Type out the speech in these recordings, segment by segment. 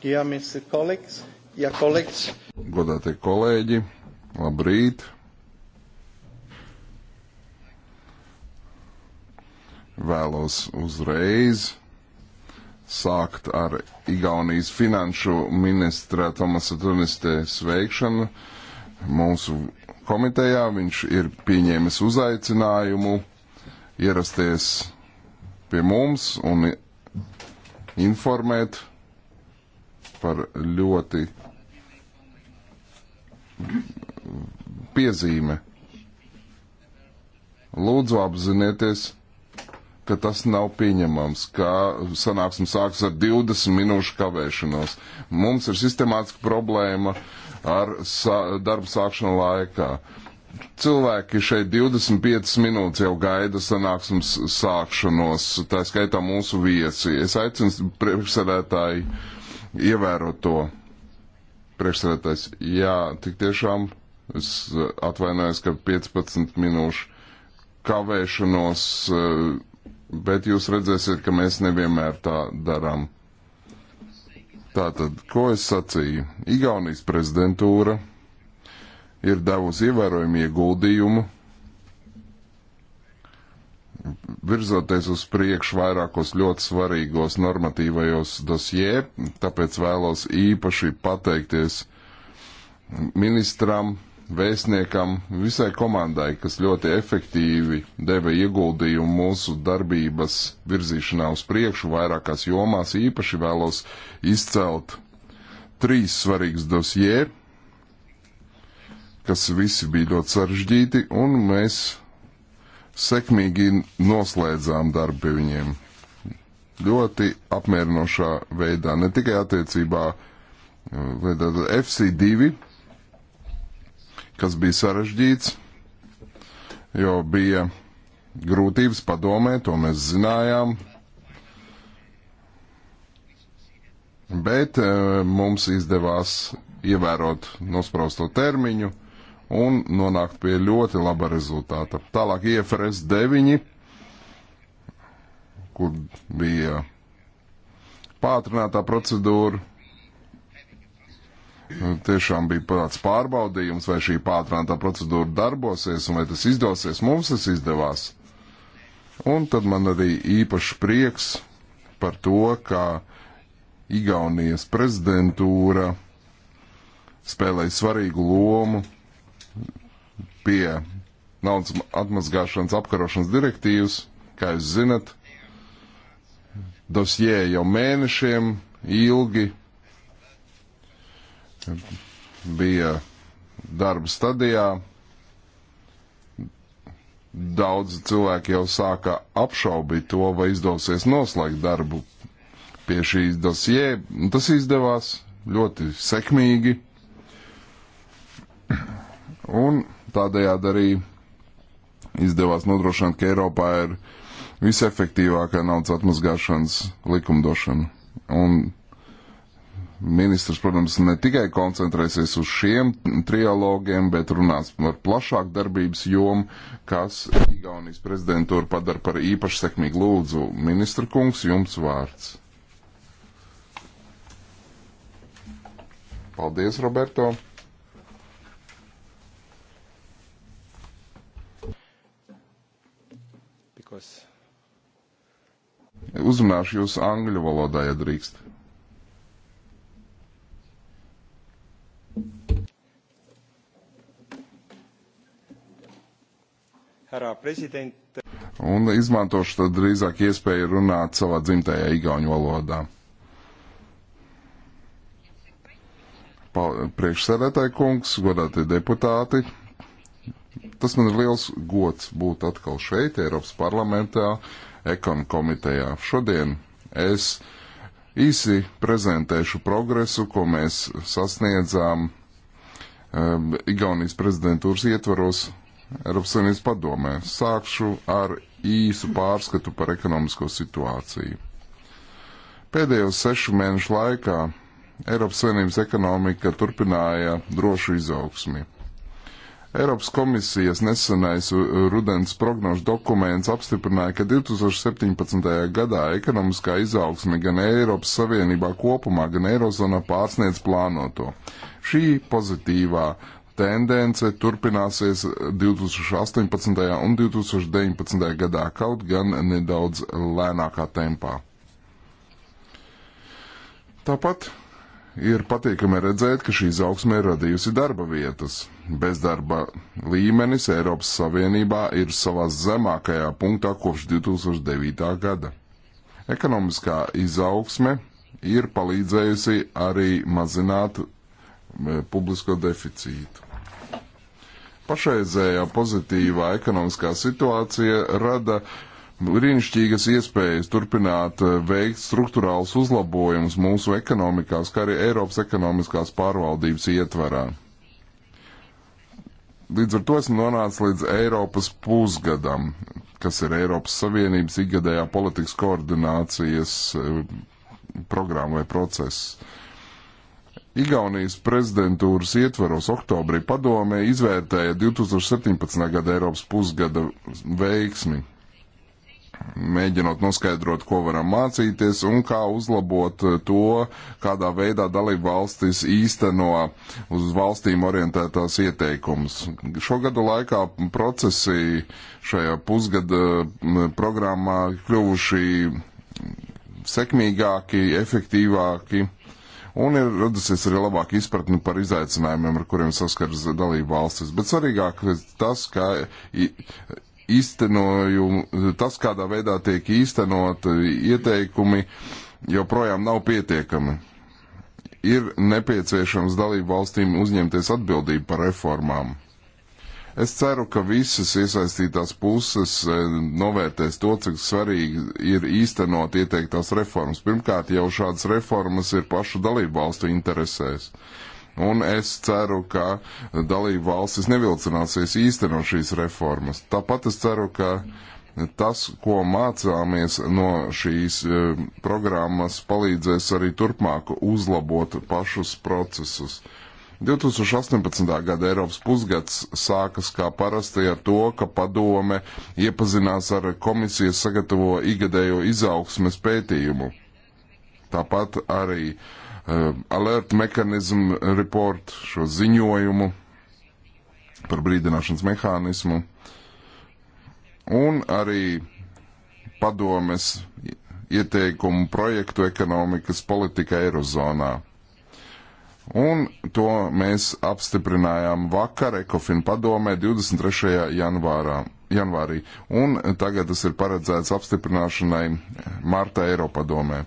Dear Mr. Colleagues, ja kolēģis. Godātie kolēģi, labrīt. Vēlos uzreiz sākt ar Igaunijas finanšu ministra Tomasa Tuniste sveikšanu mūsu komitejā. Viņš ir pieņēmis uzaicinājumu ierasties pie mums un informēt par ļoti piezīme. Lūdzu apzinieties, ka tas nav pieņemams, ka sanāksim sāks ar 20 minūšu kavēšanos. Mums ir sistemātiska problēma ar sa darbu sākšanu laikā. Cilvēki šeit 25 minūtes jau gaida sanāksmes sākšanos, tā skaitā mūsu viesi. Es aicinu priekšsēdētāju ievērot to priekšsēdētājs. Jā, tik tiešām es atvainojos, ka 15 minūšu kavēšanos, eh, bet jūs redzēsiet, ka mēs nevienmēr tā darām. Tātad, ko es sacīju? Igaunijas prezidentūra ir devusi ievērojumu ieguldījumu virzoties uz priekšu vairākos ļoti svarīgos normatīvajos dosjē, tāpēc vēlos īpaši pateikties ministram, vēstniekam, visai komandai, kas ļoti efektīvi deva ieguldījumu mūsu darbības virzīšanā uz priekšu vairākās jomās. Īpaši vēlos izcelt trīs svarīgas dosjē, kas visi bija ļoti sarežģīti, un mēs sekmīgi noslēdzām darbu pie viņiem. Ļoti apmierinošā veidā, ne tikai attiecībā eh, FC2, kas bija sarežģīts, jo bija grūtības padomē, to mēs zinājām, bet eh, mums izdevās ievērot nospraustu termiņu un nonākt pie ļoti laba rezultāta. Tālāk IFRS 9, kur bija pātrinātā procedūra. Tiešām bija tāds pārbaudījums, vai šī pātrinātā procedūra darbosies un vai tas izdosies. Mums tas izdevās. Un tad man arī īpaši prieks par to, ka Igaunijas prezidentūra spēlēja svarīgu lomu pie naudas atmazgāšanas apkarošanas direktīvas, kā jūs zinat, dosjē jau mēnešiem ilgi bija darba stadijā. Daudzi cilvēki jau sāka apšaubīt to, vai izdosies noslēgt darbu pie šīs dosjē. Tas izdevās ļoti sekmīgi. Un Tādējādi arī izdevās nodrošināt, ka Eiropā ir visefektīvākā naudas atmazgāšanas likumdošana. Un ministrs, protams, ne tikai koncentrēsies uz šiem trialogiem, bet runās par plašāku darbības jomu, kas Igaunijas prezidentūra padara par īpaši sekmīgu lūdzu. Ministra kungs, jums vārds. Paldies, Roberto. Uzrunāšu jūs angļu valodā, ja drīkst. Herā prezident. Un izmantošu tad drīzāk iespēju runāt savā dzimtajā igauņu valodā. Priekšsēdētāji kungs, godātie deputāti, tas man ir liels gods būt atkal šeit, Eiropas parlamentā, uh, ekon komitejā. Šodien es īsi prezentēšu progresu, ko mēs sasniedzām um, Igaunijas prezidentūras ietvaros Eiropas Savienības padomē. Sākšu ar īsu pārskatu par ekonomisko situāciju. Pēdējo sešu mēnešu laikā Eiropas Savienības ekonomika turpināja drošu izaugsmi Eiropas komisijas nesenais uh, rudens prognožu dokuments apstiprināja, ka 2017. gadā ekonomiskā izaugsme gan Eiropas Savienībā kopumā, gan Eirozonā pārsniedz plānoto. Šī pozitīvā tendence turpināsies 2018. un 2019. gadā, kaut gan nedaudz lēnākā tempā. Tāpat ir patīkami redzēt, ka šī izaugsme ir radījusi darba vietas. Bezdarba līmenis Eiropas Savienībā ir savā zemākajā punktā kopš 2009. gada. Ekonomiskā izaugsme ir palīdzējusi arī mazināt e, publisko deficītu. Pašreizējā pozitīvā ekonomiskā situācija rada uh, brīnišķīgas iespējas turpināt eh, veikt struktūrāls uzlabojumus mūsu ekonomikās, kā arī Eiropas ekonomiskās pārvaldības ietvarā. Līdz ar to esmu nonācis līdz Eiropas pusgadam, kas ir Eiropas Savienības ikgadējā politikas koordinācijas eh, programma vai process. Igaunijas prezidentūras ietvaros oktobrī padomē izvērtēja 2017. gada Eiropas pusgada veiksmi, mēģinot noskaidrot, ko varam mācīties un kā uzlabot to, kādā veidā dalība valstis īsteno uz valstīm orientētās ieteikumus. Šo gadu laikā procesi šajā pusgada programmā kļuvuši sekmīgāki, efektīvāki. Un ir radusies arī labāka izpratne par izaicinājumiem, ar kuriem saskaras dalību valstis. Bet svarīgāk tas, ka īstenojumu, tas, kādā veidā tiek īstenot ieteikumi, joprojām nav pietiekami. Ir nepieciešams dalību valstīm uzņemties atbildību par reformām. Es ceru, ka visas iesaistītās puses e, novērtēs to, cik svarīgi ir īstenot ieteiktās reformas. Pirmkārt, jau šādas reformas ir pašu dalību valstu interesēs. Uh, Un es ceru, ka dalību valstis nevilcināsies īstenot šīs reformas. Tāpat es ceru, ka tas, ko mācāmies no šīs e, programmas, palīdzēs arī turpmāk uzlabot pašus procesus. 2018. gada Eiropas pusgads sākas kā parasti ar to, ka padome iepazinās ar komisijas sagatavo igadējo izaugsmes pētījumu. Tāpat arī uh, Um, alert mechanism report, šo ziņojumu par brīdināšanas mehānismu, un arī padomes ieteikumu projektu ekonomikas politika Eirozonā. Un to mēs apstiprinājām vakar Ekofin padomē 23. janvārā, janvārī, un tagad tas ir paredzēts apstiprināšanai Marta Eiropadomē.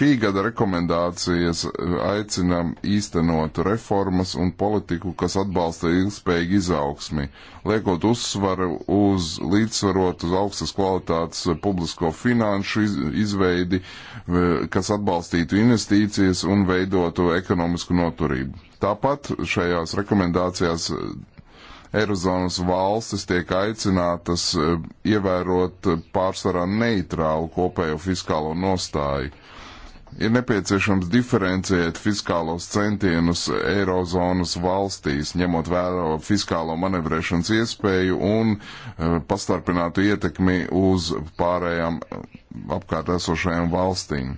Šī gada rekomendācijas eh, aicinām īstenot reformas un politiku, kas atbalsta ilgspējīgu izaugsmi, liekot uzsvaru uz līdzsvarotu uz augstas kvalitātes eh, publisko finanšu izveidi, eh, kas atbalstītu investīcijas un veidotu ekonomisku noturību. Tāpat šajās rekomendācijās Eirozonas valstis tiek aicinātas ievērot pārsvarā neitrālu kopējo fiskālo nostāju, ir nepieciešams diferencēt fiskālos centienus Eirozonas valstīs, ņemot vērā fiskālo manevrēšanas iespēju un e, pastarpinātu ietekmi uz pārējām e, apkārt esošajām valstīm.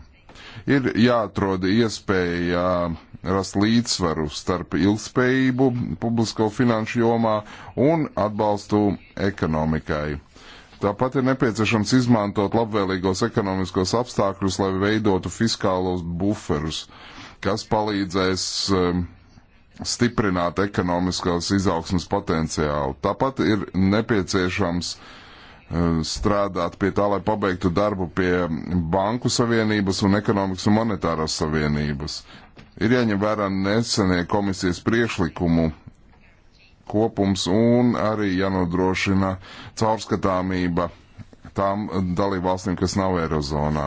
Ir jāatrod iespēja rast līdzsvaru starp ilgspējību publisko finanšu jomā un atbalstu ekonomikai Tāpat ir nepieciešams izmantot labvēlīgos ekonomiskos apstākļus, lai veidotu fiskālos buferus, kas palīdzēs um, stiprināt ekonomiskās izaugsmas potenciālu. Tāpat ir nepieciešams um, strādāt pie tā, lai pabeigtu darbu pie Banku Savienības un Ekonomikas un Monetārās Savienības. Ir jāņem vērā nesenie komisijas priekšlikumu kopums un arī jānodrošina caurskatāmība tām dalībvalstīm, kas nav Eirozonā.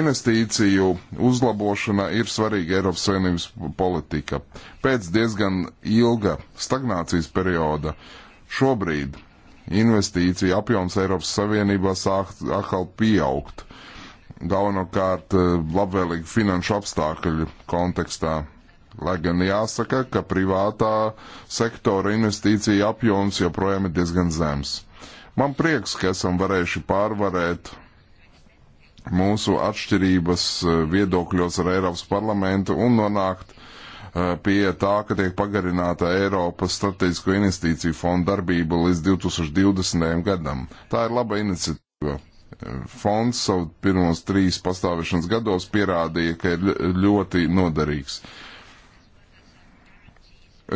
Investīciju uzlabošana ir svarīga Eiropas Savienības politika. Pēc diezgan ilga stagnācijas perioda šobrīd investīcija apjoms Eiropas Savienībā sāk atkal pieaugt, galvenokārt eh, labvēlīgi finanšu apstākļu kontekstā. Lai gan jāsaka, ka privātā sektora investīcija apjoms joprojām ir diezgan zems. Man prieks, ka esam varējuši pārvarēt mūsu atšķirības eh, viedokļos ar Eiropas parlamentu un nonākt eh, pie tā, ka tiek pagarināta Eiropas strateģisko investīciju fonda darbība līdz 2020. gadam. Tā ir laba iniciatīva. Eh, fonds savu pirmos trīs pastāvēšanas gados pierādīja, ka ir ļoti noderīgs.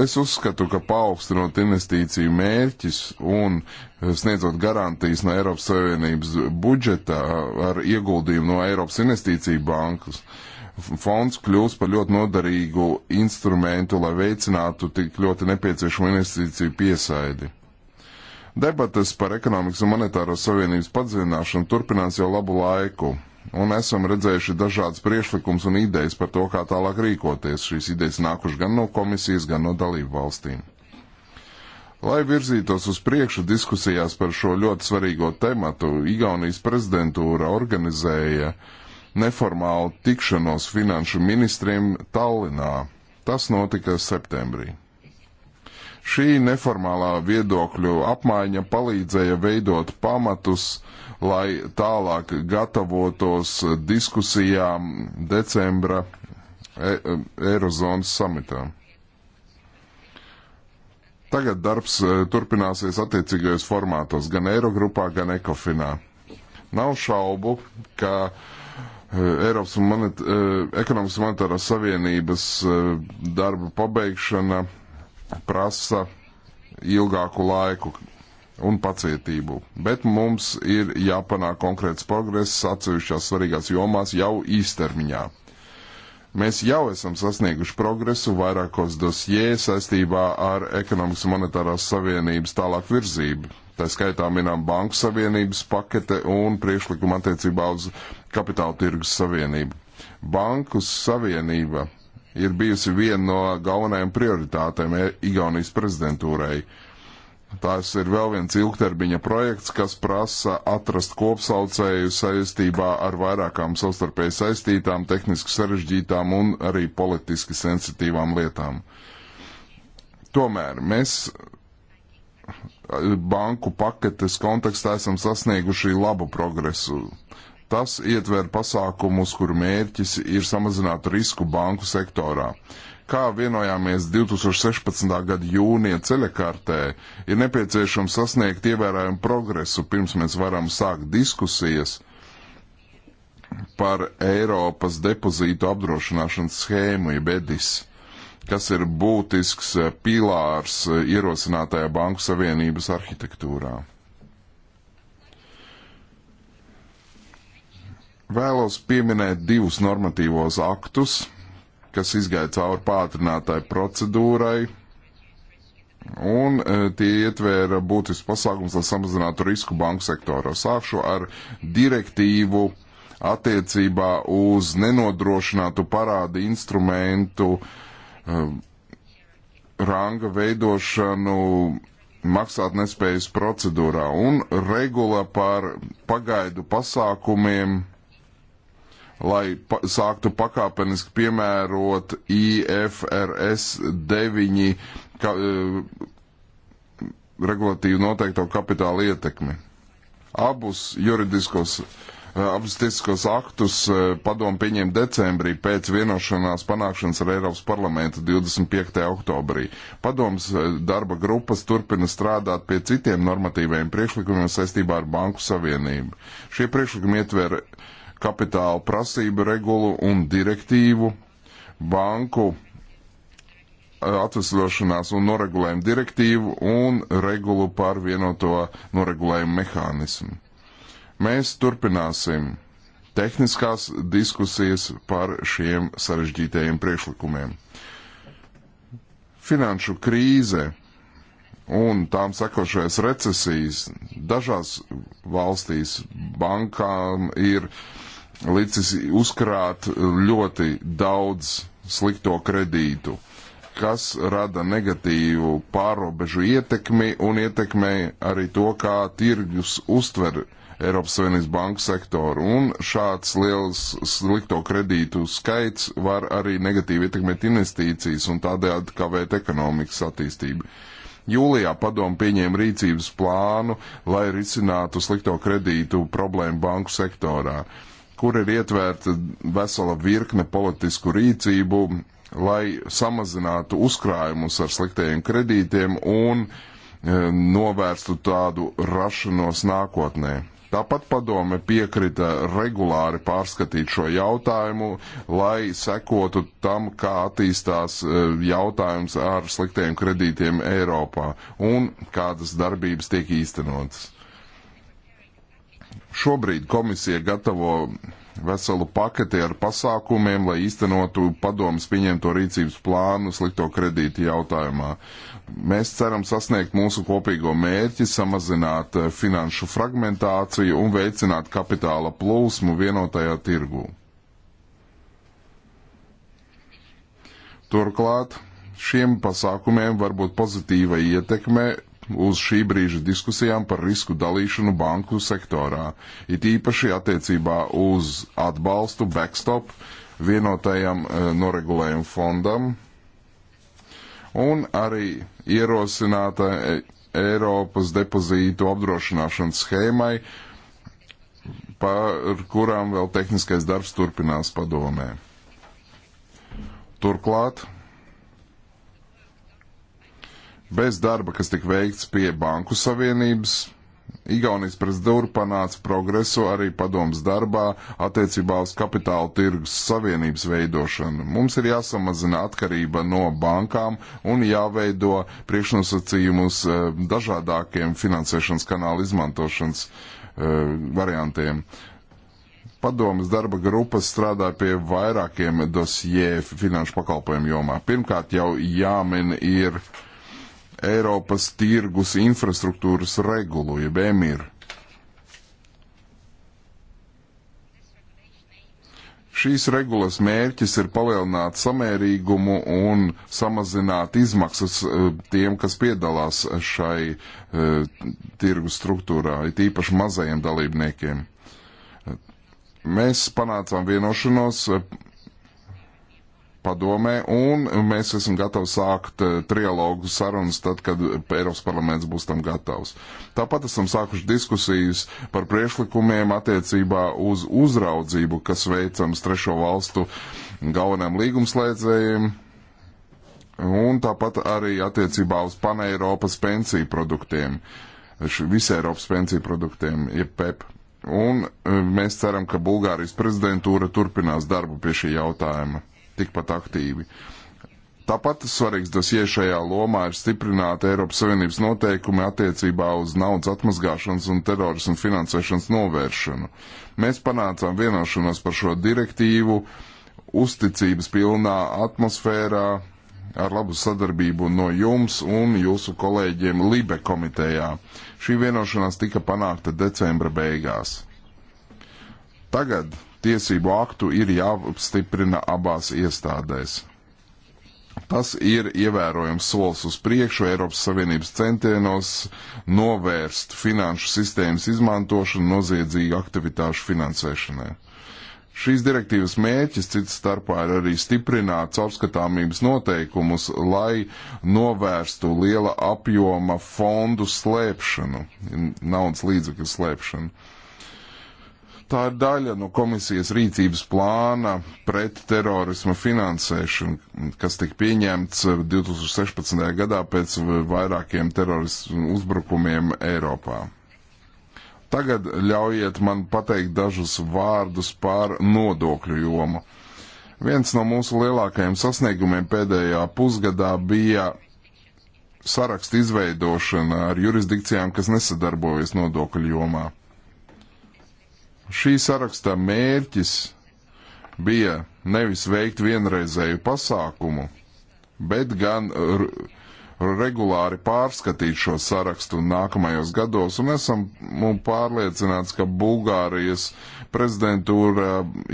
Es uzskatu, ka paaugstinot investīciju mērķis un eh, sniedzot garantijas no Eiropas Savienības budžeta eh, ar ieguldījumu no Eiropas Investīciju bankas, fonds kļūs par ļoti noderīgu instrumentu, lai veicinātu tik ļoti nepieciešamo investīciju piesaidi. Debates par ekonomikas un monetāro savienības padziļināšanu turpinās jau labu laiku un esam redzējuši dažādas priešlikums un idejas par to, kā tālāk rīkoties. Šīs idejas nākuši gan no komisijas, gan no dalību valstīm. Lai virzītos uz priekšu diskusijās par šo ļoti svarīgo tematu, Igaunijas prezidentūra organizēja neformālu tikšanos finanšu ministriem Tallinā. Tas notika septembrī. Šī neformālā viedokļu apmaiņa palīdzēja veidot pamatus uh, lai tālāk gatavotos diskusijām decembra e Eirozonas samitā. Tagad darbs e, turpināsies attiecīgajos formātos, gan Eirogrupā, gan Ekofinā. Nav šaubu, ka e, Eiropas monet, e, ekonomikas monetārās savienības darba pabeigšana prasa ilgāku laiku, un pacietību, bet mums ir jāpanāk konkrēts progress atsevišķās svarīgās jomās jau īstermiņā. Mēs jau esam sasnieguši progresu vairākos dosjē saistībā ar ekonomikas un monetārās savienības tālāk virzību. Tā skaitā minām banku savienības pakete un priekšlikumu attiecībā uz kapitāla tirgus savienību. Banku savienība ir bijusi viena no galvenajām prioritātēm e- Igaunijas prezidentūrai. Uh, Tās ir vēl viens ilgtermiņa projekts, kas prasa atrast kopsaucēju saistībā ar vairākām savstarpēji saistītām, tehniski sarežģītām un arī politiski sensitīvām lietām. Tomēr mēs banku paketes kontekstā esam sasnieguši labu progresu. Tas ietver pasākumus, kuru mērķis ir samazināt risku banku sektorā kā vienojāmies 2016. gada jūnija ceļakartē, ir nepieciešams sasniegt ievērojumu progresu, pirms mēs varam sākt diskusijas par Eiropas depozītu apdrošināšanas schēmu, jeb EDIS, kas ir būtisks pīlārs ierosinātajā Banku Savienības arhitektūrā. Vēlos pieminēt divus normatīvos aktus, kas izgāja cauri pātrinātāju procedūrai, un e, tie ietvēra būtisks pasākums, lai samazinātu risku banku sektorā. Sākšu ar direktīvu attiecībā uz nenodrošinātu parādu instrumentu um, ranga veidošanu maksātnespējas procedūrā un regula par pagaidu pasākumiem lai pa sāktu pakāpeniski piemērot IFRS 9 ka, uh, regulatīvi noteikto kapitāla ietekmi. Abus juridiskos eh, abus tiesiskos aktus eh, padomu pieņēma decembrī pēc vienošanās panākšanas ar Eiropas parlamentu 25. oktobrī. Padoms darba grupas turpina strādāt pie citiem normatīviem priekšlikumiem saistībā ar Banku Savienību. Šie priekšlikumi ietver kapitāla prasību regulu un direktīvu, banku eh, atvesļošanās un noregulējumu direktīvu un regulu par vienoto noregulējumu mehānismu. Mēs turpināsim tehniskās diskusijas par šiem sarežģītajiem priekšlikumiem. Finanšu krīze un tām sakošais recesijas dažās valstīs bankām ir uh, licis uzkrāt ļoti daudz slikto kredītu, kas rada negatīvu pārobežu ietekmi un ietekmē arī to, kā tirgus uztver Eiropas Savienības banku sektoru. Un šāds liels slikto kredītu skaits var arī negatīvi ietekmēt investīcijas un tādējādi kavēt ekonomikas attīstību. Jūlijā padomu pieņēma rīcības plānu, lai risinātu slikto kredītu problēmu banku sektorā. Uh, kur ir ietverta vesela virkne politisku rīcību, lai samazinātu uzkrājumus ar sliktajiem kredītiem un e, novērstu tādu rašanos nākotnē. Tāpat padome piekrita regulāri pārskatīt šo jautājumu, lai sekotu tam, kā attīstās e, jautājums ar sliktiem kredītiem Eiropā un kādas darbības tiek īstenotas. Šobrīd komisija gatavo veselu paketi ar pasākumiem, lai īstenotu padomus pieņemto rīcības plānu slikto kredītu jautājumā. Mēs ceram sasniegt mūsu kopīgo mērķi, samazināt eh, finanšu fragmentāciju un veicināt kapitāla plūsmu vienotajā tirgū. Turklāt šiem pasākumiem var būt pozitīva ietekme uz šī brīža diskusijām par risku dalīšanu banku sektorā, it īpaši attiecībā uz atbalstu backstop vienotajam e, noregulējumu fondam un arī ierosināta e, Eiropas depozītu apdrošināšanas schēmai, par kurām vēl tehniskais darbs turpinās padomē. Turklāt Bez darba, kas tika veikts pie Banku Savienības, Igaunijas prezidentūra panāca progresu arī padomas darbā attiecībā uz kapitāla tirgus savienības veidošanu. Mums ir jāsamazina atkarība no bankām un jāveido priekšnosacījumus eh, dažādākiem finansēšanas kanālu izmantošanas eh, variantiem. Padomas darba grupas strādāja pie vairākiem dosjē finanšu pakalpojumu jomā. Pirmkārt jau jāmin ir uh, Eiropas tirgus infrastruktūras regulu, jeb EMIR. Šīs regulas mērķis ir palielināt samērīgumu un samazināt izmaksas eh, tiem, kas piedalās šai uh, eh, tirgus struktūrā, it īpaši mazajiem dalībniekiem. Mēs panācām vienošanos eh, padomē, un mēs esam gatavi sākt eh, trialogu sarunas tad, kad Eiropas parlaments būs tam gatavs. Tāpat esam sākuši diskusijas par priešlikumiem attiecībā uz uzraudzību, kas veicams trešo valstu galvenajiem līgumslēdzējiem, un tāpat arī attiecībā uz paneiropas pensiju produktiem, visai Eiropas pensiju produktiem, jeb PEP. E un eh, mēs ceram, ka Bulgārijas prezidentūra turpinās darbu pie šī jautājuma tikpat aktīvi. Tāpat svarīgs dosie šajā lomā ir stiprināt Eiropas Savienības noteikumi attiecībā uz naudas atmazgāšanas un terorismu finansēšanas novēršanu. Mēs panācām vienošanos par šo direktīvu uzticības pilnā atmosfērā ar labu sadarbību no jums un jūsu kolēģiem Libe komitejā. Šī vienošanās tika panākta decembra beigās. Tagad tiesību aktu ir jāapstiprina abās iestādēs. Tas ir ievērojams solis uz priekšu Eiropas Savienības centienos novērst finanšu sistēmas izmantošanu noziedzīgu aktivitāšu finansēšanai. Šīs direktīvas mērķis cits starpā ir arī stiprināt caurskatāmības noteikumus, lai novērstu liela apjoma fondu slēpšanu, naudas līdzekļu slēpšanu. Tā ir daļa no komisijas rīcības plāna pret terorisma finansēšanu, kas tika pieņemts 2016. Eh, gadā pēc eh, vairākiem terorismu uzbrukumiem Eiropā. Tagad ļaujiet man pateikt dažus vārdus par nodokļu jomu. Viens no mūsu lielākajiem sasniegumiem pēdējā pusgadā bija saraksta izveidošana ar jurisdikcijām, kas nesadarbojas nodokļu jomā. Šī saraksta mērķis bija nevis veikt vienreizēju pasākumu, bet gan regulāri pārskatīt šo sarakstu nākamajos gados, un esam mm, pārliecināts, ka Bulgārijas prezidentūra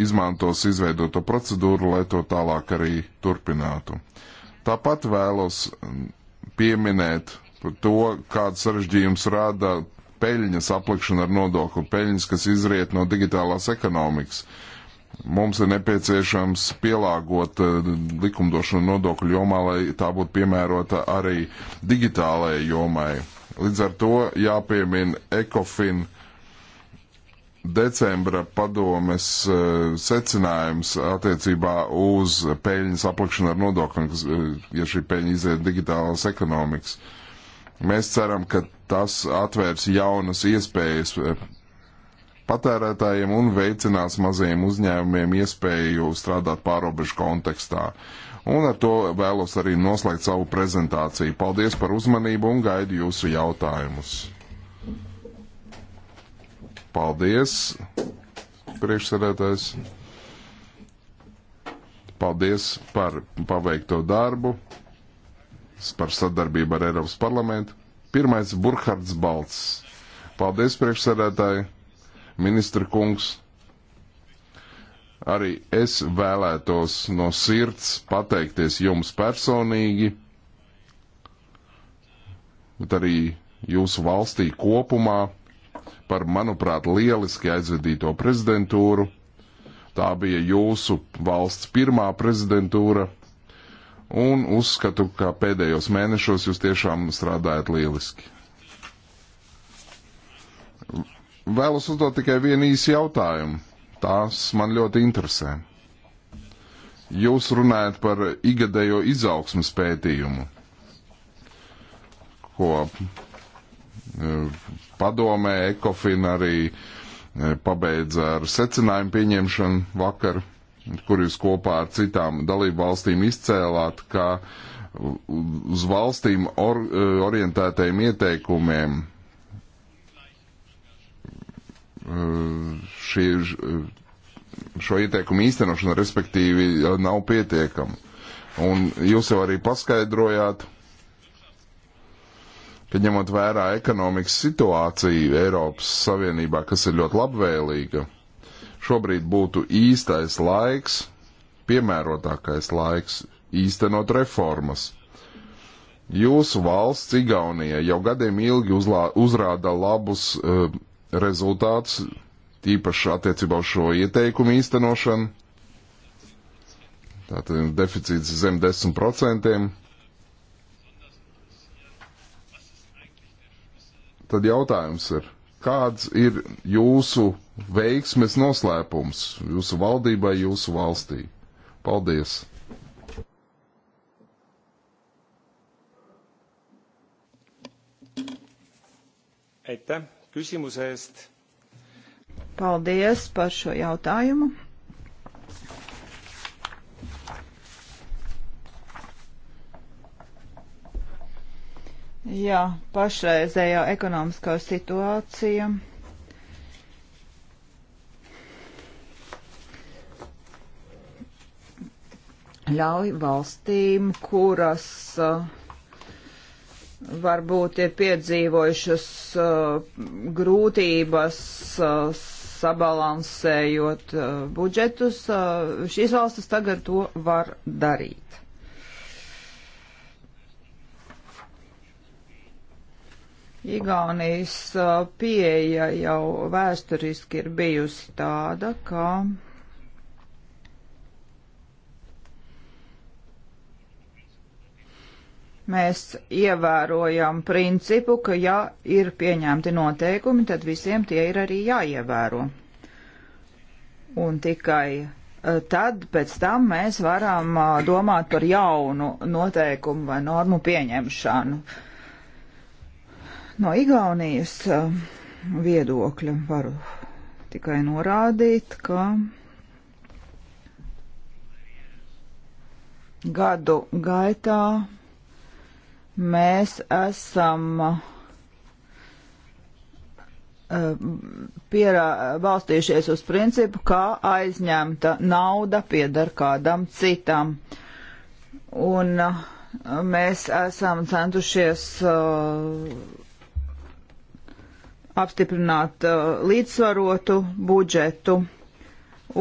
izmantos izveidoto procedūru, lai to tālāk arī turpinātu. Tāpat vēlos mm, pieminēt to, kāds sarežģījums rada peļņas aplikšana ar nodokli, peļņas, kas izriet no digitālās ekonomikas. Mums ir nepieciešams pielāgot eh, likumdošanu nodokļu jomā, lai tā būtu piemērota arī digitālajai jomai. Līdz ar to jāpiemina ECOFIN decembra padomes eh, secinājums attiecībā uz peļņas aplikšanu ar nodokli, eh, ja šī peļņa iziet digitālās ekonomikas. Mēs ceram, ka Tas atvērs jaunas iespējas eh, patērētājiem un veicinās mazajiem uzņēmumiem iespēju strādāt pārobežu kontekstā. Un ar to vēlos arī noslēgt savu prezentāciju. Paldies par uzmanību un gaidu jūsu jautājumus. Paldies, priekšsēdētājs. Paldies par paveikto darbu, par sadarbību ar Eiropas parlamentu. Pirmais Burkhards Balts. Paldies, priekšsēdētāji, ministra kungs. Arī es vēlētos no sirds pateikties jums personīgi, bet arī jūsu valstī kopumā par, manuprāt, lieliski aizvedīto prezidentūru. Tā bija jūsu valsts pirmā prezidentūra un uzskatu, ka pēdējos mēnešos jūs tiešām strādājat lieliski. Vēlos uzdot tikai vienu īsu jautājumu. Tās man ļoti interesē. Jūs runājat par igadējo izaugsmas pētījumu, ko e, padomē Ekofin arī e, pabeidza ar secinājumu pieņemšanu vakar kur jūs kopā ar citām dalību valstīm izcēlāt, ka uz valstīm or, eh, orientētajiem ieteikumiem eh, šie, eh, šo ieteikumu īstenošana, respektīvi, nav pietiekama. Un jūs jau arī paskaidrojāt, ka ņemot vērā ekonomikas situāciju Eiropas Savienībā, kas ir ļoti labvēlīga, Šobrīd būtu īstais laiks, piemērotākais laiks īstenot reformas. Jūsu valsts, Igaunija, jau gadiem ilgi uzlā, uzrāda labus uh, rezultātus, tīpaši attiecībā uz šo ieteikumu īstenošanu. Tātad deficīts zem 10%. Tad jautājums ir, Kāds ir jūsu veiksmes noslēpums jūsu valdībai, jūsu valstī? Paldies! Aitäh küsimuse eest! Paldies par šo jautājumu! Jā, pašreizējā ekonomiskā situācija. ļauj valstīm, kuras uh, varbūt ir piedzīvojušas uh, grūtības uh, sabalansējot uh, budžetus, uh, šīs valstis tagad to var darīt. Igaunijas uh, pieeja jau vēsturiski ir bijusi tāda, ka mēs ievērojam principu, ka ja ir pieņemti noteikumi, tad visiem tie ir arī jāievēro. Un tikai uh, tad pēc tam mēs varam uh, domāt par jaunu noteikumu vai normu pieņemšanu. Uh, No Igaunijas eh, viedokļa varu tikai norādīt, ka gadu gaitā mēs esam eh, pierā, balstījušies uz principu, kā aizņemta nauda piedar kādam citam. Un eh, mēs esam centušies uh, apstiprināt uh, līdzsvarotu budžetu.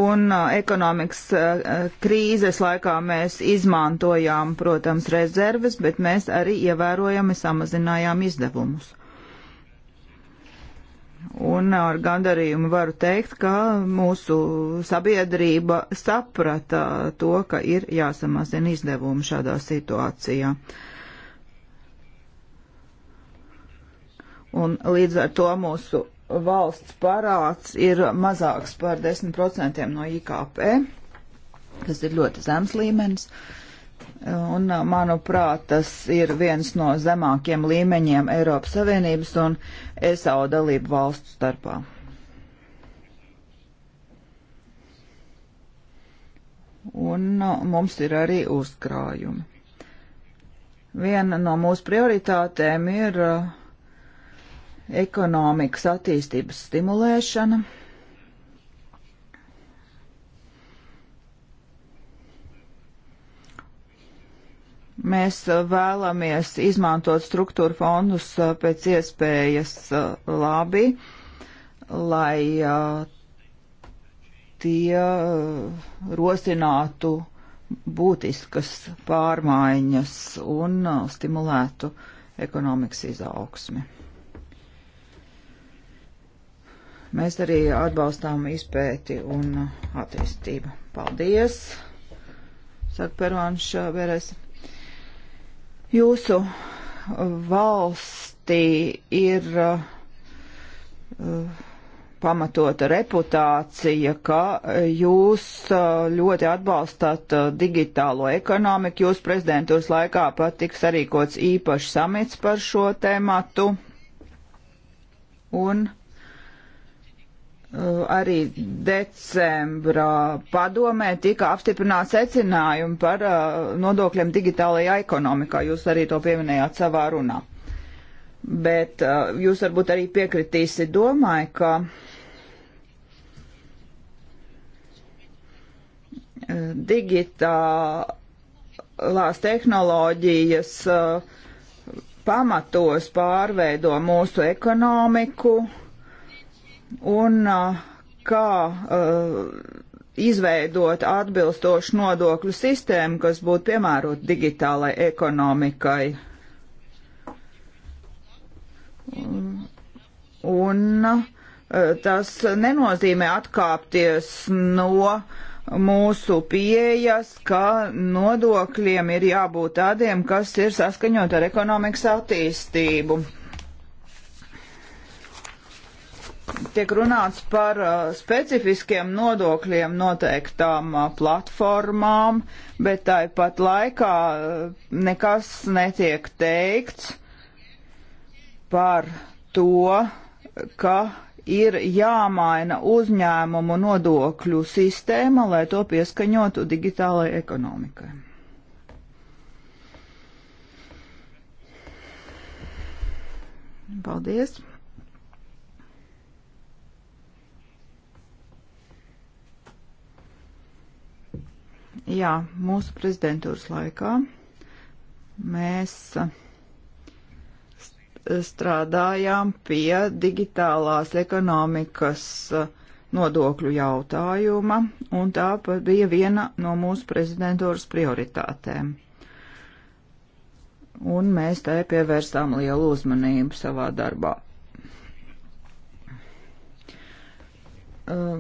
Un uh, ekonomikas uh, krīzes laikā mēs izmantojām, protams, rezerves, bet mēs arī ievērojami samazinājām izdevumus. Un uh, ar gandarījumu varu teikt, ka mūsu sabiedrība saprata to, ka ir jāsamazina izdevumi šādā situācijā. Uh, un līdz ar to mūsu valsts parāds ir mazāks par 10% no IKP, kas ir ļoti zems līmenis. Un, manuprāt, tas ir viens no zemākiem līmeņiem Eiropas Savienības un ESAO dalību valstu starpā. Un mums ir arī uzkrājumi. Viena no mūsu prioritātēm ir uh, ekonomikas attīstības stimulēšana. Mēs uh, vēlamies izmantot struktūra fondus uh, pēc iespējas uh, labi, lai tie rosinātu būtiskas pārmaiņas un stimulētu ekonomikas izaugsmi. mēs arī atbalstām izpēti un attīstību. Paldies! Saka Pervāns Beres. Jūsu valstī ir uh, pamatota reputācija, ka jūs uh, ļoti atbalstāt uh, digitālo ekonomiku. Jūs prezidentūras laikā pat tiks arī kods īpašs samits par šo tēmatu. Un Eh, arī decembrā padomē tika apstiprināts secinājumi par eh, nodokļiem digitālajā ekonomikā. Jūs arī to pieminējāt savā runā. Bet eh, jūs varbūt arī piekritīsiet domai, ka digitālās tehnoloģijas pamatos pārveido mūsu ekonomiku, uh, un kā izveidot atbilstošu nodokļu sistēmu, kas būtu piemērota digitālai ekonomikai. Un tas nenozīmē atkāpties no mūsu pieejas, ka nodokļiem ir jābūt tādiem, kas ir saskaņot ar ekonomikas attīstību tiek runāts par uh, specifiskiem nodokļiem noteiktām uh, platformām, bet tāpat laikā uh, nekas netiek teikts par to, ka ir jāmaina uzņēmumu nodokļu sistēma, lai to pieskaņotu digitālajai ekonomikai. Paldies! Jā, mūsu prezidentūras laikā mēs uh, strādājām pie digitālās ekonomikas uh, nodokļu jautājuma, un tā bija viena no mūsu prezidentūras prioritātēm. Un mēs tai pievērsām lielu uzmanību savā darbā.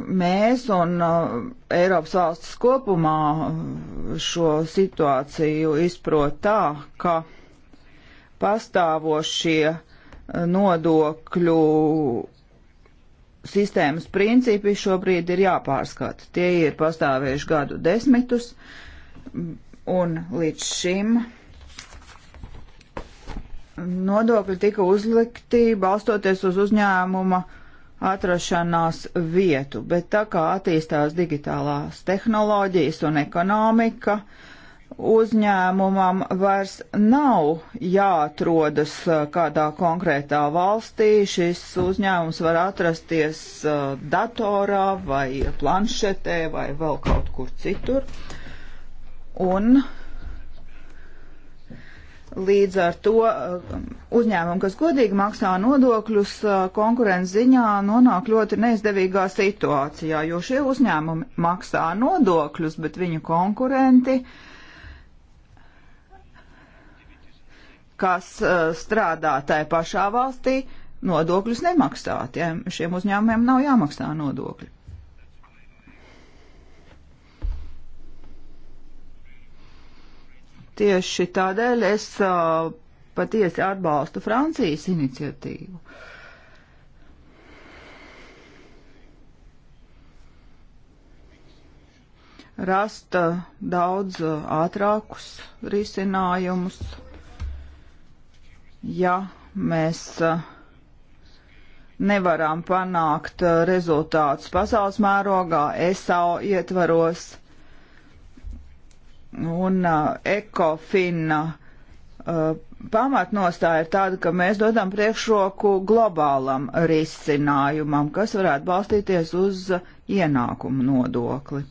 mēs un uh, Eiropas valsts kopumā uh, šo situāciju izprot tā, ka pastāvošie uh, nodokļu sistēmas principi šobrīd ir jāpārskata. Tie ir pastāvējuši gadu desmitus, un līdz šim nodokļi tika uzlikti balstoties uz uzņēmuma uh, atrašanās vietu, bet tā kā attīstās digitālās tehnoloģijas un ekonomika, uzņēmumam vairs nav jāatrodas kādā konkrētā valstī. Šis uzņēmums var atrasties datorā vai planšetē vai vēl kaut kur citur. Un Līdz ar to uh, uzņēmumi, kas godīgi maksā nodokļus, uh, konkurences ziņā nonāk ļoti neizdevīgā situācijā, jo šie uzņēmumi maksā nodokļus, bet viņu konkurenti, kas uh, strādā tajā pašā valstī, nodokļus nemaksā. Tiem, šiem uzņēmumiem nav jāmaksā nodokļi. Tieši tādēļ es uh, patiesi atbalstu Francijas iniciatīvu. Rasta daudz ātrākus risinājumus, ja mēs uh, nevaram panākt rezultātus pasaules mērogā, ESAO ietvaros un uh, ekofina uh, pamatnostāja ir tāda, ka mēs dodam priekšroku globālam risinājumam, kas varētu balstīties uz ienākumu nodokli.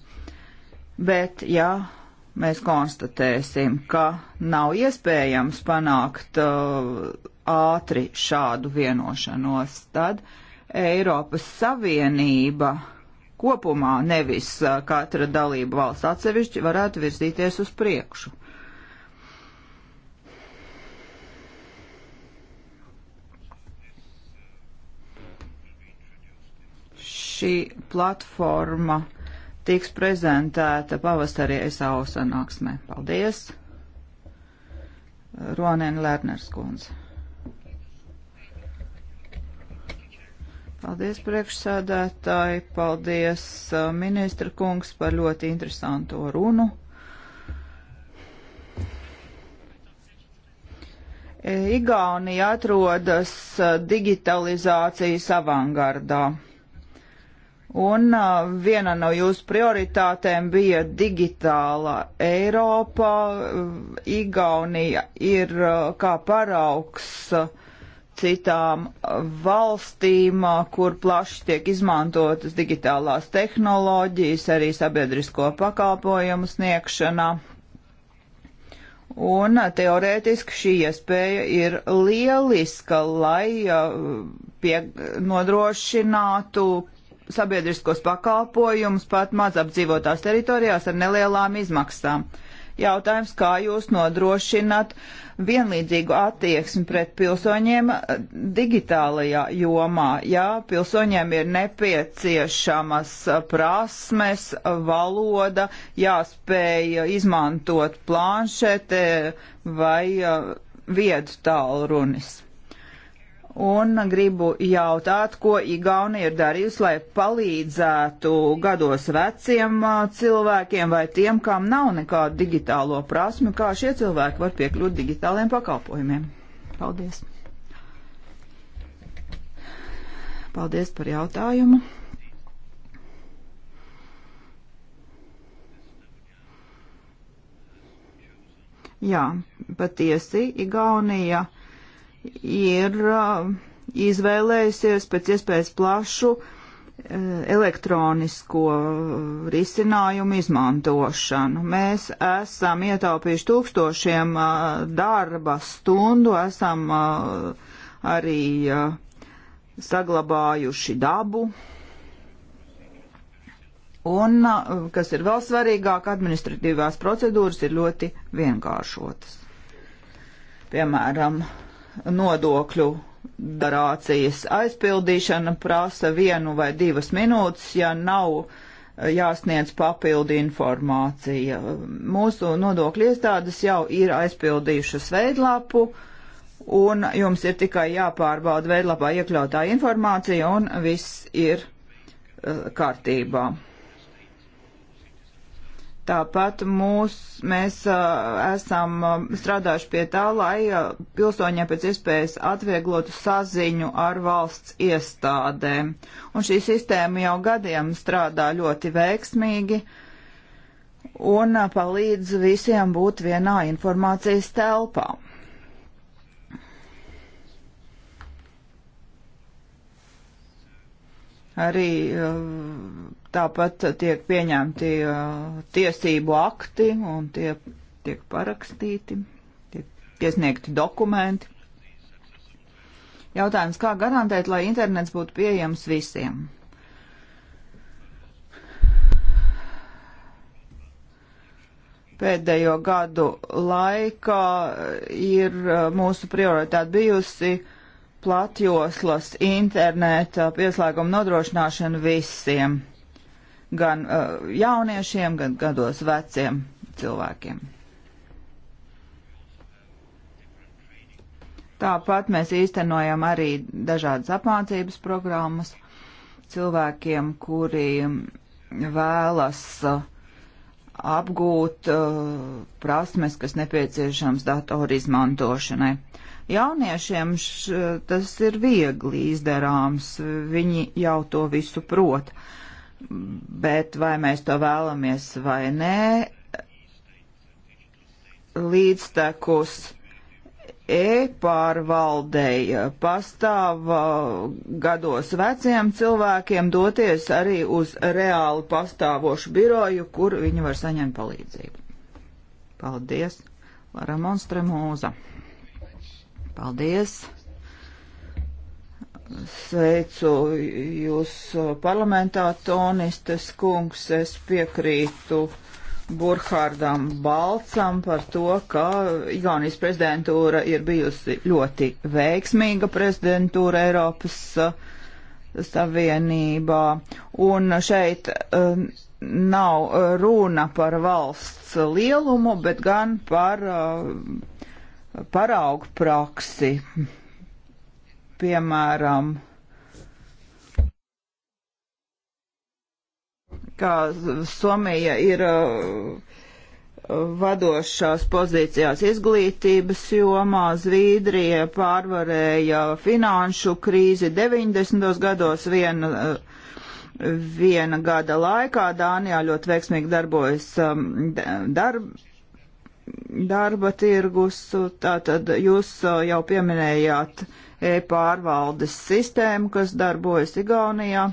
Bet, ja mēs konstatēsim, ka nav iespējams panākt uh, ātri šādu vienošanos, tad Eiropas Savienība uh, kopumā, nevis katra dalība valsts atsevišķi, varētu virzīties uz priekšu. Šī platforma tiks prezentēta pavasarī SAO sanāksmē. Paldies! Ronen Lērners kundze. Paldies, priekšsēdētāji, paldies, uh, ministra kungs, par ļoti interesanto runu. E, Igaunija atrodas uh, digitalizācijas avangardā. Un uh, viena no jūsu prioritātēm bija digitāla Eiropa. Igaunija ir kā paraugs uh, citām uh, valstīm, uh, kur plaši tiek izmantotas digitālās tehnoloģijas, arī sabiedrisko pakalpojumu sniegšanā. Un uh, teorētiski šī iespēja ir lieliska, lai pie, nodrošinātu sabiedriskos pakalpojumus pat maz apdzīvotās teritorijās ar nelielām izmaksām. Uh, jautājums, kā jūs nodrošināt vienlīdzīgu attieksmi pret pilsoņiem eh, digitālajā jomā. Jā, pilsoņiem ir nepieciešamas eh, prasmes, valoda, jāspēj izmantot planšete vai eh, viedu tālrunis un gribu jautāt, ko Igauni ir darījusi, lai palīdzētu gados veciem uh, cilvēkiem vai tiem, kam nav nekādu digitālo prasmi, kā šie cilvēki var piekļūt digitāliem pakalpojumiem. Paldies! Paldies par jautājumu! Jā, patiesi Igaunija ir izvēlējusies pēc iespējas plašu elektronisko risinājumu izmantošanu. Mēs esam ietaupījuši tūkstošiem darba stundu, esam arī saglabājuši dabu. Un, kas ir vēl svarīgāk, administratīvās procedūras ir ļoti vienkāršotas. Piemēram, nodokļu darācijas aizpildīšana prasa vienu vai divas minūtes, ja nav jāsniedz papildu informācija. Mūsu nodokļu iestādes jau ir aizpildījušas veidlapu, un jums ir tikai jāpārbauda veidlapā iekļautā informācija, un viss ir uh, kārtībā. Tāpat mūs, mēs uh, esam uh, strādājuši pie tā, lai uh, pilsoņiem pēc iespējas atvieglotu saziņu ar valsts iestādēm. Un šī sistēma jau gadiem strādā ļoti veiksmīgi un uh, palīdz visiem būt vienā informācijas telpā. Arī uh, Tāpat tiek pieņemti uh, tiesību akti un tie tiek parakstīti, tiek iesniegti dokumenti. Jautājums, kā garantēt, lai internets būtu pieejams visiem? Pēdējo gadu laikā ir uh, mūsu prioritāte bijusi platjoslas interneta pieslēguma nodrošināšana visiem gan uh, jauniešiem, gan gados veciem cilvēkiem. Tāpat mēs īstenojam arī dažādas apmācības programmas cilvēkiem, kuri vēlas uh, apgūt uh, prasmes, kas nepieciešams datoru izmantošanai. Jauniešiem š, tas ir viegli izdarāms, viņi jau to visu prot. Uh, bet vai mēs to vēlamies vai nē, līdztekus e-pārvaldei pastāv uh, gados veciem cilvēkiem doties arī uz reāli pastāvošu biroju, kur viņi var saņemt palīdzību. Paldies, Lara Monstremūza. Paldies. Sveicu jūs uh, parlamentā, Tonistes kungs, es piekrītu Burkhārdam Balcam par to, ka Igaunijas prezidentūra ir bijusi ļoti veiksmīga prezidentūra Eiropas uh, Savienībā. Un šeit um, nav runa par valsts lielumu, bet gan par uh, paraugu praksi piemēram, kā Somija ir uh, vadošās pozīcijās izglītības jomā, Zviedrija pārvarēja finanšu krīzi 90. gados viena, uh, viena gada laikā, Dānijā ļoti veiksmīgi darbojas um, darb, darba tirgus, tātad jūs uh, jau pieminējāt uh, e-pārvaldes sistēmu, kas darbojas Igaunijā.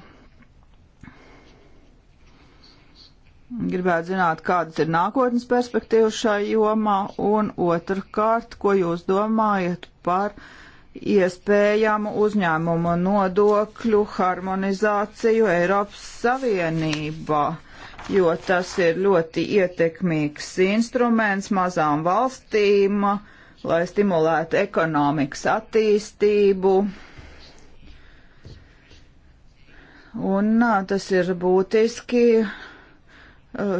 Gribētu zināt, kādas ir nākotnes perspektīvas šai jomā, un otrkārt, ko jūs domājat par iespējamu uzņēmumu nodokļu harmonizāciju Eiropas Savienībā jo tas ir ļoti ietekmīgs instruments mazām valstīm, lai stimulētu ekonomikas attīstību. Un tas ir būtiski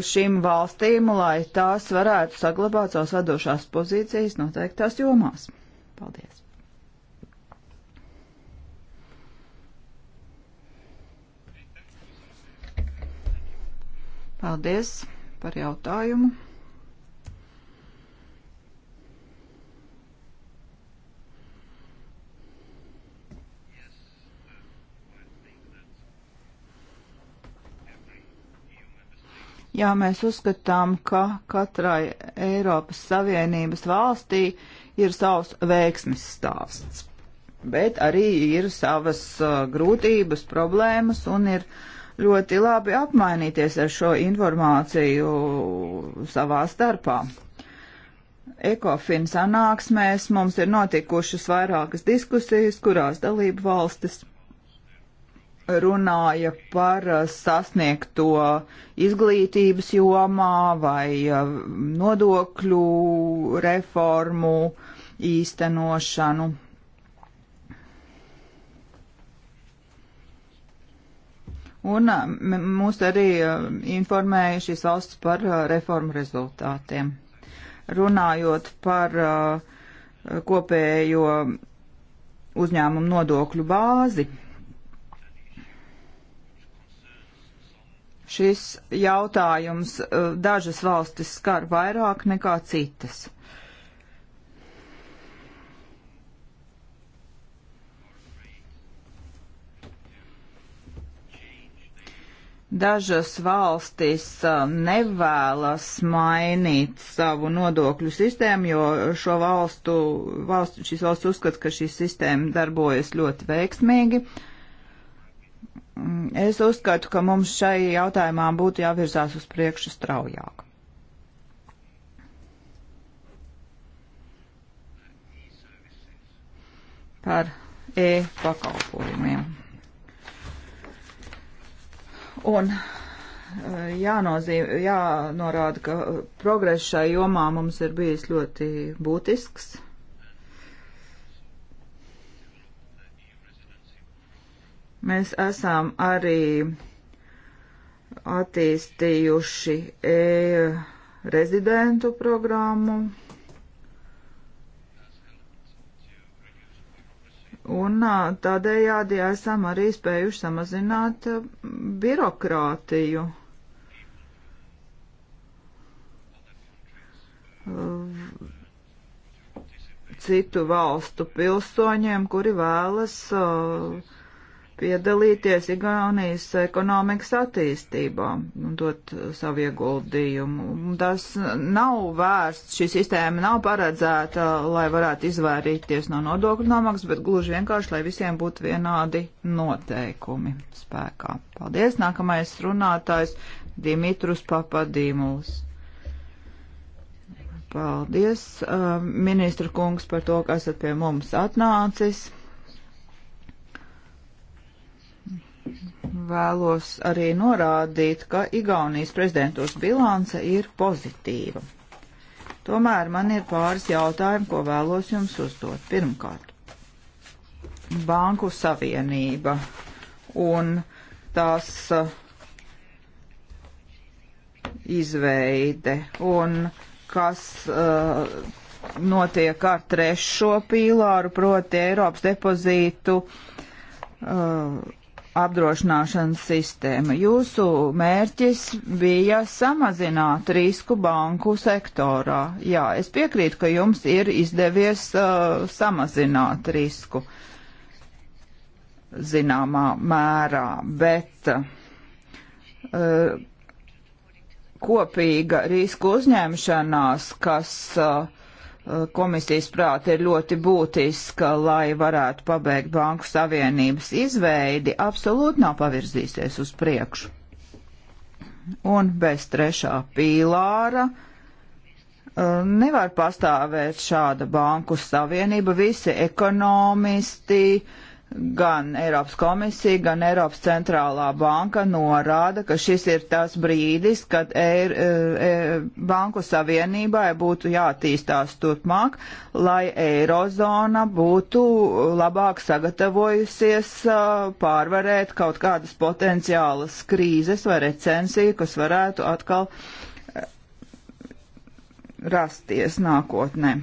šīm valstīm, lai tās varētu saglabāt savas vadošās pozīcijas noteiktās jomās. Paldies! Paldies par jautājumu! ja mēs uzskatām, ka katrai Eiropas Savienības valstī ir savs veiksmes stāsts, bet arī ir savas uh, grūtības, problēmas un ir ļoti labi apmainīties ar šo informāciju savā starpā. Ekofin sanāksmēs mums ir notikušas vairākas diskusijas, kurās dalību valstis runāja par uh, sasniegto izglītības jomā vai uh, nodokļu reformu īstenošanu. Un uh, mūs arī informēja šīs valsts par reformu rezultātiem. Runājot par kopējo uzņēmumu nodokļu bāzi, šis jautājums e, dažas valstis skar vairāk nekā citas. dažas valstis e, nevēlas mainīt savu nodokļu sistēmu, jo šo valstu, valstu, šīs valsts uzskata, ka šī sistēma darbojas ļoti veiksmīgi. Uh, Es uzskatu, ka mums šai jautājumā būtu jāvirzās uz priekšu straujāk. Par e-pakalpojumiem. Un e, jānozīm, jānorāda, ka progress šai jomā mums ir bijis ļoti būtisks. Mēs esam arī attīstījuši e rezidentu programmu. Un tādējādi esam arī spējuši samazināt birokrātiju. Citu valstu pilsoņiem, kuri vēlas uh, piedalīties Igaunijas ekonomikas attīstībā un dot savu ieguldījumu. Tas nav vērsts, šī sistēma nav paredzēta, lai varētu izvairīties no nodokļu nomaksas, bet gluži vienkārši, lai visiem būtu vienādi noteikumi spēkā. Paldies! Nākamais runātājs Dimitrus Papadīmuls. Paldies, ministra kungs, par to, ka esat pie mums atnācis vēlos arī norādīt, ka Igaunijas prezidentūras bilance ir pozitīva. Tomēr man ir pāris jautājumi, ko vēlos jums uzdot. Pirmkārt, Banku Savienība un tās uh, izveide un kas uh, notiek ar trešo pīlāru, proti Eiropas depozītu uh, apdrošināšanas sistēma. Jūsu mērķis bija samazināt risku banku sektorā. Jā, es piekrītu, ka jums ir izdevies uh, samazināt risku zināmā mērā, bet uh, kopīga risku uzņemšanās, kas uh, komisijas prāti ir ļoti būtiska, lai varētu pabeigt Banku Savienības izveidi, absolūti nav pavirzīsies uz priekšu. Un bez trešā pīlāra uh, nevar pastāvēt šāda Banku Savienība. Visi ekonomisti, uh, gan Eiropas komisija, gan Eiropas centrālā banka norāda, ka šis ir tas brīdis, kad Eir, e, e Banku Savienībai būtu jātīstās turpmāk, lai Eirozona būtu labāk sagatavojusies e, pārvarēt kaut kādas potenciālas krīzes vai recensiju, kas varētu atkal e, rasties nākotnē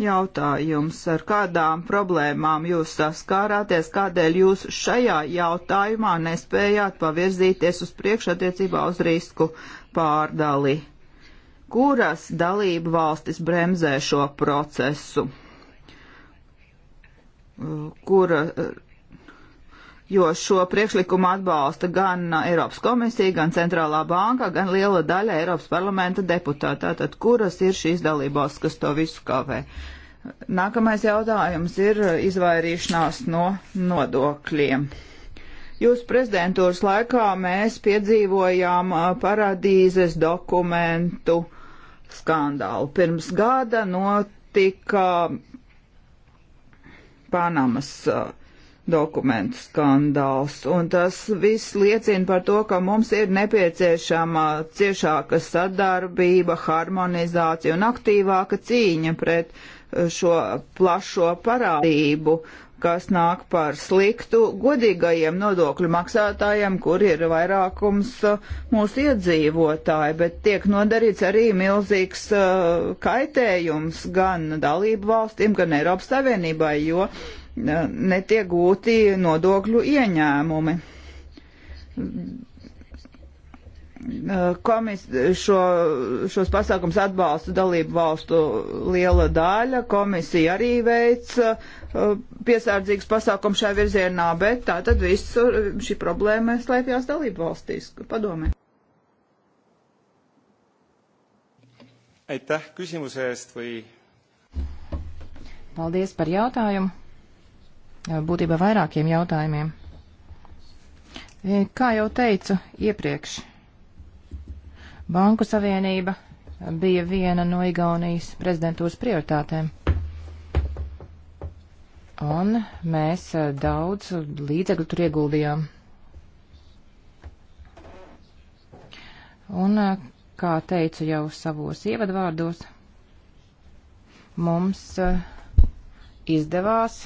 jautājums, ar kādām problēmām jūs saskārāties, kādēļ jūs šajā jautājumā nespējāt pavirzīties uz priekšu attiecībā uz risku pārdali? Kuras dalību valstis bremzē šo procesu? Kura jo šo priekšlikumu atbalsta gan uh, Eiropas komisija, gan Centrālā banka, gan liela daļa Eiropas parlamenta deputātā. Tad kuras ir šīs dalībās, kas to visu kavē? Nākamais jautājums ir uh, izvairīšanās no nodokļiem. Jūsu prezidentūras laikā mēs piedzīvojām uh, paradīzes dokumentu skandālu. Pirms gada notika Panamas uh, dokumentu skandāls. Un tas viss liecina par to, ka mums ir nepieciešama ciešāka sadarbība, harmonizācija un aktīvāka cīņa pret eh, šo plašo parādību, kas nāk par sliktu godīgajiem nodokļu maksātājiem, kur ir vairākums eh, mūsu iedzīvotāji, bet tiek nodarīts arī milzīgs eh, kaitējums gan dalību valstīm, gan Eiropas Savienībai, jo uh, netiek gūti nodokļu ieņēmumi. Komis, šo, šos pasākums atbalsta dalību valstu liela daļa. Komisija arī veic uh, piesardzīgs pasākums šajā virzienā, bet tā tad viss šī problēma slēpjās dalību valstīs. Padomē. Aitäh küsimuse eest või? Paldies par jautājumu būtībā vairākiem jautājumiem. E, kā jau teicu iepriekš, Banku savienība bija viena no Igaunijas prezidentūras prioritātēm. Un mēs e, daudz līdzekļu tur ieguldījām. Un, e, kā teicu jau savos ievadvārdos, mums izdevās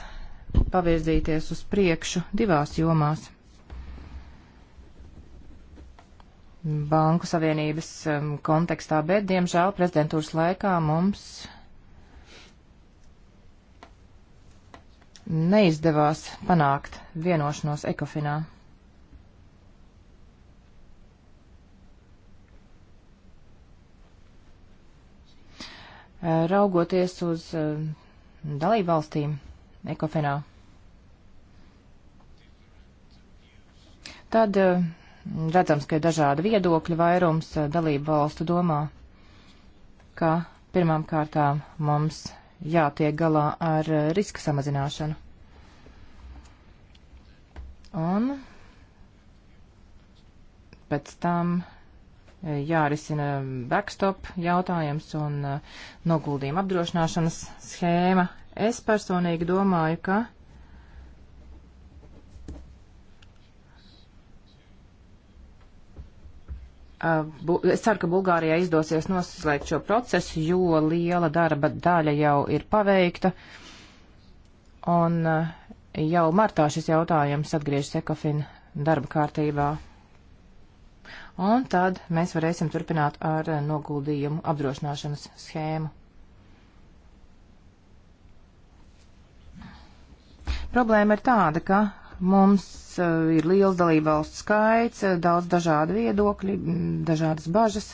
pavirzīties uz priekšu divās jomās. Banku savienības um, kontekstā, bet, diemžēl, prezidentūras laikā mums neizdevās panākt vienošanos ekofinā. Uh, raugoties uz uh, dalībvalstīm, Ekofinā. Tad eh, redzams, ka ir dažādi viedokļi vairums eh, dalību valstu domā, ka pirmām kārtām mums jātiek galā ar eh, riska samazināšanu. Un pēc tam jārisina backstop jautājums un noguldījuma apdrošināšanas schēma Es personīgi domāju, ka Es ceru, ka Bulgārijai izdosies noslēgt šo procesu, jo liela darba daļa jau ir paveikta. Un jau martā šis jautājums atgriežas Ekofina darba kārtībā. Un tad mēs varēsim turpināt ar noguldījumu apdrošināšanas schēmu. Problēma ir tāda, ka mums eh, ir liels dalībvalsts skaits, eh, daudz dažādu viedokļu, dažādas bažas.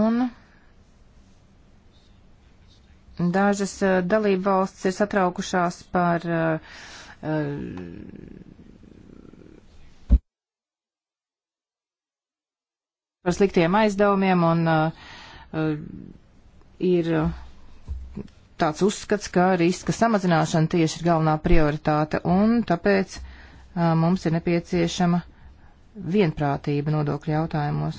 Un dažas eh, dalībvalsts ir satraukušās par uh, par sliktiem aizdevumiem un uh, uh ir uh, tāds uzskats, ka riska samazināšana tieši ir galvenā prioritāte un tāpēc uh, mums ir nepieciešama vienprātība nodokļu jautājumos.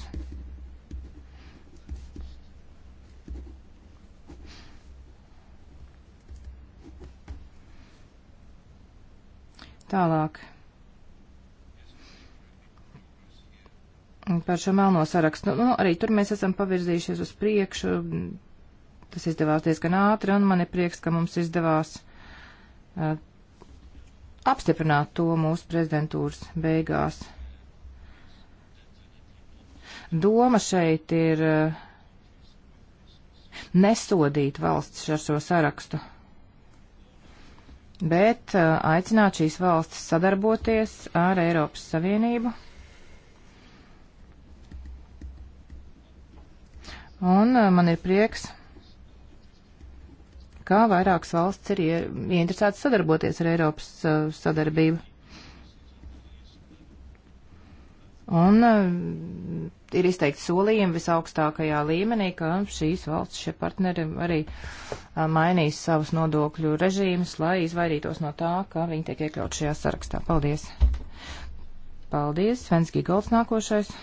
Tālāk. par šo melno sarakstu. Nu, arī tur mēs esam pavirzījušies uz priekšu. Tas izdevās diezgan ātri, un man ir prieks, ka mums izdevās uh, apstiprināt to mūsu prezidentūras beigās. Doma šeit ir uh, nesodīt valsts ar šo sarakstu, bet uh, aicināt šīs valstis sadarboties ar Eiropas Savienību Un eh, man ir prieks, kā vairākas valsts ir ieinteresētas sadarboties ar Eiropas uh, sadarbību. Un uh, ir izteikti solījumi visaugstākajā līmenī, ka šīs valsts, šie partneri arī uh, mainīs savus nodokļu režīmus, lai izvairītos no tā, ka viņi tiek iekļaut šajā sarakstā. Paldies! Paldies! Svenskī Golds nākošais!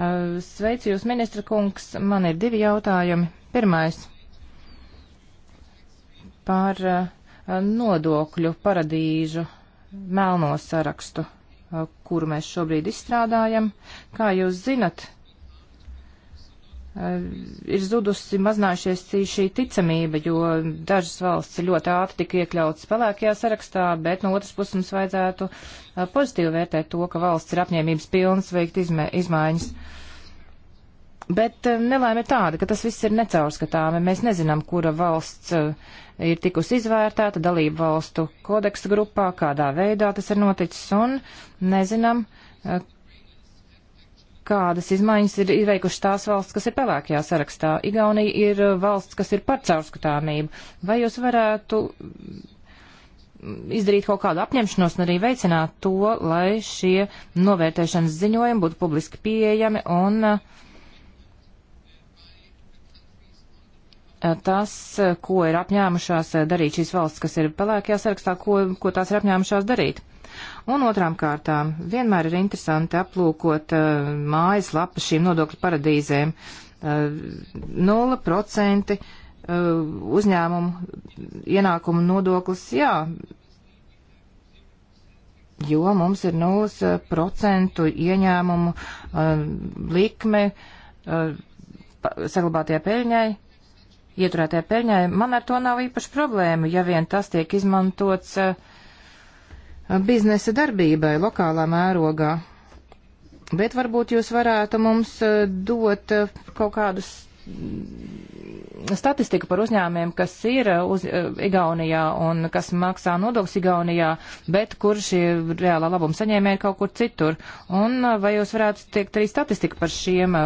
Eh, sveicu jūs, ministra kungs. Man ir divi jautājumi. Pirmais par eh, nodokļu paradīžu melno sarakstu, eh, kuru mēs šobrīd izstrādājam. Kā jūs zinat, ir zudusi, mazinājušies šī ticamība, jo dažas valsts ļoti ātri tika iekļautas pelēkajā sarakstā, bet no otras puses mums vajadzētu pozitīvi vērtēt to, ka valsts ir apņēmības pilnas veikt izmē, izmaiņas. Bet nelēma ir tāda, ka tas viss ir necaurskatāmi. Mēs nezinām, kura valsts ir tikusi izvērtēta dalību valstu kodeksa grupā, kādā veidā tas ir noticis, un nezinām, kādas izmaiņas ir, ir veikuši tās valsts, kas ir pelēkajā sarakstā. Igaunija ir uh, valsts, kas ir par caurskatāmību. Vai jūs varētu mm, izdarīt kaut kādu apņemšanos un arī veicināt to, lai šie novērtēšanas ziņojumi būtu publiski pieejami un uh, tas, uh, ko ir apņēmušās darīt šīs valsts, kas ir pelēkajā sarakstā, ko, ko tās ir apņēmušās darīt. Un otrām kārtām vienmēr ir interesanti aplūkot uh, mājas lapa šīm nodokļu paradīzēm. Nula uh, procenti uh, uzņēmumu ienākumu nodoklis, jā, jo mums ir 0% uh, ieņēmumu uh, likme uh, saglabātajā peļņai, ieturētajā peļņai. Man ar to nav īpaši problēma, ja vien tas tiek izmantots uh, biznesa darbībai lokālā mērogā. Bet varbūt jūs varētu mums dot kaut kādus statistiku par uzņēmumiem, kas ir uz Igaunijā un kas maksā nodokļus Igaunijā, bet kur šī reālā labuma saņēmēja ir kaut kur citur. Un vai jūs varētu tiekt arī statistiku par šiem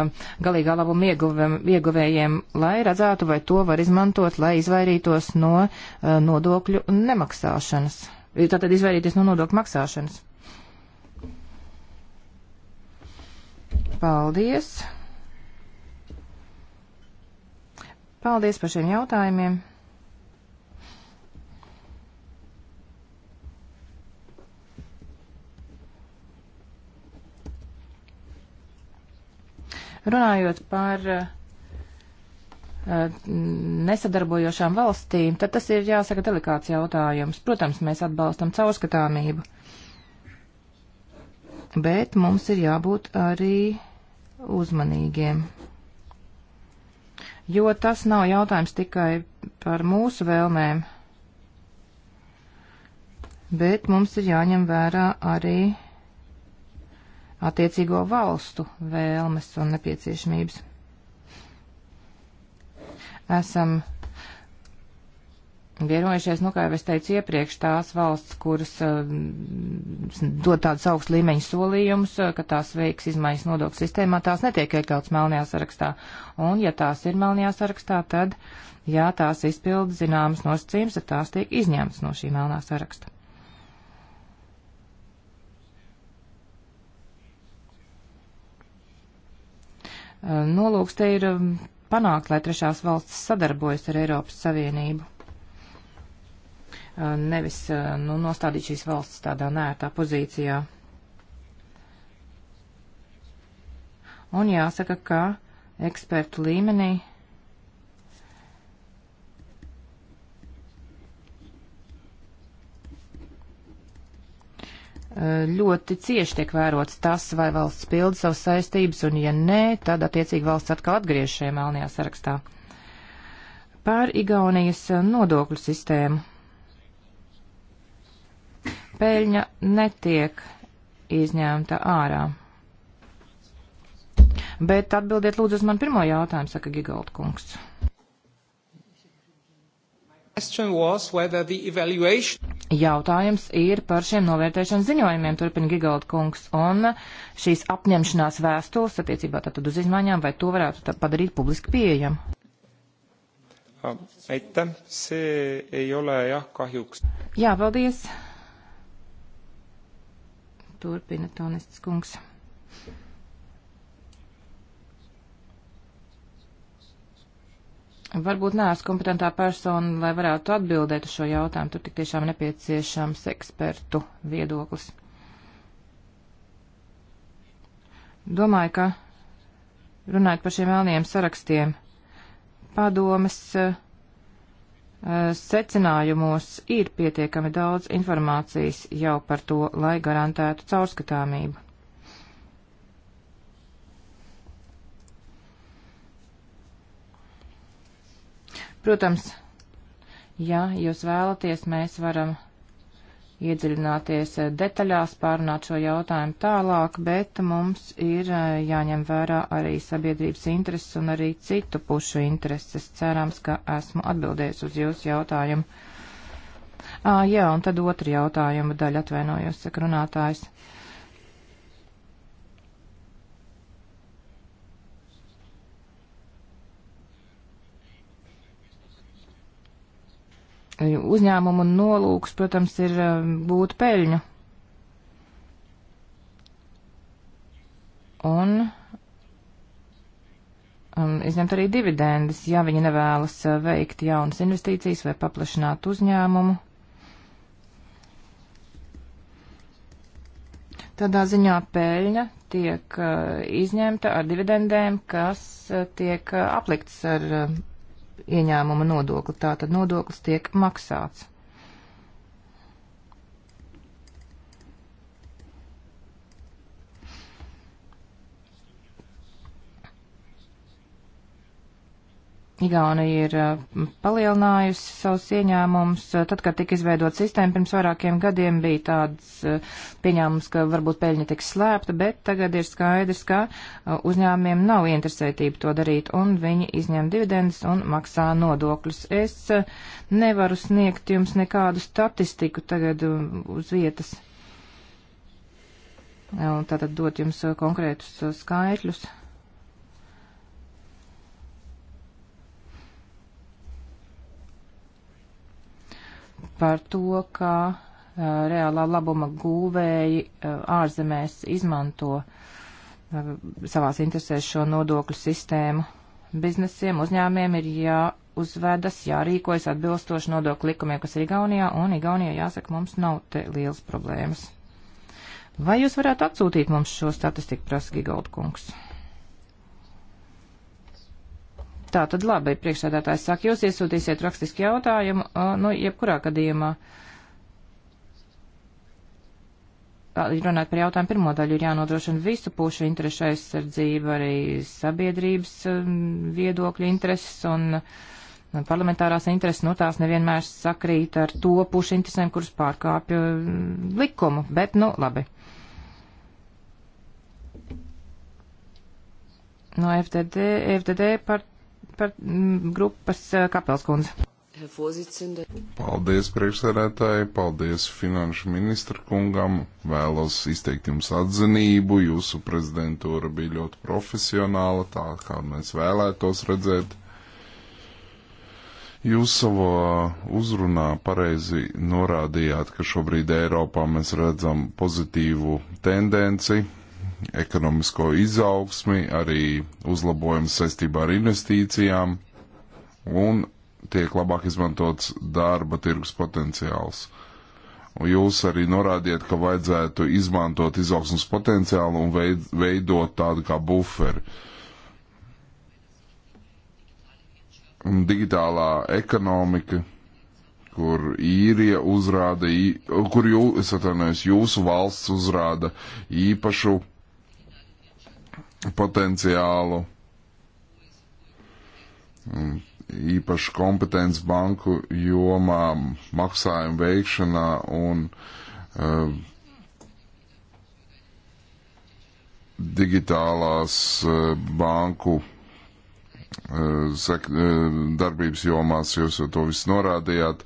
galīgā labuma ieguvējiem, lai redzētu, vai to var izmantot, lai izvairītos no nodokļu nemaksāšanas? tātad izvairīties no nodokļu maksāšanas. Paldies! Paldies par šiem jautājumiem! Runājot par uh, nesadarbojošām valstīm, tad tas ir jāsaka delikāts jautājums. Protams, mēs atbalstam caurskatāmību, bet mums ir jābūt arī uzmanīgiem. Jo tas nav jautājums tikai par mūsu vēlmēm, bet mums ir jāņem vērā arī attiecīgo valstu vēlmes un nepieciešamības esam vienojušies, nu, kā jau es teicu iepriekš, tās valsts, kuras uh, dod tādus augstu līmeņu solījumus, uh, ka tās veiks izmaiņas nodokļu sistēmā, tās netiek iekļauts melnajā sarakstā. Un, ja tās ir melnajā sarakstā, tad, ja tās izpilda zināmas nosacījums, tad tās tiek izņemtas no šī melnā saraksta. Uh, nolūks te ir mm, panākt, lai trešās valstis sadarbojas ar Eiropas Savienību. Uh, nevis uh, nu, nostādīt šīs valstis tādā nērtā pozīcijā. Un jāsaka, ka ekspertu līmenī ļoti cieši tiek vērots tas, vai valsts pilda savas saistības, un ja nē, tad attiecīgi valsts atkal atgriež šajā melnajā sarakstā. Pār Igaunijas nodokļu sistēmu. Pēļņa netiek izņemta ārā. Bet atbildiet lūdzu uz man pirmo jautājumu, saka Gigalda kungs. Jautājums ir par šiem novērtēšanas ziņojumiem, turpina Gigalda kungs, un šīs apņemšanās vēstules attiecībā tātad uz izmaiņām, vai to varētu padarīt publiski pieejamu? Ah, aitäh, see ei ole jah kahjuks. Jā, paldies. Turpina Tonistis kungs. Varbūt neesmu kompetentā persona, lai varētu atbildēt uz šo jautājumu. Tur tik tiešām nepieciešams ekspertu viedoklis. Domāju, ka runājot par šiem melniem sarakstiem, padomes uh, secinājumos ir pietiekami daudz informācijas jau par to, lai garantētu caurskatāmību. Protams, ja jūs vēlaties, mēs varam iedziļināties eh, detaļās, pārunāt šo jautājumu tālāk, bet mums ir eh, jāņem vērā arī sabiedrības intereses un arī citu pušu intereses. Cerams, ka esmu atbildējis uz jūsu jautājumu. À, ah, jā, un tad otru jautājumu daļu atvainojos, saka runātājs. uzņēmumu nolūks, protams, ir būt eh, peļņu. Un um, izņemt arī dividendes, ja viņi nevēlas eh, veikt jaunas investīcijas vai paplašināt uzņēmumu. Tādā ziņā pēļņa tiek uh, izņemta ar dividendēm, kas uh, tiek uh, aplikts ar uh, ieņēmuma nodokli. Tātad nodoklis tiek maksāts. Igaunija ir eh, palielinājusi savus ieņēmumus. Eh, tad, kad tika izveidot sistēma pirms vairākiem gadiem, bija tāds eh, pieņēmums, ka varbūt peļņa tiks slēpta, bet tagad ir skaidrs, ka uzņēmumiem nav interesētība to darīt, un viņi izņem dividendus un maksā nodokļus. Es nevaru sniegt jums nekādu statistiku tagad uz vietas. Un tātad dot jums konkrētus skaitļus. par to, kā uh, reālā labuma gūvēji uh, ārzemēs izmanto uh, savās interesēs šo nodokļu sistēmu. Biznesiem, uzņēmiem ir jāuzvedas, jārīkojas atbilstoši nodokļu likumiem, kas ir Igaunijā, un Igaunijā jāsaka, mums nav te liels problēmas. Vai jūs varētu atsūtīt mums šo statistiku, prasa Gigoldkungs? kungs? Tā tad labi, priekšsēdētājs saka, jūs iesūtīsiet rakstisku jautājumu, nu, jebkurā gadījumā. Runāt par jautājumu pirmo daļu ir jānodrošina visu pušu interešu aizsardzība, arī sabiedrības viedokļu intereses un parlamentārās intereses, nu, tās nevienmēr sakrīt ar to pušu interesēm, kuras pārkāpja likumu, bet, nu, labi. no FDD, FDD par par m, mm, grupas eh, Kapelskundze. Paldies priekšsēdētāji, paldies finanšu ministra kungam, vēlos izteikt jums atzinību, jūsu prezidentūra bija ļoti profesionāla, tā kā mēs vēlētos redzēt. Jūs savā uzrunā pareizi norādījāt, ka šobrīd Eiropā mēs redzam pozitīvu tendenci, ekonomisko izaugsmi, arī uzlabojums saistībā ar investīcijām un tiek labāk izmantots darba tirgus potenciāls. Jūs arī norādījat, ka vajadzētu izmantot izaugsmas potenciālu un veid, veidot tādu kā buferi. Un digitālā ekonomika, kur īrija uzrāda, kur jū, es atvainojos, jūsu valsts uzrāda īpašu potenciālu, um, īpaši kompetenci banku jomā, maksājumu veikšanā un uh, digitālās uh, banku uh, sek, uh, darbības jomās, jūs jau to visu norādījāt.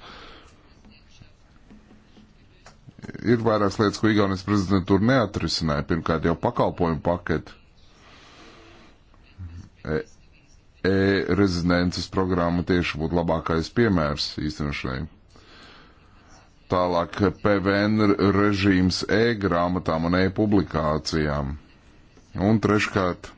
Ir vairākas lietas, ko Igaunijas prezidentūra neatrisināja. Pirmkārt, jau pakalpojumu paketi E, e-rezidences programma tieši būtu labākais piemērs īstenošanai. Tālāk PVN režīms e-grāmatām un e-publikācijām. Un treškārt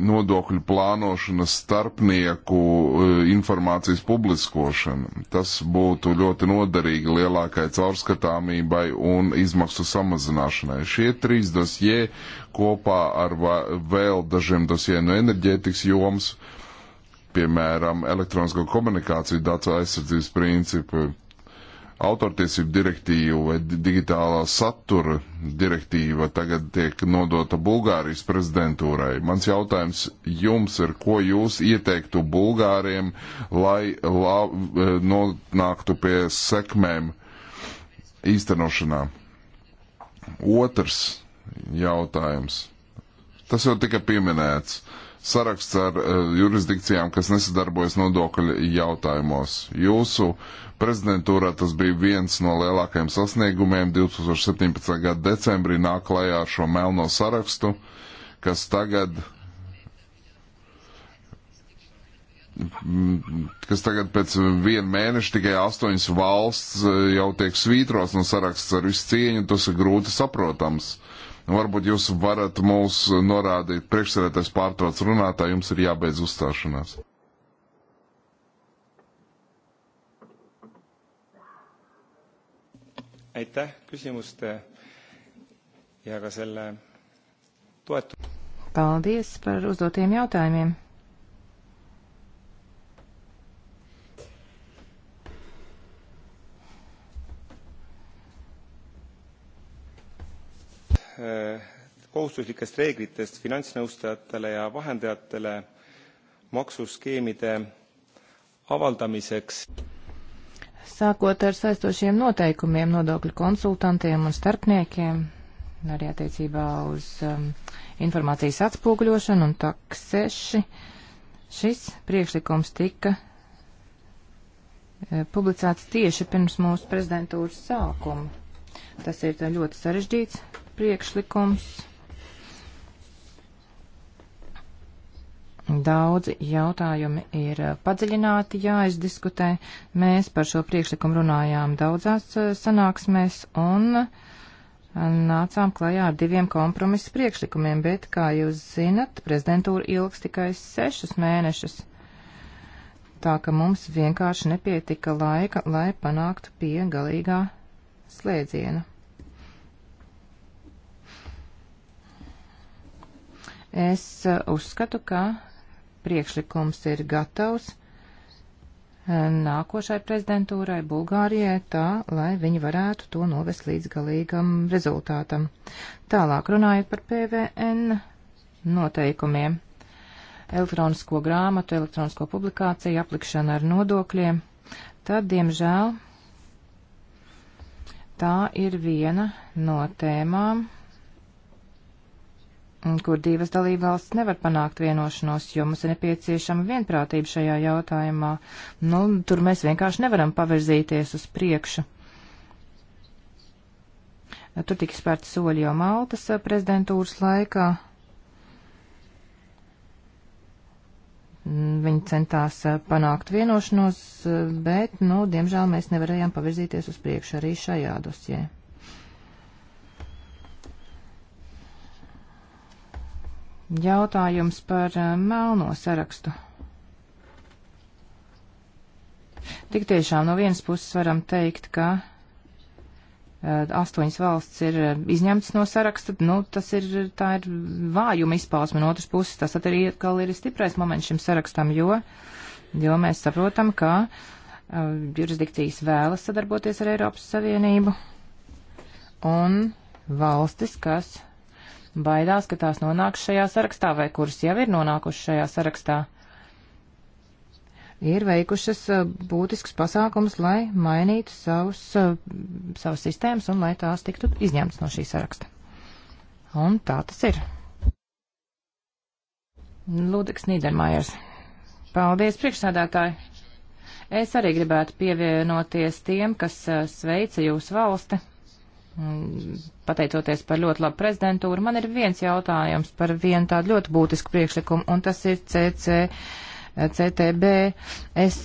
nodokļu plānošanas starpnieku e, informācijas publiskošana. Tas būtu ļoti noderīgi lielākai caurskatāmībai un izmaksu samazināšanai. Šie trīs dosie kopā ar vēl dažiem dosiem no enerģētikas joms, piemēram, elektronisko komunikāciju datu aizsardzības principu autortiesību direktīva vai digitālā satura direktīva tagad tiek nodota Bulgārijas prezidentūrai. Mans jautājums jums ir, ko jūs ieteiktu Bulgāriem, lai lab, e, nonāktu pie sekmēm īstenošanā? Otrs jautājums. Tas jau tika pieminēts. Saraksts ar uh, jurisdikcijām, kas nesadarbojas nodokļu jautājumos. Jūsu uh, prezidentūrā tas bija viens no lielākajiem sasniegumiem. 2017. gada decembrī nāk klajā ar šo melno sarakstu, kas tagad kas tagad pēc viena mēneša tikai astoņas valsts eh, jau tiek svītros no saraksts ar visu cieņu, tas ir grūti saprotams. Varbūt jūs varat mūs norādīt, priekšsēdētājs pārtrauc runātā, jums ir jābeidz uzstāšanās. aitäh küsimuste ja ka selle toetu-. paldies par uzdotiem jautājumiem. Äh, kohustuslikest reeglitest finantsnõustajatele ja vahendajatele maksuskeemide avaldamiseks sākot ar saistošiem noteikumiem nodokļu konsultantiem un starpniekiem, arī attiecībā uz um, informācijas atspūgļošanu un takseši. Šis priekšlikums tika e, publicēts tieši pirms mūsu prezidentūras sākuma. Tas ir ļoti sarežģīts priekšlikums Daudzi jautājumi ir eh, padziļināti jāizdiskutē. Mēs par šo priekšlikumu runājām daudzās eh, sanāksmēs un eh, nācām klajā ar diviem kompromisu priekšlikumiem, bet, kā jūs zinat, prezidentūra ilgs tikai sešus mēnešus. Tā ka mums vienkārši nepietika laika, lai panāktu pie galīgā slēdziena. Es uzskatu, ka priekšlikums ir gatavs e, nākošai prezidentūrai Bulgārijai tā, lai viņi varētu to novest līdz galīgam rezultātam. Tālāk runājot par PVN noteikumiem. Elektronisko grāmatu, elektronisko publikāciju, aplikšana ar nodokļiem. Tad, diemžēl, tā ir viena no tēmām Mm, kur divas dalībvalstis nevar panākt vienošanos, jo mums ir nepieciešama vienprātība šajā jautājumā. Nu, tur mēs vienkārši nevaram pavirzīties uz priekšu. Tur tika spērti soļi jau Maltas eh, prezidentūras laikā. Mm, viņi centās eh, panākt vienošanos, eh, bet, nu, diemžēl mēs nevarējām pavirzīties uz priekšu arī šajā dosijā. Jautājums par eh, melno sarakstu. Tik tiešām no vienas puses varam teikt, ka eh, astoņas valsts ir eh, izņemtas no saraksta, nu, tas ir, tā ir vājuma izpausme no otras puses, tas arī atkal ir stiprais moments šim sarakstam, jo, jo mēs saprotam, ka uh, jurisdikcijas vēlas sadarboties ar Eiropas Savienību un valstis, kas baidās, ka tās nonāks šajā sarakstā vai kuras jau ir nonākušas šajā sarakstā, ir veikušas eh, būtisks pasākums, lai mainītu savus, eh, savus sistēmas un lai tās tiktu izņemtas no šī saraksta. Un tā tas ir. Lūdeks Nīdermājers. Paldies, priekšsēdētāji! Es arī gribētu pievienoties tiem, kas eh, sveica jūsu valsti pateicoties par ļoti labu prezidentūru, man ir viens jautājums par vienu tādu ļoti būtisku priekšlikumu, un tas ir CC, CTB. Es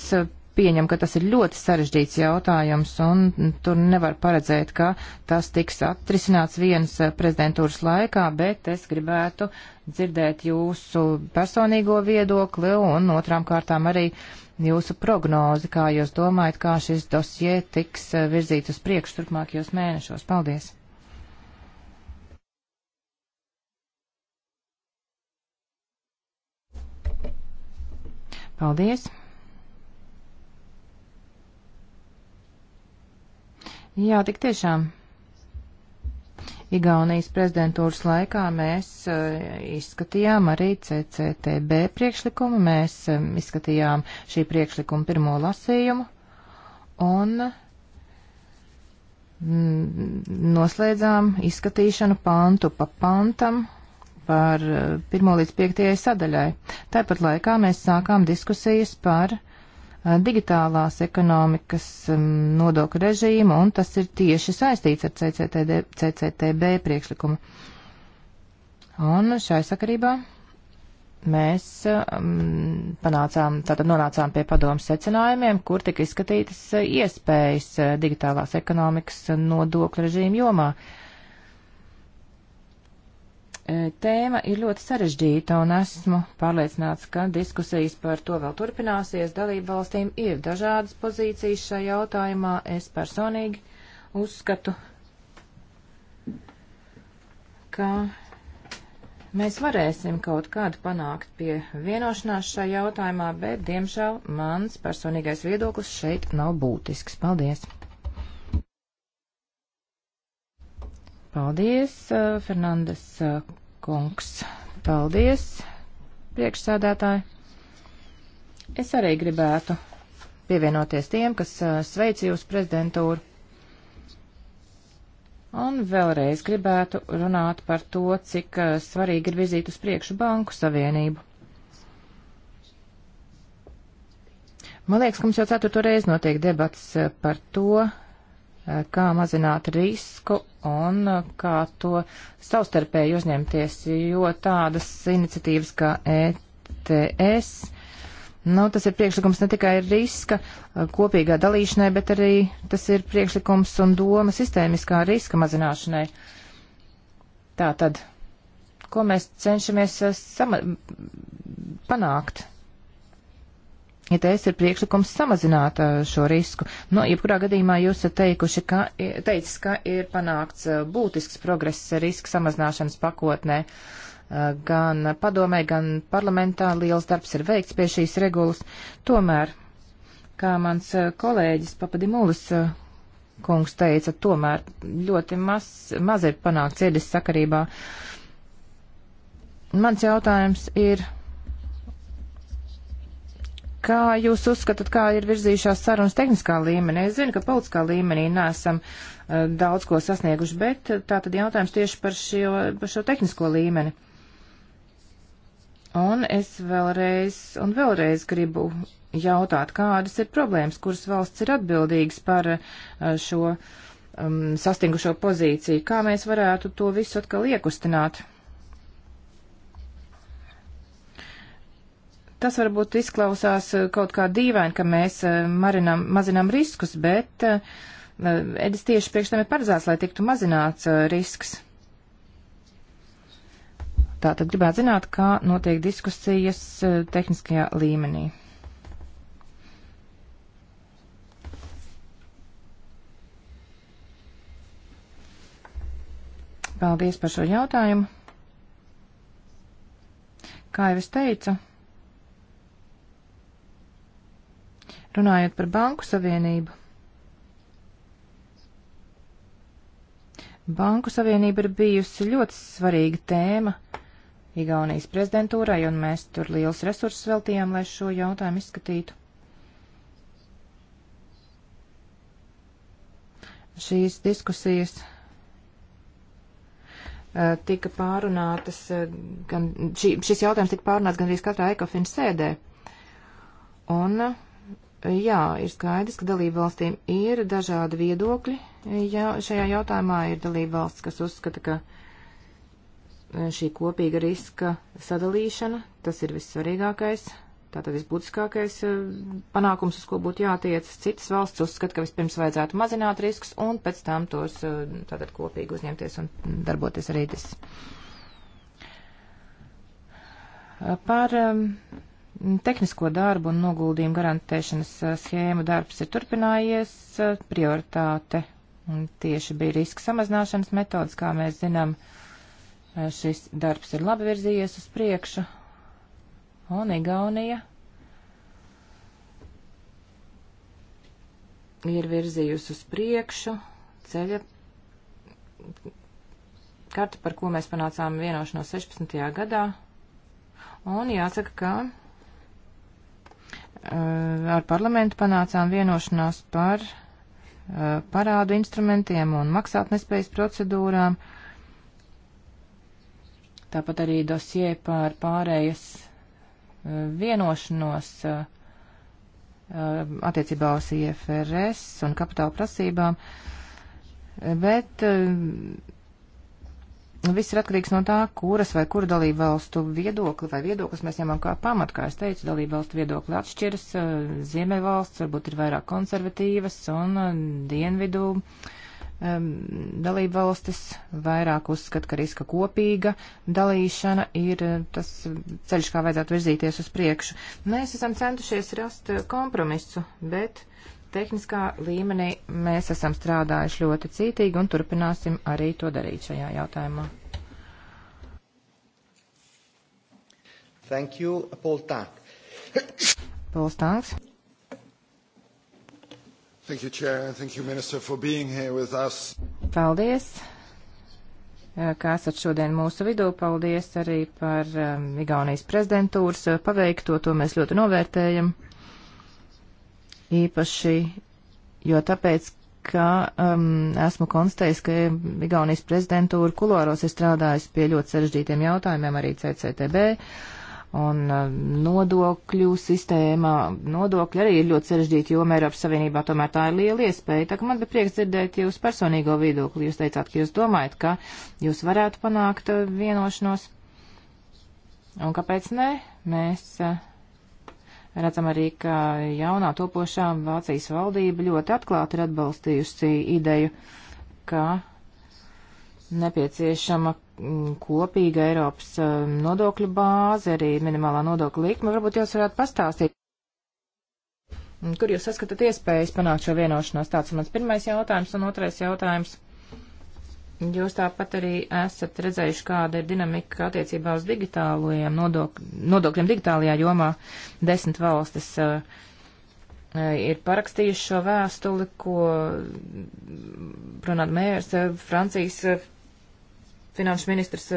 pieņemu, ka tas ir ļoti sarežģīts jautājums, un tur nevar paredzēt, ka tas tiks atrisināts vienas prezidentūras laikā, bet es gribētu dzirdēt jūsu personīgo viedokli un otrām kārtām arī uh, jūsu prognozi, kā jūs domājat, kā šis dosie tiks eh, virzīt uz priekšu turpmākajos mēnešos. Paldies! Paldies! Jā, tik tiešām. Igaunijas prezidentūras laikā mēs eh, izskatījām arī CCTB priekšlikumu, mēs eh, izskatījām šī priekšlikuma pirmo lasījumu un mm, noslēdzām izskatīšanu pantu pa pantam par 1 eh, līdz 5 sadaļai. Tāpat laikā mēs sākām diskusijas par Eh, digitālās ekonomikas mm, nodokļu režīmu, un tas ir tieši saistīts ar CCTD, CCTB priekšlikumu. Un šai sakarībā mēs um, panācām, tātad nonācām pie padomas secinājumiem, kur tika izskatītas eh, iespējas digitālās ekonomikas nodokļu režīmu jomā. Uh, E, tēma ir ļoti sarežģīta, un esmu pārliecināts, ka diskusijas par to vēl turpināsies. Dalību valstīm ir dažādas pozīcijas šajā jautājumā. Es personīgi uzskatu, ka mēs varēsim kaut kādu panākt pie vienošanās šajā jautājumā, bet, diemžēl, mans personīgais viedoklis šeit nav būtisks. Paldies! Paldies, uh, Fernandes uh, kungs. Paldies, priekšsēdētāji. Es arī gribētu pievienoties tiem, kas uh, sveic jūs prezidentūru. Un vēlreiz gribētu runāt par to, cik uh, svarīgi ir virzīt uz priekšu banku savienību. Man liekas, ka mums jau ceturto reizi notiek debats par to, Eh, kā mazināt risku un eh, kā to savstarpēji uzņemties, jo tādas iniciatīvas kā ETS, nu, tas ir priekšlikums ne tikai riska eh, kopīgā dalīšanai, bet arī tas ir priekšlikums un doma sistēmiskā riska mazināšanai. Tā tad, ko mēs cenšamies sama, panākt? Ja te ir priekšlikums samazināt eh, šo risku, no nu, jebkurā gadījumā jūs esat teikuši, ka, teicis, ka ir panākts eh, būtisks progress riska samazināšanas pakotnē. Eh, gan padomē, gan parlamentā liels darbs ir veikts pie šīs regulas. Tomēr, kā mans kolēģis Papadimulis kungs teica, tomēr ļoti maz, maz ir panākts iedes sakarībā. Mans jautājums ir Kā jūs uzskatāt, kā ir virzījušās sarunas tehniskā līmenī? Es zinu, ka politiskā līmenī nesam uh, eh, daudz ko sasnieguši, bet eh, tā tad jautājums tieši par šo, par šo tehnisko līmeni. Un es vēlreiz un vēlreiz gribu jautāt, kādas ir problēmas, kuras valsts ir atbildīgas par uh, šo um, sastingušo pozīciju, kā mēs varētu to visu atkal iekustināt. Tas varbūt izklausās eh, kaut kā dīvaini, ka mēs eh, marinam, mazinām riskus, bet eh, Edis tieši priekš tam ir paredzēts, lai tiktu mazināts risks. Tātad gribētu zināt, kā notiek diskusijas tehniskajā līmenī. Paldies par šo jautājumu. Kā jau es teicu, Runājot par banku savienību. Banku savienība ir bijusi ļoti svarīga tēma Igaunijas prezidentūrai, un mēs tur liels resursus veltījām, lai šo jautājumu izskatītu. Šīs diskusijas eh, tika pārunātas, eh, gan, šī, šis jautājums tika pārunāts gandrīz katrā ekofina sēdē. Un eh, Jā, ir skaidrs, ka dalību valstīm ir dažādi viedokļi. Jā, šajā jautājumā ir dalību valsts, kas uzskata, ka e, šī kopīga riska sadalīšana, tas ir vissvarīgākais, tātad visbūtiskākais e, panākums, uz ko būtu jātiec. Citas valsts uzskata, ka vispirms vajadzētu mazināt riskus un pēc tam tos e, tātad kopīgi uzņemties un darboties arī tas. Par um, Tehnisko darbu un noguldījumu garantēšanas uh, schēmu darbs ir turpinājies, uh, prioritāte un tieši bija riska samazināšanas metodas, kā mēs zinām, uh, šis darbs ir labi virzījies uz priekšu, un Igaunija ir virzījusi uz priekšu ceļa karti, par ko mēs panācām vienošanos 16. gadā, un jāsaka, ka Eh, ar parlamentu panācām vienošanās par eh, parādu instrumentiem un maksātnespējas procedūrām. Tāpat arī dosie par pārējas eh, vienošanos attiecībā uz IFRS un kapitāla prasībām, bet Nu, viss ir atkarīgs no tā, kuras vai kura dalību valstu viedokli vai viedoklis mēs ņemam kā pamat, kā es teicu, dalību valstu viedokli atšķiras, eh, ziemeļvalsts varbūt ir vairāk konservatīvas un eh, dienvidu ehm, dalību valstis vairāk uzskata, ka riska kopīga dalīšana ir eh, tas ceļš, kā vajadzētu virzīties uz priekšu. Mēs esam centušies rast kompromisu, bet tehniskā līmenī mēs esam strādājuši ļoti cītīgi un turpināsim arī to darīt šajā jautājumā. Thank you, Paul Tank. Paul Tanks. Thank you, Chair, and thank you, Minister, for being here with us. Paldies, eh, ka esat šodien mūsu vidū. Paldies arī par um, Igaunijas prezidentūras eh, paveikto, to mēs ļoti novērtējam īpaši, jo tāpēc, ka um, esmu konstatējis, ka Igaunijas prezidentūra kuloros ir strādājusi pie ļoti sarežģītiem jautājumiem arī CCTB un um, nodokļu sistēmā. Nodokļi arī ir ļoti sarežģīti, jo Eiropas Savienībā tomēr tā ir liela iespēja. Tā kā man bija prieks dzirdēt jūsu personīgo viedokli. Jūs teicāt, ka jūs domājat, ka jūs varētu panākt uh, vienošanos. Un kāpēc nē? Mēs. Uh, Redzam arī, ka jaunā topošā Vācijas valdība ļoti atklāti ir atbalstījusi ideju, ka nepieciešama mm, kopīga Eiropas mm, nodokļu bāze, arī minimālā nodokļa likme. Varbūt jūs varētu pastāstīt, kur jūs saskatāt iespējas panākt šo vienošanos. Tāds ir mans pirmais jautājums, un otrais jautājums Jūs tāpat arī esat redzējuši, kāda ir dinamika attiecībā uz digitālajiem nodok nodokļiem digitālajā jomā. Desmit valstis uh, uh ir parakstījuši šo vēstuli, ko Ronald Mērs, uh, Francijas uh, finanšu ministrs,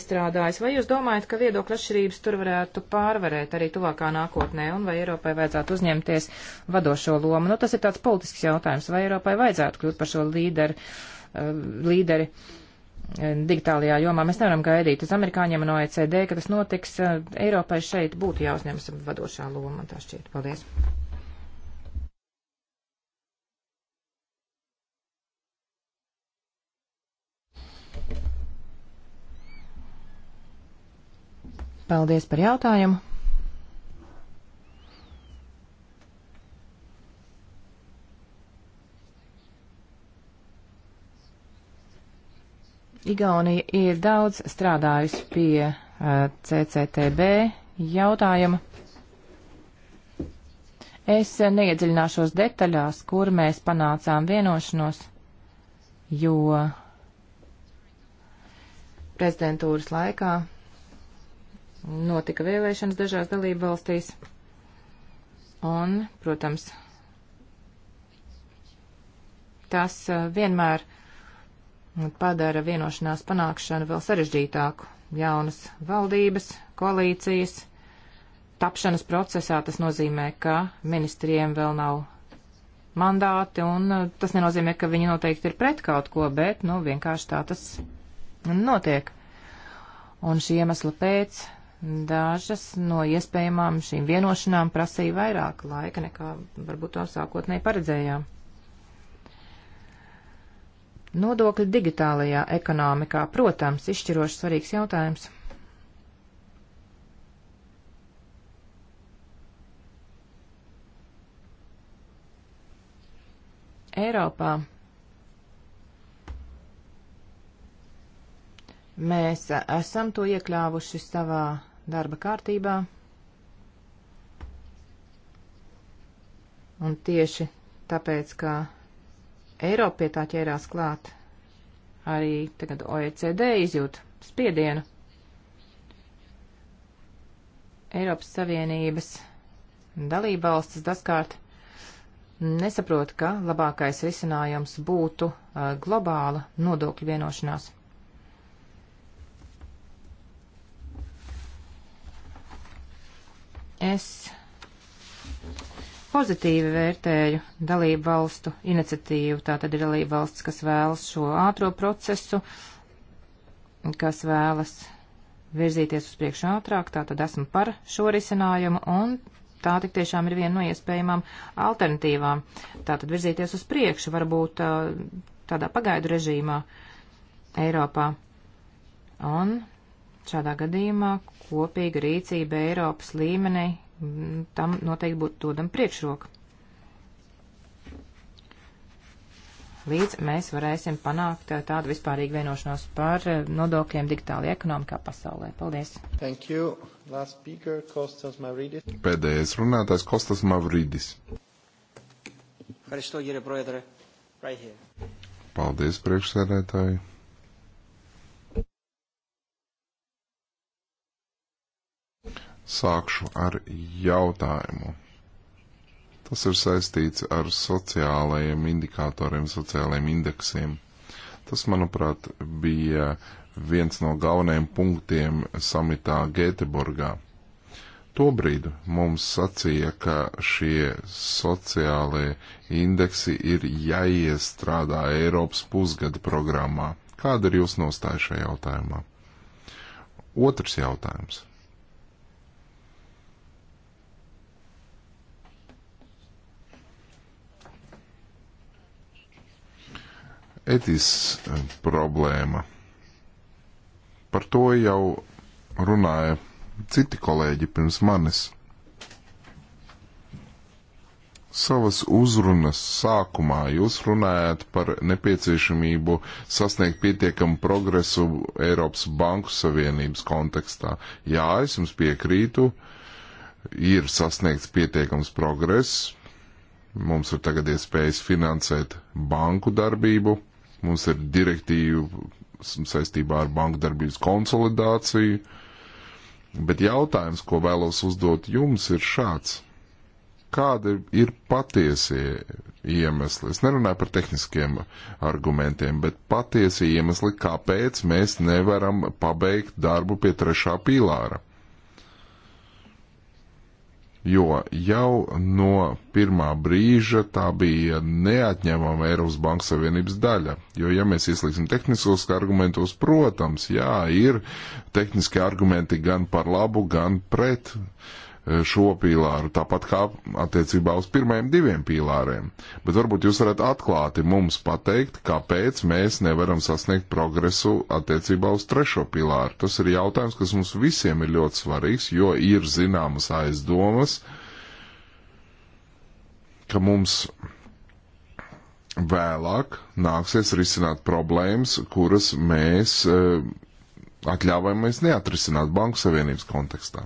izstrādājis. Vai jūs domājat, ka viedokļa atšķirības tur varētu pārvarēt arī tuvākā nākotnē, un vai Eiropai vajadzētu uzņemties vadošo lomu? Nu, tas ir tāds politisks jautājums, vai Eiropai vajadzētu kļūt par šo līderu Um, līderi um, digitālajā jomā. Mēs nevaram gaidīt uz amerikāņiem no ECD, ka tas notiks. Uh, Eiropai šeit būtu jāuzņemas vadošā loma, man tā šķiet. Paldies! Paldies par jautājumu! Igaunija ir daudz strādājusi pie uh, eh, CCTB jautājuma. Es neiedziļināšos detaļās, kur mēs panācām vienošanos, jo prezidentūras laikā notika vēlēšanas dažās dalību valstīs. Un, protams, tas eh, vienmēr uh, padara vienošanās panākšanu vēl sarežģītāku. Jaunas valdības, koalīcijas, tapšanas procesā tas nozīmē, ka ministriem vēl nav mandāti, un uh, tas nenozīmē, ka viņi noteikti ir pret kaut ko, bet, nu, vienkārši tā tas notiek. Un šī iemesla pēc dažas no iespējamām šīm vienošanām prasīja vairāk laika, nekā varbūt to sākotnēji paredzējām. Nodokļi digitālajā ekonomikā, protams, izšķiroši svarīgs jautājums. Eiropā mēs esam to iekļāvuši savā darba kārtībā. Un tieši tāpēc, ka Eiropa pie tā ķērās klāt. Arī tagad OECD izjūt spiedienu. Eiropas Savienības dalībvalstis dažkārt nesaprot, ka labākais risinājums būtu uh, globāla nodokļu vienošanās. Es pozitīvi vērtēju dalību valstu iniciatīvu. Tā tad ir dalību valsts, kas vēlas šo ātro procesu, kas vēlas virzīties uz priekšu ātrāk, tā tad esmu par šo risinājumu un tā tik tiešām ir viena no iespējamām alternatīvām. Tā tad virzīties uz priekšu, varbūt tādā pagaidu režīmā Eiropā. Un šādā gadījumā kopīga rīcība Eiropas līmenī tam noteikti būtu dodam priekšroku. Līdz mēs varēsim panākt uh, tādu vispārīgu vienošanos par uh, nodokļiem digitālajā ekonomikā pasaulē. Paldies! Thank you. Last speaker, Kostas Mavridis. Pēdējais runātājs Kostas Mavridis. Haristo, Right here. Paldies, priekšsēdētāji! Sākšu ar jautājumu. Tas ir saistīts ar sociālajiem indikatoriem, sociālajiem indeksiem. Tas, manuprāt, bija viens no galvenajiem punktiem samitā Gēteburgā. Tobrīd mums sacīja, ka šie sociālie indeksi ir jāiestrādā Eiropas pusgada programmā. Kāda ir jūsu nostāja šajā jautājumā? Otrs jautājums. ETIS e, problēma. Par to jau runāja citi kolēģi pirms manis. Savas uzrunas sākumā jūs runājāt par nepieciešamību sasniegt pietiekamu progresu Eiropas Banku Savienības kontekstā. Jā, es jums piekrītu, ir sasniegts pietiekams progress, mums ir tagad iespējas finansēt banku darbību Mums ir direktīva saistībā ar banku darbības konsolidāciju, bet jautājums, ko vēlos uzdot jums, ir šāds. Kāda ir patiesie iemesli? Es nerunāju par tehniskiem argumentiem, bet patiesie iemesli, kāpēc mēs nevaram pabeigt darbu pie trešā pīlāra jo jau no pirmā brīža tā bija neatņemama Eiropas Bankas Savienības daļa. Jo, ja mēs ieslīgsim tehniskos argumentos, protams, jā, ir tehniski argumenti gan par labu, gan pret uh, Eh, šo pīlāru, tāpat kā attiecībā uz pirmajiem diviem pīlāriem. Bet varbūt jūs varat atklāti mums pateikt, kāpēc mēs nevaram sasniegt progresu attiecībā uz trešo pīlāru. Tas ir jautājums, kas mums visiem ir ļoti svarīgs, jo ir zināmas aizdomas, ka mums vēlāk nāksies risināt problēmas, kuras mēs eh, atļāvāmies neatrisināt Banku Savienības kontekstā.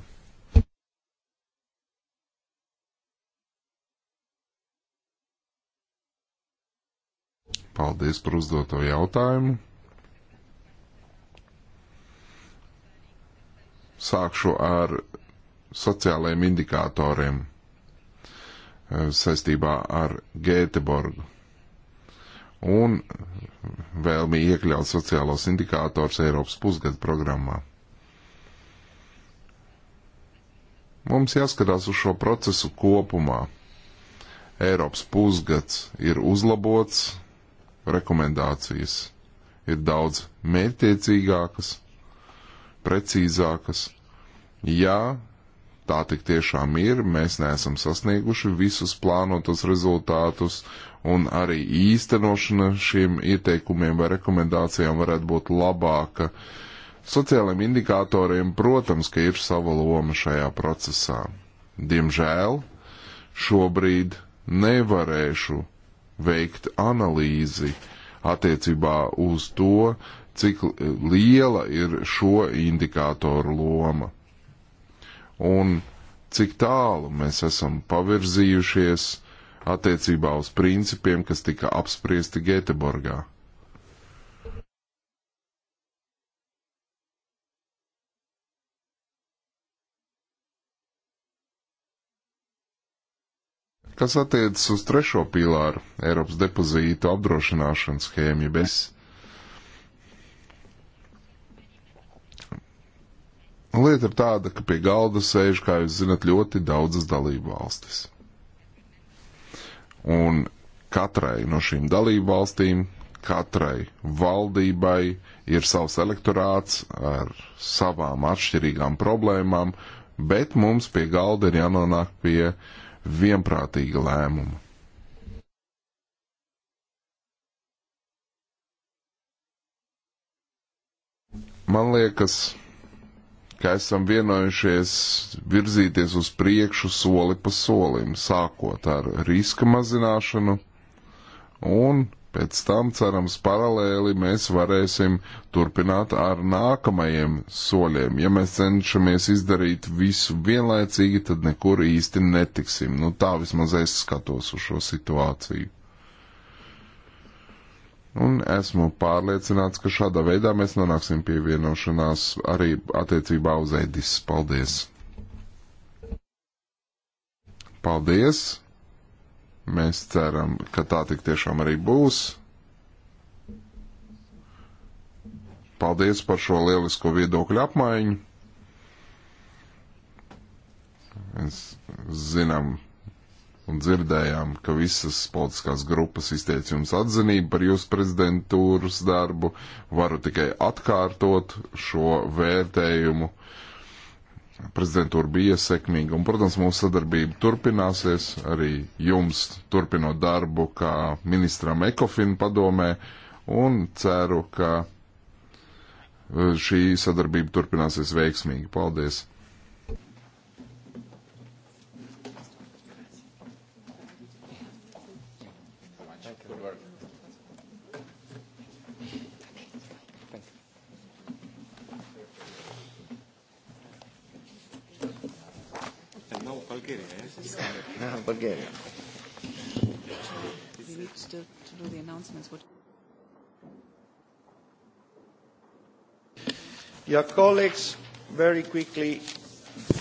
Paldies par uzdoto jautājumu. Sākšu ar sociālajiem indikatoriem eh, saistībā ar Gēteborgu un vēlmi iekļaut sociālos indikātors Eiropas pusgada programmā. Mums jāskatās uz šo procesu kopumā. Eiropas pusgads ir uzlabots, rekomendācijas ir daudz mērķtiecīgākas, precīzākas. Ja tā tik tiešām ir, mēs neesam sasnieguši visus plānotos rezultātus, un arī īstenošana šiem ieteikumiem vai rekomendācijām varētu būt labāka. Sociālajiem indikatoriem, protams, ka ir sava loma šajā procesā. Diemžēl šobrīd nevarēšu veikt analīzi attiecībā uz to, cik liela ir šo indikātoru loma un cik tālu mēs esam pavirzījušies attiecībā uz principiem, kas tika apspriesti Gēteborgā. Kas attiecas uz trešo pīlāru Eiropas depozītu apdrošināšanas schēmu, ja bez. Lieta ir tāda, ka pie galda sēž, kā jūs zinat, ļoti daudzas dalību valstis. Un katrai no šīm dalību valstīm, katrai valdībai ir savs elektorāts ar savām atšķirīgām problēmām, bet mums pie galda ir jānonāk pie uh, vienprātīga lēmuma. Man liekas, ka esam vienojušies virzīties uz priekšu soli pa solim, sākot ar riska mazināšanu un Pēc tam, cerams, paralēli mēs varēsim turpināt ar nākamajiem soļiem. Ja mēs cenšamies izdarīt visu vienlaicīgi, tad nekur īsti netiksim. Nu, tā vismaz es skatos uz šo situāciju. Un esmu pārliecināts, ka šādā veidā mēs nonāksim pie vienošanās arī attiecībā uz Edis. Paldies! Paldies! Mēs ceram, ka tā tik tiešām arī būs. Paldies par šo lielisko viedokļu apmaiņu. Mēs zinām un dzirdējām, ka visas politiskās grupas izteica jums atzinību par jūsu prezidentūras darbu. Varu tikai atkārtot šo vērtējumu prezidentūra bija sekmīga. Un, protams, mūsu sadarbība turpināsies arī jums, turpinot darbu kā ministram Ekofin padomē, un ceru, ka eh, šī sadarbība turpināsies veiksmīgi. Paldies! Bulgarian. We need to, to do the announcements. What Your colleagues, very quickly,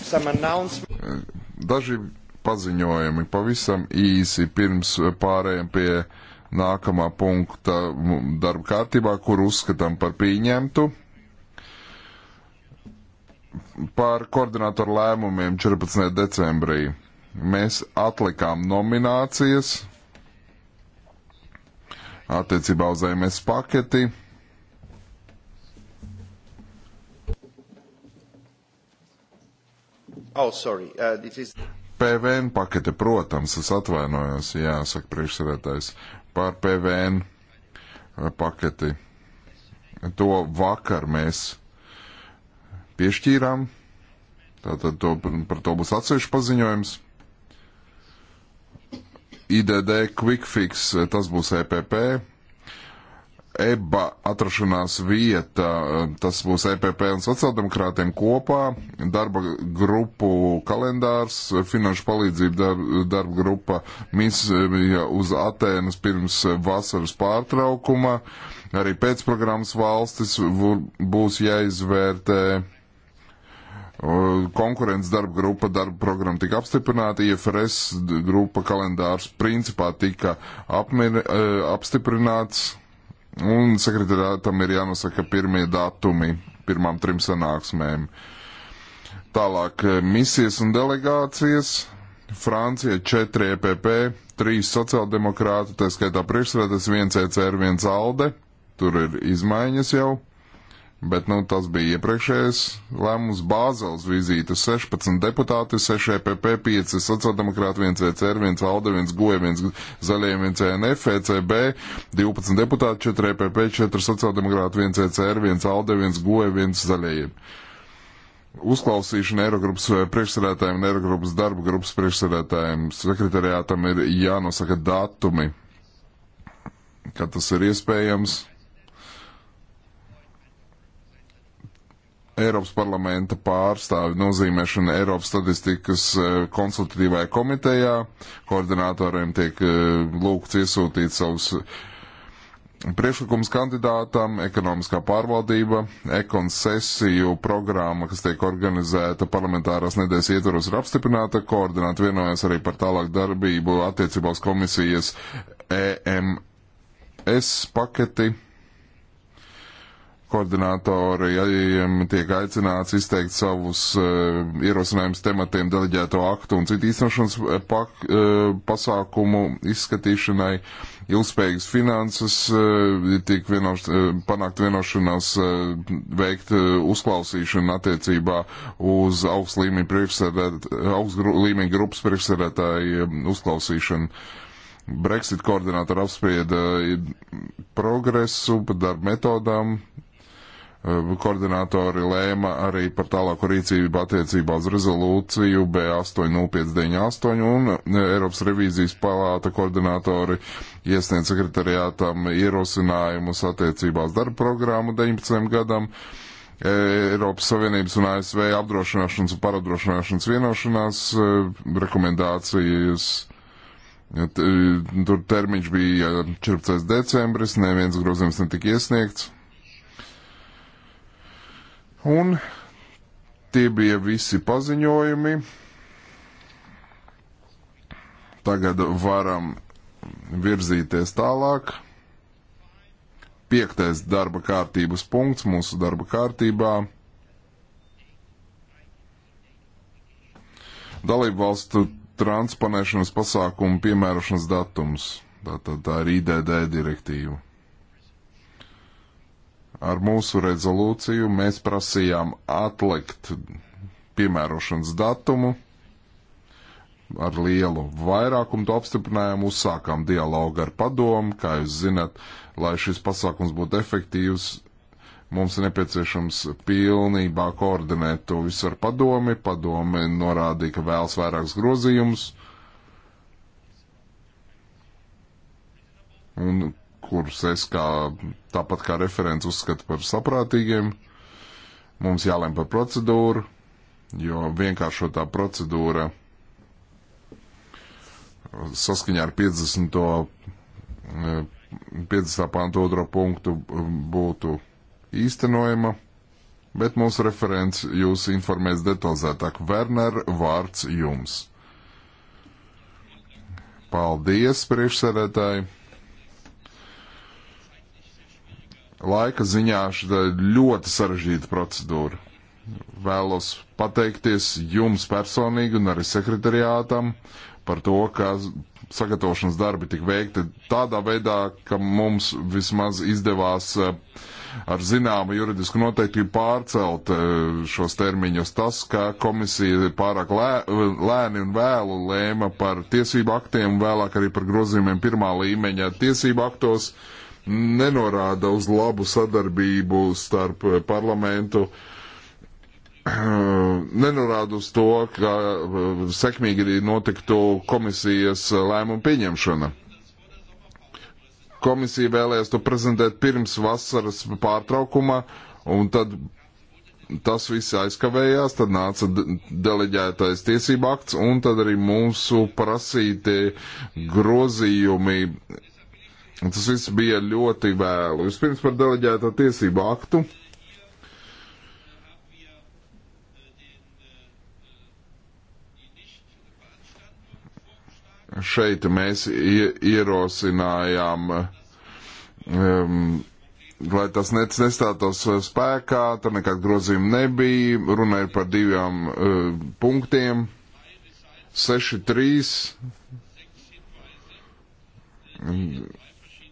some announcements. Daži paziņojumi pavisam īsi pirms pārējiem pie nākamā punkta darba kārtībā, kur uzskatām par pieņemtu. Par koordinatoru lēmumiem 14. decembrī mēs atlikām nominācijas attiecībā uz AMS e paketi. Oh, sorry. Uh, it is... PVN pakete, protams, es atvainojos, jā, saka priekšsarētājs, par PVN uh, paketi. To vakar mēs piešķīrām, tātad to, par to būs atsevišķi paziņojums. IDD Quick Fix, tas būs EPP. EBA atrašanās vieta, tas būs EPP un sociāldemokrātiem kopā, darba grupu kalendārs, finanšu palīdzību dar, darba grupa misija uz Atēnas pirms vasaras pārtraukuma, arī pēcprogrammas valstis būs jāizvērtē Konkurences darba grupa darba programma tika apstiprināta, IFRS grupa kalendārs principā tika apmir, e, apstiprināts, un sekretariātam ir jānosaka pirmie datumi pirmām trim sanāksmēm. Tālāk e, misijas un delegācijas. Francija 4 EPP, 3 sociāldemokrāti, tā skaitā priekšsēdētājs 1 ECR, 1 ALDE. Tur ir izmaiņas jau. Bet nu, tas bija iepriekšējais lēmums Bāzeles vizīte. 16 deputāti, 6 EPP, 5 sociāldemokrāti, 1 ECR, 1 ALDE, 1 GOE, 1 Zaļie, 1 ENF, ECB, 12 deputāti, 4 EPP, 4 sociāldemokrāti, 1 ECR, 1 ALDE, 1 GOE, 1 Zaļie. Uzklausīšana Eirogrupas priekšsēdētājiem un Eirogrupas darba grupas priekšsēdētājiem sekretariātam ir jānosaka datumi, kad tas ir iespējams Eiropas parlamenta pārstāvi nozīmēšana Eiropas statistikas e, konsultatīvajā komitejā. Koordinatoriem tiek e, lūgts iesūtīt savus priekšlikums kandidātam, ekonomiskā pārvaldība, ekonsesiju programma, kas tiek organizēta parlamentārās nedēļas ietvaros, ir apstiprināta. Koordināti vienojas arī par tālāk darbību attiecībā uz komisijas EMS paketi koordinatoriem tiek aicināts izteikt savus uh, ierosinājumus tematiem deleģēto aktu un citu īstenošanas eh, pak, uh, pasākumu izskatīšanai. Ilgspējīgas finanses uh, tiek vienoš, uh, panākt vienošanās uh, veikt uh, uzklausīšanu attiecībā uz augst līmeņa grupas priekšsēdētāju uh, uzklausīšanu. Uh, Brexit koordinātori apsprieda progresu par darba metodām, Eh, koordinatori lēma arī par tālāku rīcību attiecībā uz rezolūciju B80598 un eh, Eiropas revīzijas palāta koordinatori iesniedz sekretariātam ierosinājumus attiecībā uz darba programmu 19. gadam. Eh, Eiropas Savienības un ASV apdrošināšanas un paradrošināšanas vienošanās rekomendācijas Tur termiņš bija 14. decembris, neviens grozījums netika iesniegts. Un tie bija visi paziņojumi. Tagad varam virzīties tālāk. Piektais darba kārtības punkts mūsu darba kārtībā. Dalību valstu transponēšanas pasākumu piemērošanas datums. Tā, tā, tā ir IDD direktīva. Ar mūsu rezolūciju mēs prasījām atlikt piemērošanas datumu. Ar lielu vairākumu to apstiprinājām, uzsākām dialogu ar padomu. Kā jūs zinat, lai šis pasākums būtu efektīvs, mums ir nepieciešams pilnībā koordinēt to visu ar padomi. Padomi norādīja, ka vēlas vairākus grozījumus. Un kurus es kā tāpat kā referents uzskatu par saprātīgiem. Mums jālem par procedūru, jo vienkāršotā procedūra saskaņā ar 50. 50. pantu otro punktu eh, būtu īstenojama, bet mūsu referents jūs informēs detalizētāk. Werner, vārds jums. Paldies, priekšsēdētāji! laika ziņā šī ļoti sarežģīta procedūra. Vēlos pateikties jums personīgi un arī sekretariātam par to, ka sagatavošanas darbi tika veikti tādā veidā, ka mums vismaz izdevās eh, ar zināmu juridisku noteiktību pārcelt eh, šos termiņus. Tas, ka komisija pārāk lē, lēni un vēlu lēma par tiesību aktiem un vēlāk arī par grozījumiem pirmā līmeņa tiesību aktos, uh, nenorāda uz labu sadarbību starp parlamentu nenorāda uz to, ka sekmīgi notiktu komisijas lēmumu pieņemšana. Komisija vēlējās to prezentēt pirms vasaras pārtraukuma, un tad tas viss aizkavējās, tad nāca deleģētais tiesība akts, un tad arī mūsu prasītie grozījumi Tas viss bija ļoti vēlu. Vispirms par deleģēto tiesību aktu. Šeit mēs ierosinājām, um, lai tas nestātos spēkā, tur nekāda grozījuma nebija, runa ir par diviem uh, punktiem. 6, 3,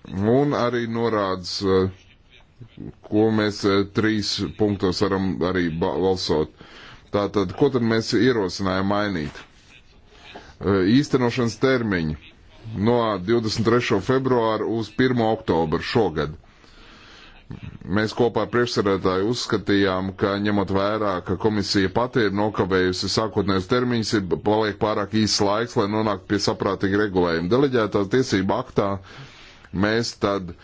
Un arī norādes, eh, ko mēs eh, trīs punktos varam arī balsot. Tātad, ko tad mēs ierosinājām mainīt? Eh, īstenošanas termiņi no 23. februāra uz 1. oktobru šogad. Mēs kopā ar priekšsarētāju uzskatījām, ka ņemot vērā, ka komisija pati ir nokavējusi sākotnējos termiņus, ir paliek pārāk īsts laiks, lai nonāktu pie saprātīga regulējuma. Deleģētā tiesība aktā uh, Mēs tad e,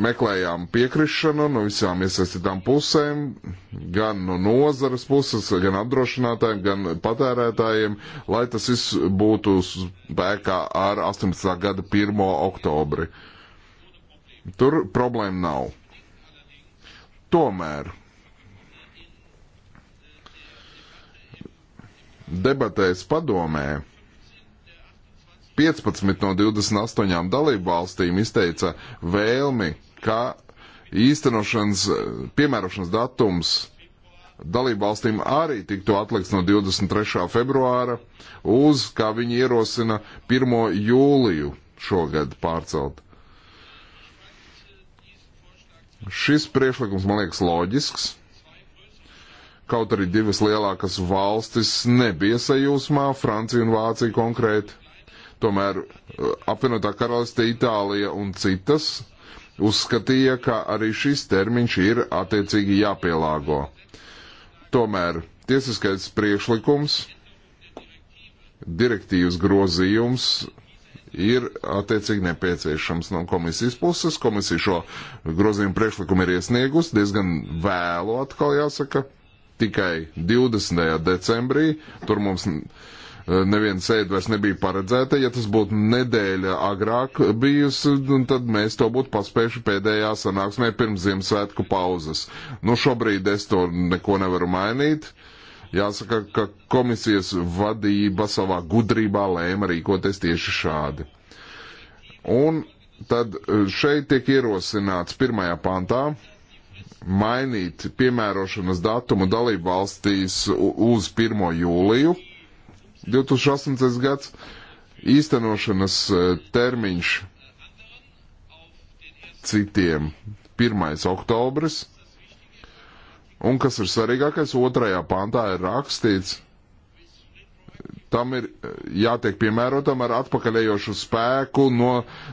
meklējām piekrišanu no visām iesaistītām pusēm, gan no nozares puses, gan apdrošinātājiem, gan patērētājiem, lai tas viss būtu spēkā ar 18. gada 1. oktobri. Tur problēma nav. Tomēr debatēs padomē 15 no 28 dalību valstīm izteica vēlmi, ka īstenošanas, eh, piemērošanas datums dalību valstīm arī tiktu atlikts no 23. februāra uz, kā viņi ierosina, 1. jūliju šogad pārcelt. Šis priekšlikums man liekas loģisks kaut arī divas lielākas valstis nebija sajūsmā, Francija un Vācija konkrēti. Tomēr eh, apvienotā karaliste, Itālija un citas uzskatīja, ka arī šis termiņš ir attiecīgi jāpielāgo. Tomēr tiesiskais priekšlikums, direktīvas grozījums ir attiecīgi nepieciešams no komisijas puses. Komisija šo grozījumu priekšlikumu ir iesniegus diezgan vēlu atkal jāsaka, tikai 20. decembrī. Tur mums neviena sēde vairs nebija paredzēta. Ja tas būtu nedēļa agrāk bijusi, nu, tad mēs to būtu paspējuši pēdējā sanāksmē pirms Ziemassvētku pauzes. Nu, šobrīd es to neko nevaru mainīt. Jāsaka, ka komisijas vadība savā gudrībā lēma rīkoties tieši šādi. Un tad e, šeit tiek ierosināts pirmajā pantā mainīt piemērošanas datumu dalību valstīs uz 1. jūliju, 2018. gads īstenošanas e, termiņš citiem 1. oktobris. Un kas ir svarīgākais, otrajā pantā ir rakstīts, tam ir e, jātiek piemērotam ar atpakaļējošu spēku no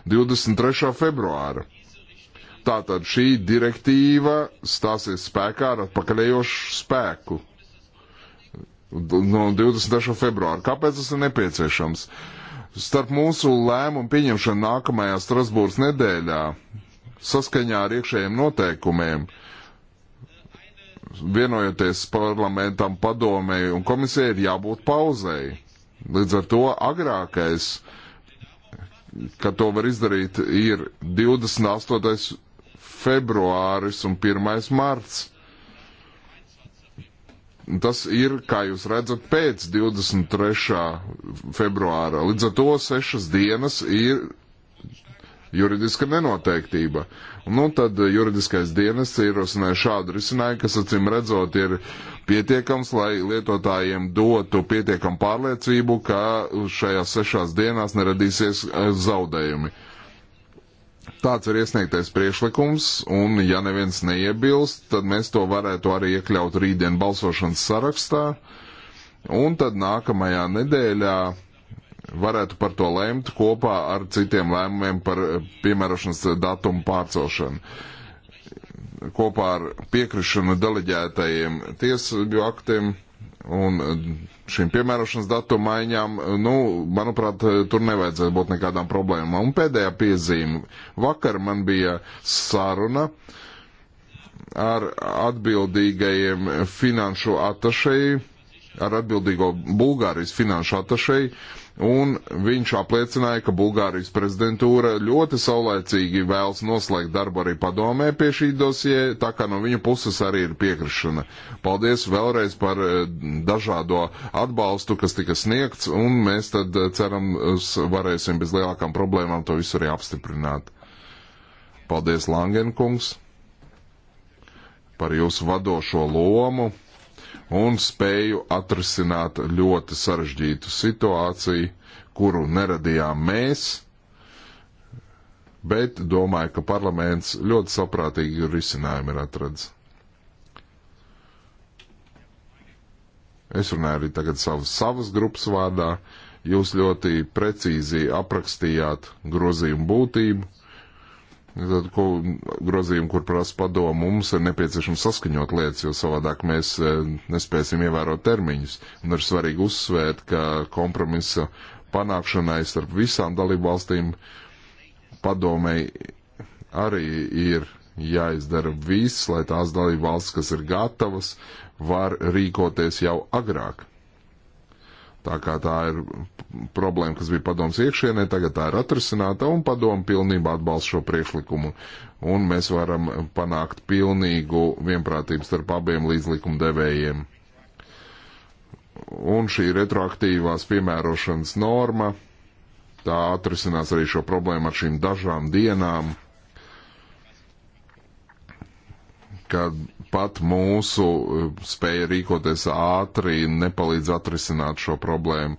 23. februāra. Tātad šī direktīva stāsies spēkā ar atpakaļējošu spēku no 23. februāra. Kāpēc tas ir nepieciešams? Starp mūsu lēmumu pieņemšanu nākamajā Strasbūras nedēļā saskaņā ar iekšējiem noteikumiem vienojoties parlamentam, padomēji un komisijai ir jābūt pauzei. Līdz ar to agrākais, ka to var izdarīt, ir 28. februāris un 1. marts. Tas ir, kā jūs redzat, pēc 23. februāra. Līdz ar to sešas dienas ir juridiska nenoteiktība. Nu, tad juridiskais dienests ir ierosinājuši šādu risinājumu, kas, acīm redzot, ir pietiekams, lai lietotājiem dotu pietiekamu pārliecību, ka šajās sešās dienās neradīsies eh, zaudējumi. Uh, Tāds ir iesniegtais priekšlikums, un ja neviens neiebilst, tad mēs to varētu arī iekļaut rītdien balsošanas sarakstā, un tad nākamajā nedēļā varētu par to lemt kopā ar citiem lēmumiem par eh, piemērošanas datumu pārcelšanu. Kopā ar piekrišanu deleģētajiem tiesību aktiem Un eh, šīm piemērošanas datu maiņām, eh, nu, manuprāt, eh, tur nevajadzētu būt nekādām problēmām. Un pēdējā piezīme. Vakar man bija saruna ar atbildīgajiem finanšu atašēju, ar atbildīgo Bulgārijas finanšu atašēju, un viņš apliecināja, ka Bulgārijas prezidentūra ļoti saulēcīgi vēlas noslēgt darbu arī padomē pie šī dosie, tā kā no viņa puses arī ir piekrišana. Paldies vēlreiz par eh, dažādo atbalstu, kas tika sniegts, un mēs tad eh, ceram, varēsim bez lielākām problēmām to visu arī apstiprināt. Paldies, Langenkungs, par jūsu vadošo lomu un spēju atrisināt ļoti sarežģītu situāciju, kuru neradījām mēs, bet domāju, ka parlaments ļoti saprātīgi risinājumu ir atradis. Es runāju arī tagad savas, savas grupas vārdā. Jūs ļoti precīzi aprakstījāt grozījumu būtību Tad, ko grozījumi, kur prasa padomu, mums ir nepieciešams saskaņot lietas, jo savādāk mēs e, nespēsim ievērot termiņus. Un ir svarīgi uzsvērt, ka kompromisa panākšanai starp visām dalību valstīm padomei arī ir jāizdara viss, lai tās dalību valsts, kas ir gatavas, var rīkoties jau agrāk. Tā kā tā ir problēma, kas bija padoms iekšienē, tagad tā ir atrisināta un padomu pilnībā atbalsta šo priekšlikumu. Un mēs varam panākt pilnīgu vienprātību starp abiem līdzlikuma devējiem. Un šī retroaktīvās piemērošanas norma, tā atrisinās arī šo problēmu ar šīm dažām dienām ka pat mūsu eh, spēja rīkoties ātri nepalīdz atrisināt šo problēmu.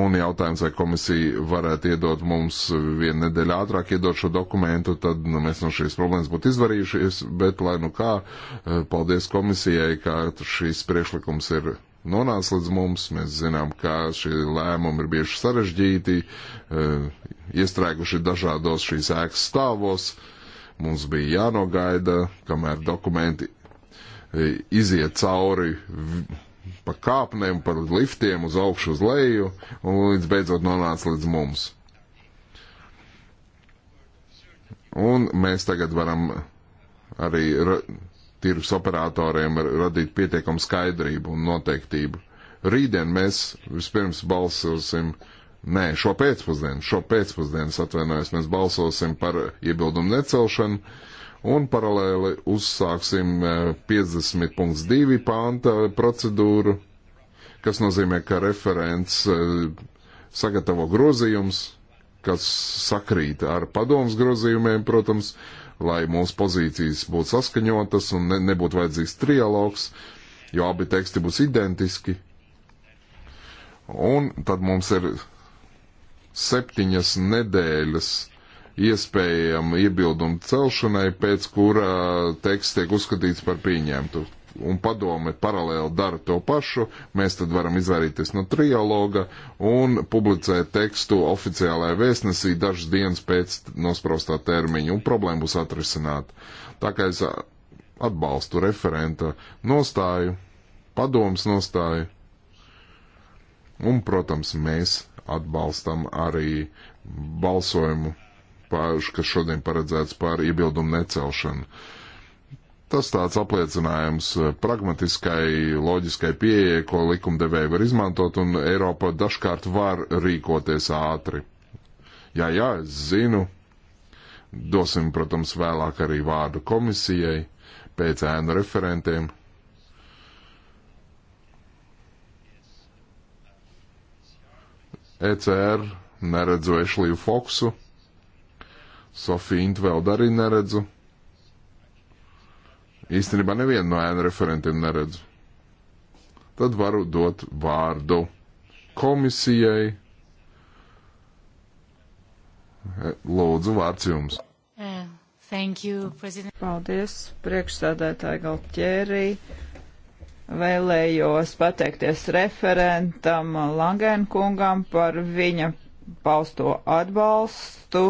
Un jautājums, vai komisija varētu iedot mums vienu nedēļu ātrāk iedot šo dokumentu, tad nu, mēs no šīs problēmas būtu izvarījušies, bet lai nu kā, eh, paldies komisijai, ka šīs priekšlikums ir nonāca līdz mums. Mēs zinām, ka šie lēmumi ir bieži sarežģīti, eh, iestrēguši dažādos šīs ēkas stāvos. Mums bija jānogaida, kamēr dokumenti e, iziet cauri pa kāpnēm, pa liftiem uz augšu, uz leju, un līdz beidzot nonāca līdz mums. Un mēs tagad varam arī tirgus operatoriem radīt pietiekamu skaidrību un noteiktību. Rītdien mēs vispirms balsosim uh, Nē, šo pēcpusdienu, šo pēcpusdienu atvainojos, mēs balsosim par iebildumu necelšanu un paralēli uzsāksim 50.2 eh, pānta procedūru, kas nozīmē, ka referents eh, sagatavo grozījums, kas sakrīt ar padomus grozījumiem, protams, lai mūsu pozīcijas būtu saskaņotas un ne, nebūtu vajadzīgs trialogs, jo abi teksti būs identiski. Un tad mums ir septiņas nedēļas iespējama iebilduma celšanai, pēc kura uh, teksts tiek uzskatīts par pieņemtu. Un padome paralēli dara to pašu, mēs tad varam izvairīties no trialoga un publicēt tekstu oficiālajā vēstnesī dažas dienas pēc nospraustā termiņa, un problēma būs atrisināta. Tā kā es uh, atbalstu referenta nostāju, padomas nostāju, un, protams, mēs atbalstam arī balsojumu, pār, kas šodien paredzēts par iebildumu necelšanu. Tas tāds apliecinājums pragmatiskai, loģiskai pieejai, ko likumdevēji var izmantot, un Eiropa dažkārt var rīkoties ātri. Jā, jā, es zinu. Dosim, protams, vēlāk arī vārdu komisijai pēc ēnu referentiem. ECR neredzu Ešliju Foksu, Sofiju Intveldu arī neredzu. Īstenībā nevienu no ēnu referentiem neredzu. Tad varu dot vārdu komisijai. E, lūdzu, vārds jums. Uh, thank you, President. Paldies, priekšsēdētāji Galtjērī. Vēlējos pateikties referentam Langenkungam par viņa pausto atbalstu.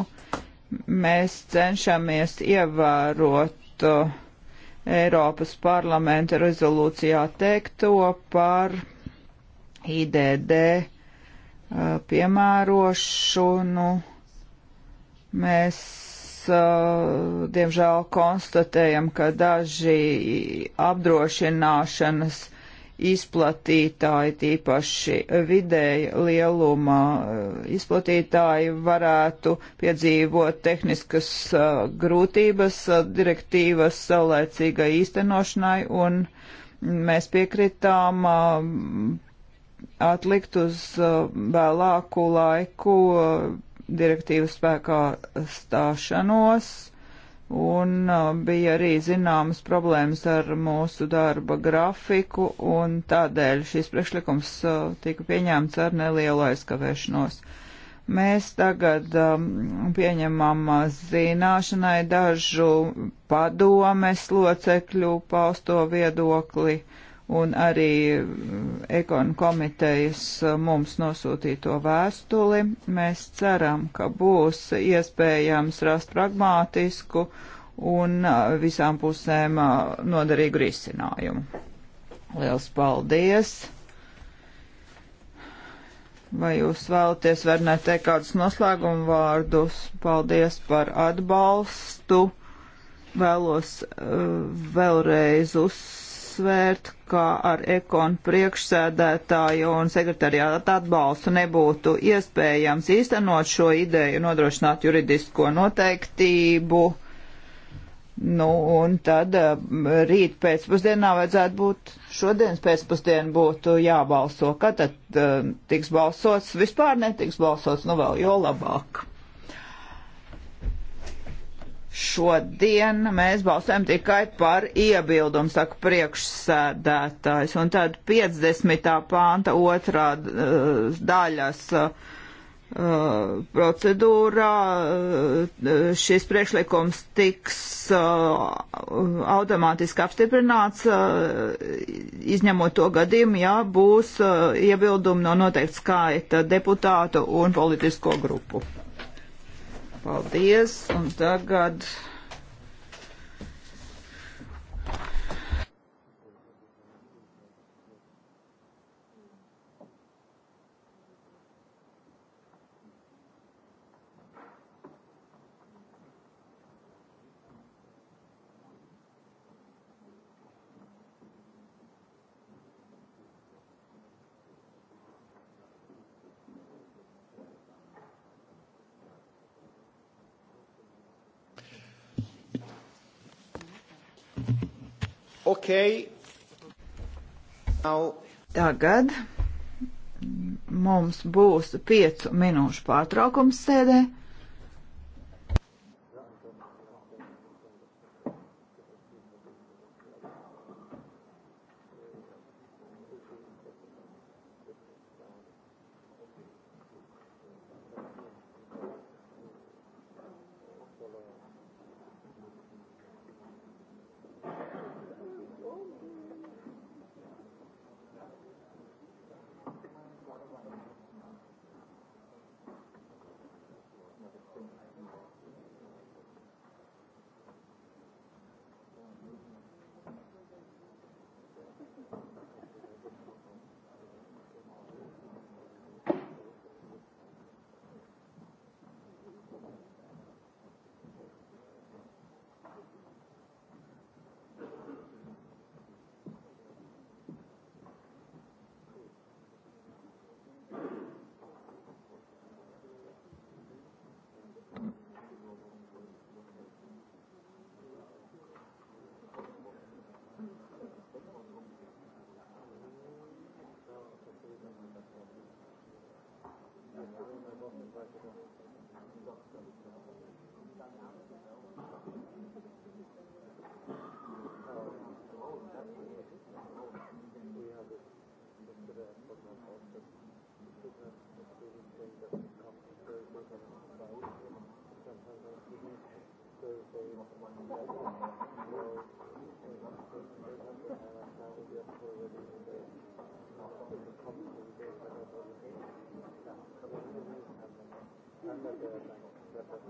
Mēs cenšamies ievērot uh, Eiropas parlamenta rezolūcijā teikto par IDD uh, piemērošanu. Mēs uh, diemžēl konstatējam, ka daži apdrošināšanas izplatītāji, tīpaši vidēja lieluma uh, izplatītāji, varētu piedzīvot tehniskas uh, grūtības uh, direktīvas saulēcīgai īstenošanai, un mēs piekritām uh, atlikt uz uh, vēlāku laiku direktīvas spēkā stāšanos, un bija arī zināmas problēmas ar mūsu darba grafiku, un tādēļ šīs priekšlikums tika pieņemts ar nelielu aizkavēšanos. Mēs tagad um, pieņemam zināšanai dažu padomes locekļu pausto viedokli un arī mm, ekonu komitejas mm, mums nosūtīto vēstuli. Mēs ceram, ka būs iespējams rast pragmātisku un mm, visām pusēm noderīgu risinājumu. Liels paldies! Vai jūs vēlaties vērnēt teikt kādus noslēgumu vārdus? Paldies par atbalstu! Vēlos uh, vēlreiz uzsākt uzsvērt, ka ar ekonu priekšsēdētāju un sekretariātu atbalstu nebūtu iespējams īstenot šo ideju, nodrošināt juridisko noteiktību. Nu, un tad rīt pēcpusdienā vajadzētu būt, šodienas pēcpusdienā būtu jābalso. Kad tad tiks balsots? Vispār netiks balsots, nu vēl jo labāk. Šodien mēs balsojam tikai par iebildumu, saka priekšsēdētājs, un tad 50. pānta otrā uh, daļas uh, procedūrā uh, šis priekšlikums tiks automātiski apstiprināts, izņemot to gadījumu, ja būs iebildumi no noteikta skaita deputātu un politisko grupu. Paldies, un tagad. Okay. Now. Tagad mums būs piecu minūšu pārtraukums sēdē.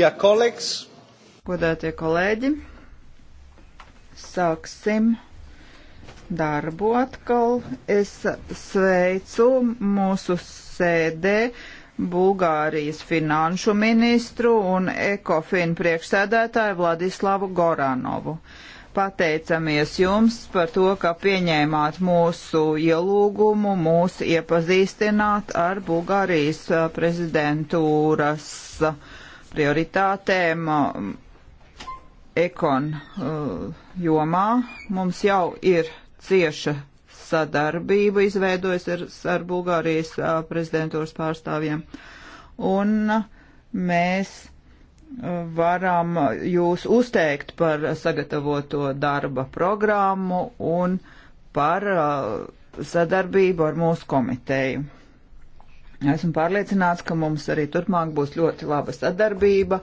Dear colleagues, godātie kolēģi, sāksim darbu atkal. Es sveicu mūsu sēdē Bulgārijas finanšu ministru un ekofinu priekšsēdētāju Vladislavu Goranovu. Pateicamies jums par to, ka pieņēmāt mūsu ielūgumu mūs iepazīstināt ar Bulgārijas prezidentūras uh, prioritātēm um, ekon uh, jomā. Mums jau ir cieša sadarbība izveidojas ar, ar Bulgārijas uh, prezidentūras pārstāvjiem. Un mēs uh, varam jūs uzteikt par sagatavoto darba programmu un par sadarbību ar mūsu komiteju. Esmu pārliecināts, ka mums arī turpmāk būs ļoti laba sadarbība.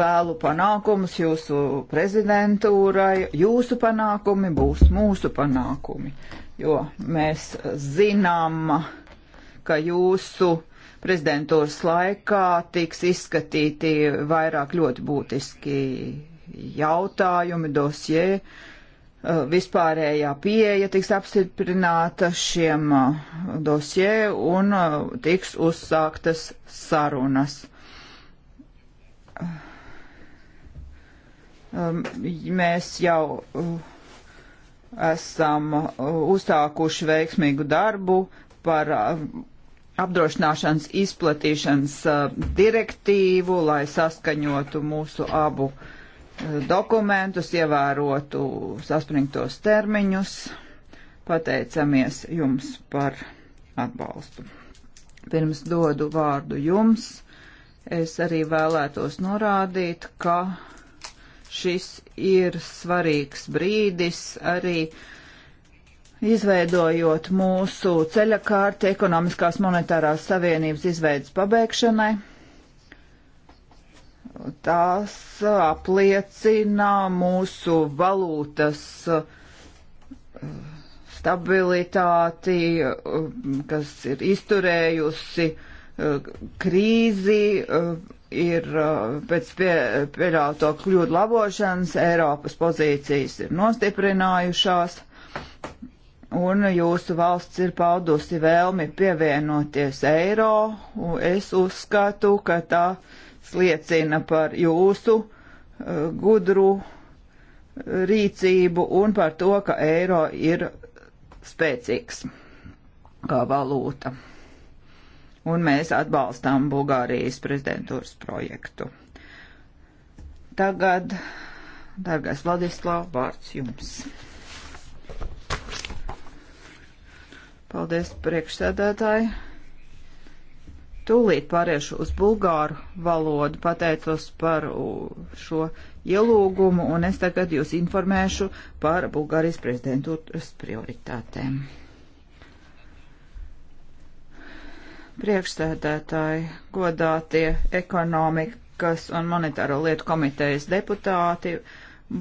Vēlu panākumus jūsu prezidentūrai. Jūsu panākumi būs mūsu panākumi, jo mēs zinām, ka jūsu prezidentūras laikā tiks izskatīti vairāk ļoti būtiski jautājumi, dosjē Uh, vispārējā pieeja tiks apstiprināta šiem uh, dosie un uh, tiks uzsāktas sarunas. Um, mēs jau esam uzsākuši veiksmīgu darbu par apdrošināšanas izplatīšanas direktīvu, lai saskaņotu mūsu abu uh, dokumentus, ievērotu saspringtos termiņus. Pateicamies jums par atbalstu. Pirms dodu vārdu jums, es arī vēlētos norādīt, ka šis ir svarīgs brīdis arī izveidojot mūsu ceļakārti ekonomiskās monetārās savienības izveidas pabeigšanai. Tās apliecina mūsu valūtas stabilitāti, kas ir izturējusi krīzi, ir pēc pie, pieļauto kļūdu labošanas Eiropas pozīcijas ir nostiprinājušās un jūsu valsts ir paudusi vēlmi pievienoties eiro, un es uzskatu, ka tā liecina par jūsu eh, gudru eh, rīcību un par to, ka eiro ir spēcīgs kā valūta. Un mēs atbalstām Bulgārijas prezidentūras projektu. Tagad, dārgais Vladislav, vārds jums. Paldies, priekšsēdētāji. Tūlīt pāriešu uz bulgāru valodu, pateicos par šo ielūgumu, un es tagad jūs informēšu par Bulgārijas prezidentūras prioritātēm. Priekšsēdētāji, godātie ekonomikas un monetāro lietu komitejas deputāti,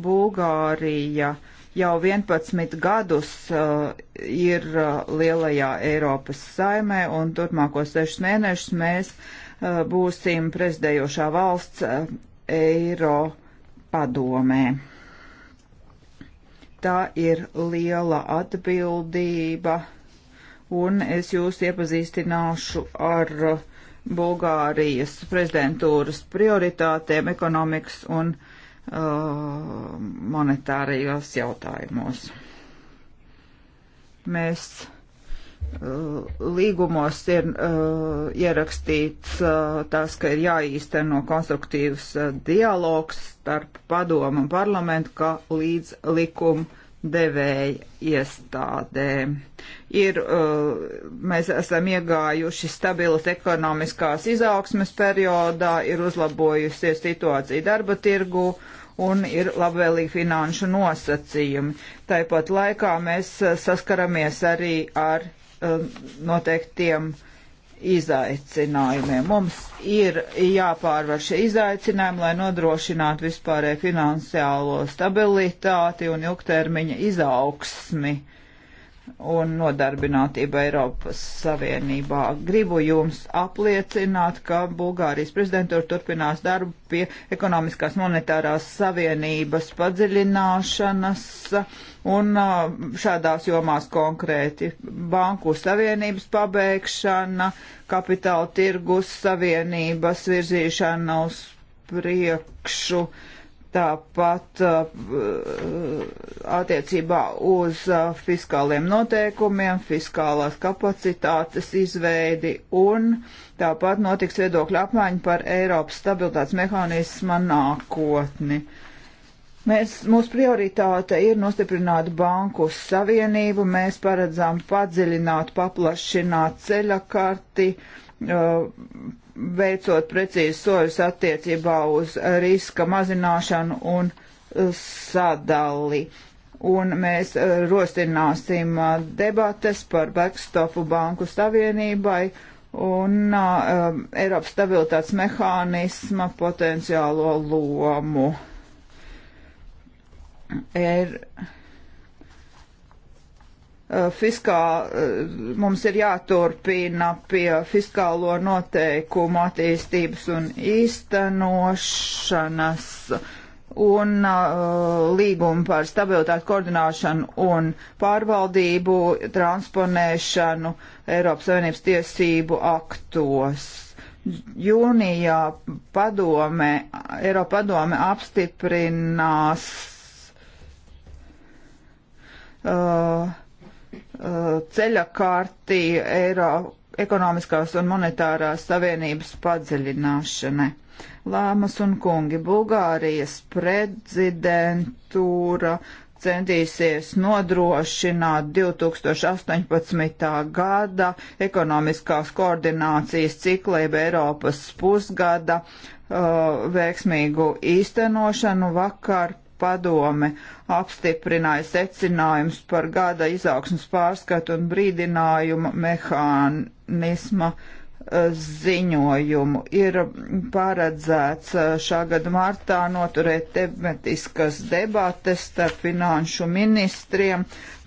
Bulgārija uh, jau 11 gadus uh, ir uh, lielajā Eiropas saimē, un turpmāko 6 mēnešus mēs uh, būsim prezidējošā valsts uh, Eiro padomē. Tā ir liela atbildība, un es jūs iepazīstināšu ar uh, Bulgārijas prezidentūras prioritātēm ekonomikas un uh, Uh, monetārijos jautājumos. Mēs uh, līgumos ir uh, ierakstīts tas, ka ir jāīsteno konstruktīvs dialogs starp padomu un parlamentu, kā līdz likuma devēja iestādēm. Ir, uh, mēs esam iegājuši stabilas ekonomiskās izaugsmes periodā, ir uzlabojusies situācija darba tirgu un ir labvēlīgi finanšu nosacījumi. Tāpat laikā mēs uh, saskaramies arī ar uh, noteiktiem uh, izaicinājumiem. Mums ir jāpārvar šie izaicinājumi, lai nodrošinātu vispārēju finansiālo stabilitāti un ilgtermiņa izaugsmi. Uh, un nodarbinātība Eiropas Savienībā. Gribu jums apliecināt, ka Bulgārijas prezidentūra turpinās darbu pie ekonomiskās monetārās savienības padziļināšanas un šādās jomās konkrēti banku savienības pabeigšana, kapitāla tirgus savienības virzīšana uz priekšu. Uh, Tāpat uh, attiecībā uz uh, fiskāliem noteikumiem, fiskālās kapacitātes izveidi un tāpat notiks viedokļa apmaiņa par Eiropas stabilitātes mehānisma nākotni. Mēs, mūsu prioritāte ir nostiprināt banku savienību, mēs paredzam padziļināt, paplašināt ceļakarti, uh, veicot precīzi soļus attiecībā uz riska mazināšanu un uh, sadali. Un mēs uh, rosināsim uh, debates par backstopu banku savienībai un um, Eiropas stabilitātes mehānisma potenciālo lomu. Ir er, Eh, fiskā, eh, mums ir jāturpina pie fiskālo noteikumu attīstības un īstenošanas un uh, līgumu par stabilitāti koordināšanu un pārvaldību transponēšanu Eiropas Savienības tiesību aktos. Jūnijā padome, Eiropa padome apstiprinās uh, Uh, ceļa kārtī Eiro ekonomiskās un monetārās savienības padziļināšanai. Lāmas un kungi, Bulgārijas prezidentūra centīsies nodrošināt 2018. gada ekonomiskās koordinācijas ciklību Eiropas pusgada uh, veiksmīgu īstenošanu. Vakar padome apstiprināja secinājumus par gada izaugsmas pārskatu un brīdinājuma mehānisma e, ziņojumu. Ir paredzēts e, šā gada martā noturēt tematiskas debates starp finanšu ministriem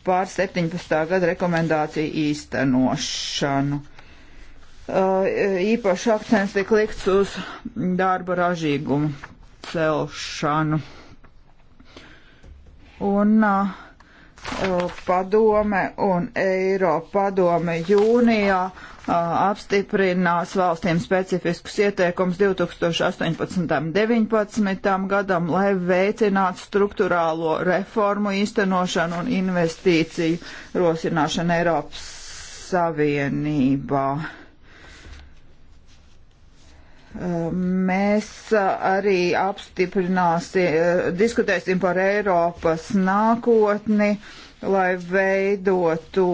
pār 17. gada rekomendāciju īstenošanu e, īpaši akcents tiek likts uz darba ražīgumu celšanu un uh, uh, padome un Eiropa padome jūnijā uh, apstiprinās valstīm specifiskus ieteikumus 2018. un 2019. gadam, lai veicinātu struktūrālo reformu īstenošanu un investīciju rosināšanu Eiropas Savienībā. Mēs arī apstiprināsim, diskutēsim par Eiropas nākotni, lai veidotu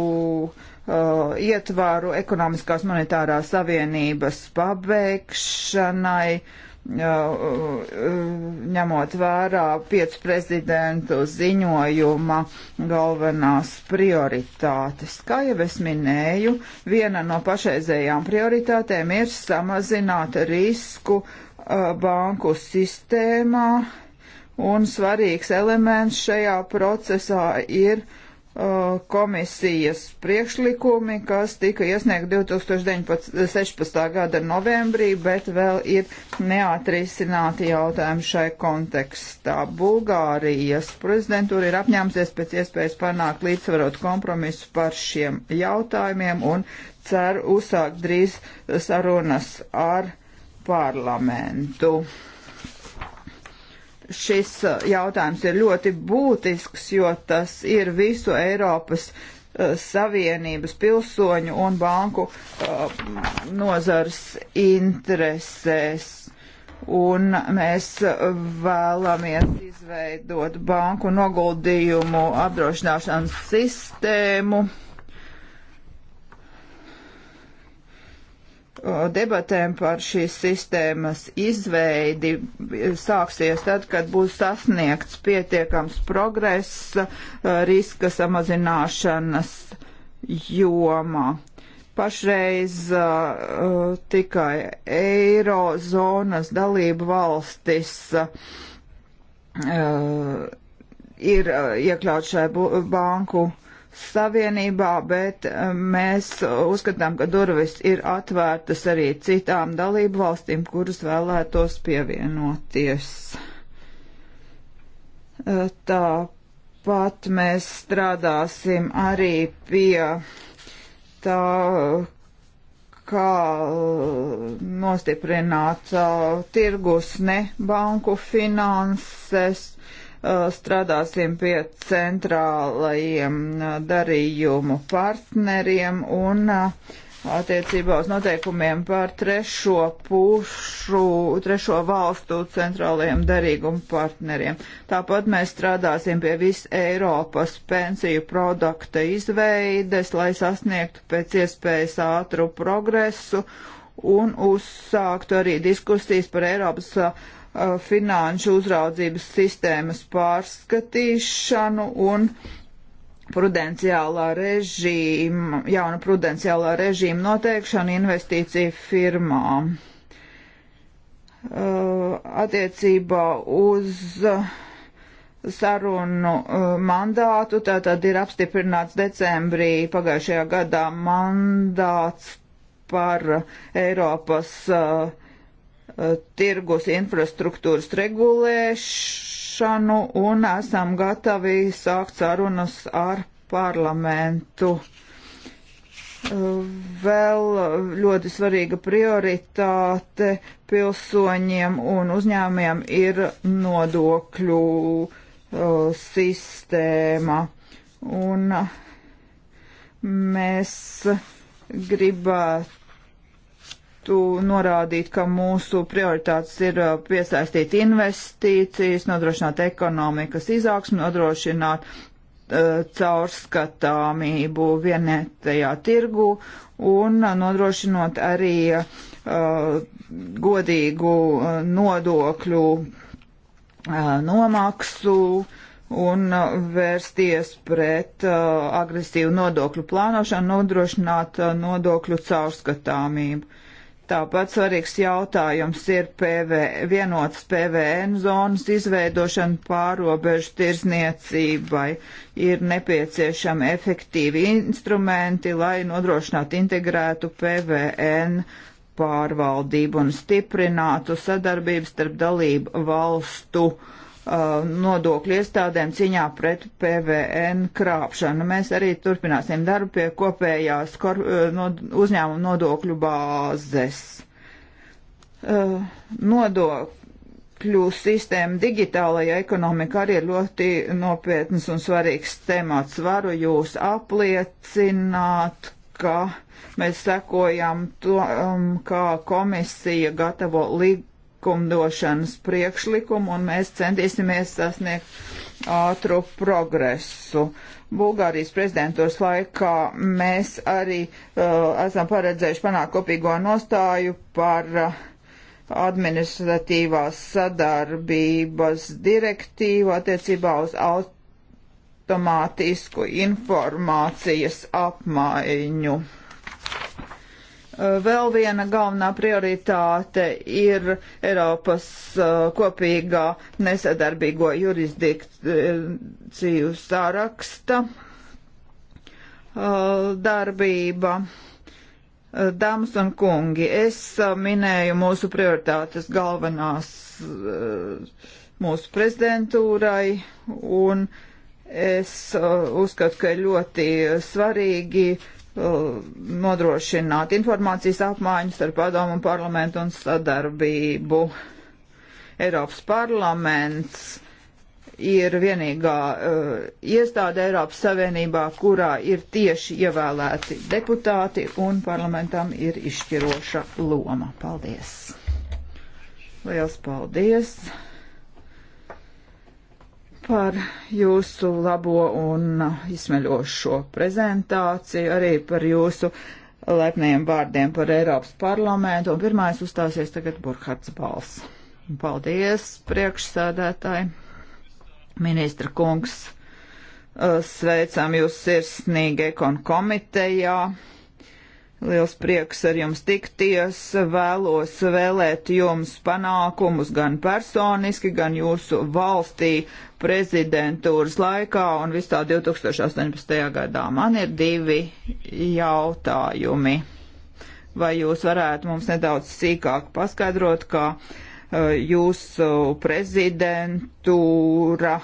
uh, ietvaru ekonomiskās monetārās savienības pabeigšanai. Uh, ņemot vērā piecu prezidentu ziņojuma galvenās prioritātes. Kā jau es minēju, viena no pašreizējām prioritātēm ir samazināt risku banku sistēmā, un svarīgs elements šajā procesā ir uh, komisijas priekšlikumi, kas tika iesniegt 2016. gada novembrī, bet vēl ir neatrisināti jautājumi šai kontekstā. Bulgārijas prezidentūra ir apņēmusies pēc iespējas panākt līdzsvarot kompromisu par šiem jautājumiem un cer uzsākt drīz sarunas ar parlamentu šis uh, jautājums ir ļoti būtisks, jo tas ir visu Eiropas uh, Savienības pilsoņu un banku uh, nozars interesēs. Un mēs uh, vēlamies izveidot banku noguldījumu apdrošināšanas sistēmu. debatēm par šīs sistēmas izveidi sāksies tad, kad būs sasniegts pietiekams progress uh, riska samazināšanas jomā. Pašreiz uh, tikai eirozonas dalību valstis uh, ir uh, iekļaut šai banku Savienībā, bet um, mēs uzskatām, ka durvis ir atvērtas arī citām dalību valstīm, kuras vēlētos pievienoties. Uh, tāpat mēs strādāsim arī pie tā, kā nostiprināt uh, tirgus ne banku finanses. Uh, Eh, strādāsim pie centrālajiem eh, darījumu partneriem un eh, attiecībā uz noteikumiem par trešo pušu, trešo valstu centrālajiem darīgumu partneriem. Tāpat mēs strādāsim pie visu Eiropas pensiju produkta izveides, lai sasniegtu pēc iespējas ātru progresu un uzsāktu arī diskusijas par Eiropas uh, Uh, finanšu uzraudzības sistēmas pārskatīšanu un prudenciālā režīma, jauna prudenciālā režīma noteikšanu investīciju firmām. Uh, attiecībā uz sarunu uh, mandātu, tātad ir apstiprināts decembrī pagājušajā gadā mandāts par Eiropas uh, Eh, tirgus infrastruktūras regulēšanu un esam gatavi sākt sarunas ar parlamentu. Eh, vēl ļoti svarīga prioritāte pilsoņiem un uzņēmiem ir nodokļu eh, sistēma. Un mēs gribētu gribētu norādīt, ka mūsu prioritātes ir uh, piesaistīt investīcijas, nodrošināt ekonomikas izaugsmu, nodrošināt uh, caurskatāmību vienetajā tirgu un nodrošinot arī uh, godīgu uh, nodokļu uh, nomaksu un uh, vērsties pret uh, agresīvu nodokļu plānošanu, nodrošināt uh, nodokļu caurskatāmību. Tāpat svarīgs jautājums ir PV, vienotas PVN zonas izveidošana pārobežu tirzniecībai. Ir nepieciešami efektīvi instrumenti, lai nodrošinātu integrētu PVN pārvaldību un stiprinātu sadarbību starp dalību valstu uh, Uh, nodokļu iestādēm ciņā pret PVN krāpšanu. Mēs arī turpināsim darbu pie kopējās kor, uh, no, uzņēmuma nodokļu bāzes. Uh, nodokļu sistēma digitālajā ekonomikā arī ir ļoti nopietnas un svarīgs temats. Varu jūs apliecināt, ka mēs sekojam to, um, kā komisija gatavo līgumu likumdošanas priekšlikumu, un mēs centīsimies sasniegt ātru progresu. Bulgārijas prezidentūras laikā mēs arī uh, esam paredzējuši panākt kopīgo nostāju par uh, administratīvās sadarbības direktīvu attiecībā uz automātisku informācijas apmaiņu. Eh, vēl viena galvenā prioritāte ir Eiropas eh, kopīgā nesadarbīgo jurisdikciju sāraksta eh, darbība. Dāmas un kungi, es minēju mūsu prioritātes galvenās mūsu prezidentūrai un es uzskatu, ka ļoti svarīgi uh, Uh, nodrošināt informācijas apmaiņas ar padomu parlamentu un sadarbību. Eiropas parlaments ir vienīgā uh, iestāde Eiropas Savienībā, kurā ir tieši ievēlēti deputāti un parlamentam ir izšķiroša loma. Paldies! Liels paldies! par jūsu labo un izsmeļošo prezentāciju, arī par jūsu lepniem vārdiem par Eiropas parlamentu. Un pirmais uzstāsies tagad Burkhards Bals. Paldies, priekšsādētāji, ministra kungs. Uh, sveicam jūs sirsnīgi ekon komitejā. Liels prieks ar jums tikties, vēlos vēlēt jums panākumus gan personiski, gan jūsu valstī prezidentūras laikā un visā 2018. gadā. Man ir divi jautājumi. Vai jūs varētu mums nedaudz sīkāk paskaidrot, kā eh, jūsu prezidentūra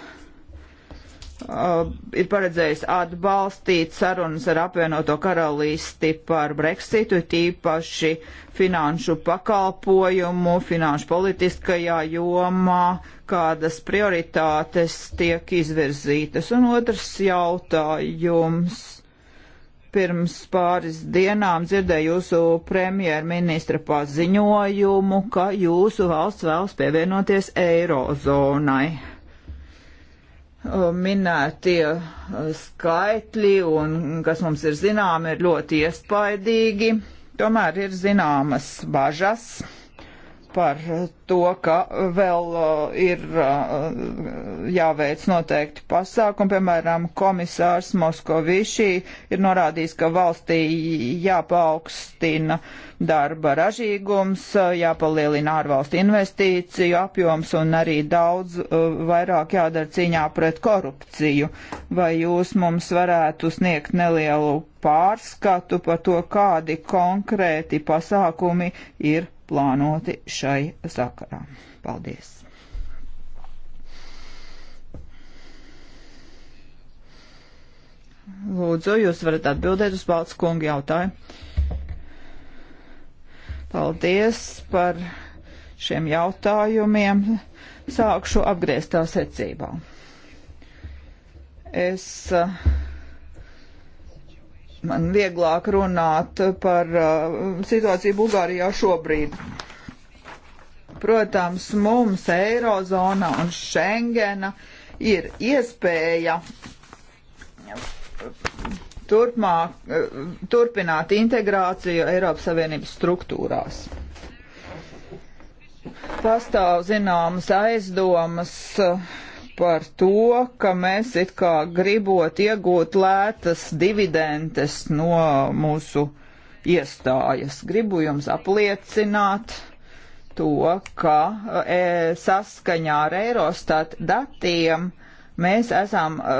uh, ir paredzējis atbalstīt sarunas ar apvienoto karalisti par Brexitu, tīpaši finanšu pakalpojumu, finanšu politiskajā jomā, kādas prioritātes tiek izvirzītas. Un otrs jautājums. Pirms pāris dienām dzirdēju jūsu premjerministra paziņojumu, ka jūsu valsts vēlas pievienoties Eirozonai minētie uh, skaitļi un kas mums ir zināmi, ir ļoti iespaidīgi. Tomēr ir zināmas bažas par to, ka vēl uh, ir uh, jāveic noteikti pasākumi. Piemēram, komisārs Moskovišī ir norādījis, ka valstī jāpaukstina darba ražīgums, uh, jāpalielina ārvalstu investīciju apjoms un arī daudz vairāk jādara cīņā pret korupciju. Vai jūs mums varētu sniegt nelielu pārskatu par to, kādi konkrēti pasākumi ir plānoti šai sakarā. Paldies! Lūdzu, jūs varat atbildēt uz Balts kunga jautājumu. Paldies par šiem jautājumiem. Sākšu apgrieztā secībā. Es uh, man vieglāk runāt par uh, situāciju Bulgārijā šobrīd. Protams, mums Eirozona un Schengena ir iespēja uh, turpmāk, uh, turpināt integrāciju Eiropas Savienības struktūrās. Pastāv zināmas aizdomas. Uh, par to, ka mēs it kā gribot iegūt lētas dividendes no mūsu iestājas. Gribu jums apliecināt to, ka e, saskaņā ar Eirostat datiem mēs esam e,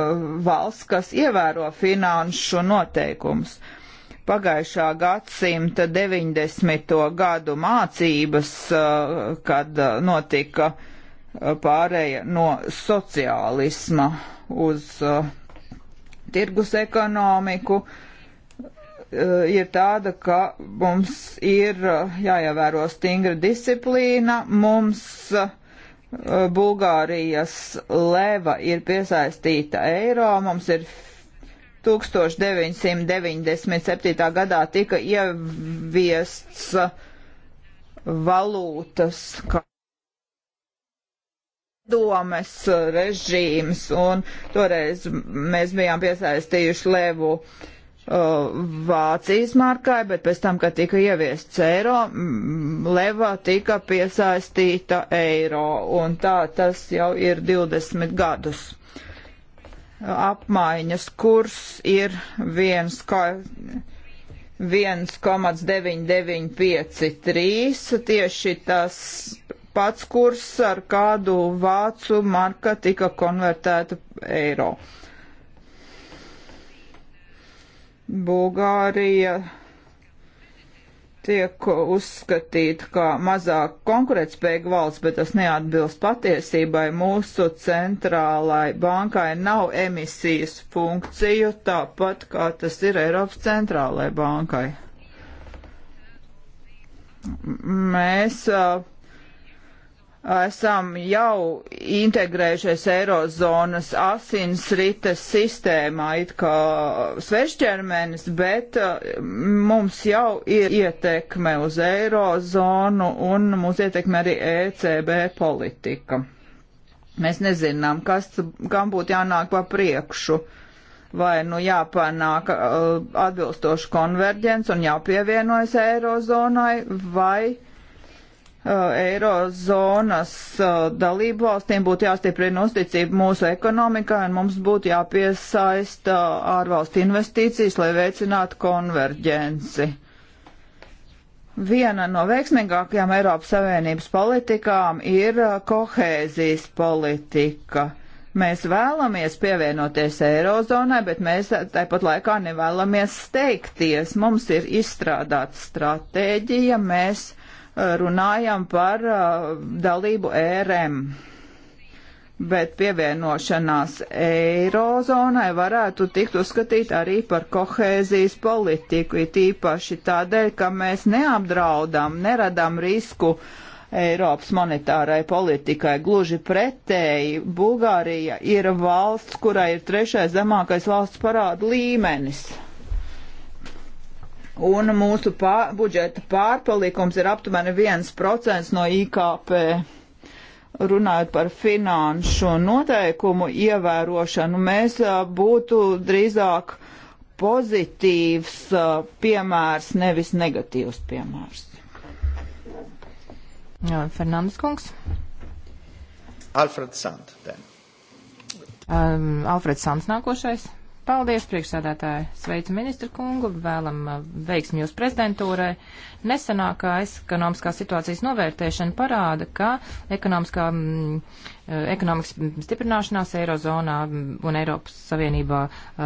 valsts, kas ievēro finanšu noteikumus. Pagājušā gadsimta 90. gadu mācības, e, kad notika e, Eh, pārēja no sociālisma uz uh, tirgus ekonomiku eh, ir tāda, ka mums ir jāievēro stingra disciplīna, mums Bulgārijas leva ir piesaistīta eiro, mums ir 1997. gadā tika ieviests valūtas. Ka padomes uh, režīms, un toreiz mēs bijām piesaistījuši Levu uh, Vācijas markai, bet pēc tam, kad tika ieviests eiro, mm, leva tika piesaistīta eiro, un tā tas jau ir 20 gadus. Apmaiņas kurs ir 1,995,3, tieši tas pats kurs, ar kādu vācu marka tika konvertēta eiro. Bulgārija tiek uzskatīta kā mazāk konkurētspējīga valsts, bet tas neatbilst patiesībai. Mūsu centrālai bankai nav emisijas funkciju, tāpat kā tas ir Eiropas centrālai bankai. Mēs uh, esam jau integrējušies Eirozonas asins rites sistēmā, it kā svešķermenis, bet uh, mums jau ir ietekme uz Eirozonu un mūs ietekme arī ECB politika. Mēs nezinām, kas, kam būtu jānāk pa priekšu. Vai nu jāpanāk uh, atbilstoši konverģents un jāpievienojas Eirozonai, vai Uh, eirozonas uh, dalību valstīm būtu jāstiprina uzticība mūsu ekonomikā un mums būtu jāpiesaista ārvalstu investīcijas, lai veicinātu konverģenci. Viena no veiksmīgākajām Eiropas Savienības politikām ir uh, kohēzijas politika. Mēs vēlamies pievienoties Eirozonai, bet mēs tāpat laikā nevēlamies steigties. Mums ir izstrādāta stratēģija, mēs runājam par dalību ērēm bet pievienošanās eirozonai varētu tikt uzskatīt arī par kohēzijas politiku, it īpaši tādēļ, ka mēs neapdraudam, neradam risku Eiropas monetārai politikai. Gluži pretēji, Bulgārija ir valsts, kurai ir trešais zemākais valsts parāda līmenis un mūsu pār, budžeta pārpalikums ir aptuveni 1% no IKP. Runājot par finanšu noteikumu ievērošanu, mēs būtu drīzāk pozitīvs piemērs, nevis negatīvs piemērs. Jā, Fernandes kungs. Alfreds Sants. Um, Alfreds Sants nākošais. Paldies, priekšsādātāji! Sveicu ministru kungu, vēlam uh, veiksmi jūs prezidentūrai. Nesenākā ekonomiskā situācijas novērtēšana parāda, ka ekonomiskā, mm, uh, ekonomikas stiprināšanās Eirozonā mm, un Eiropas Savienībā uh,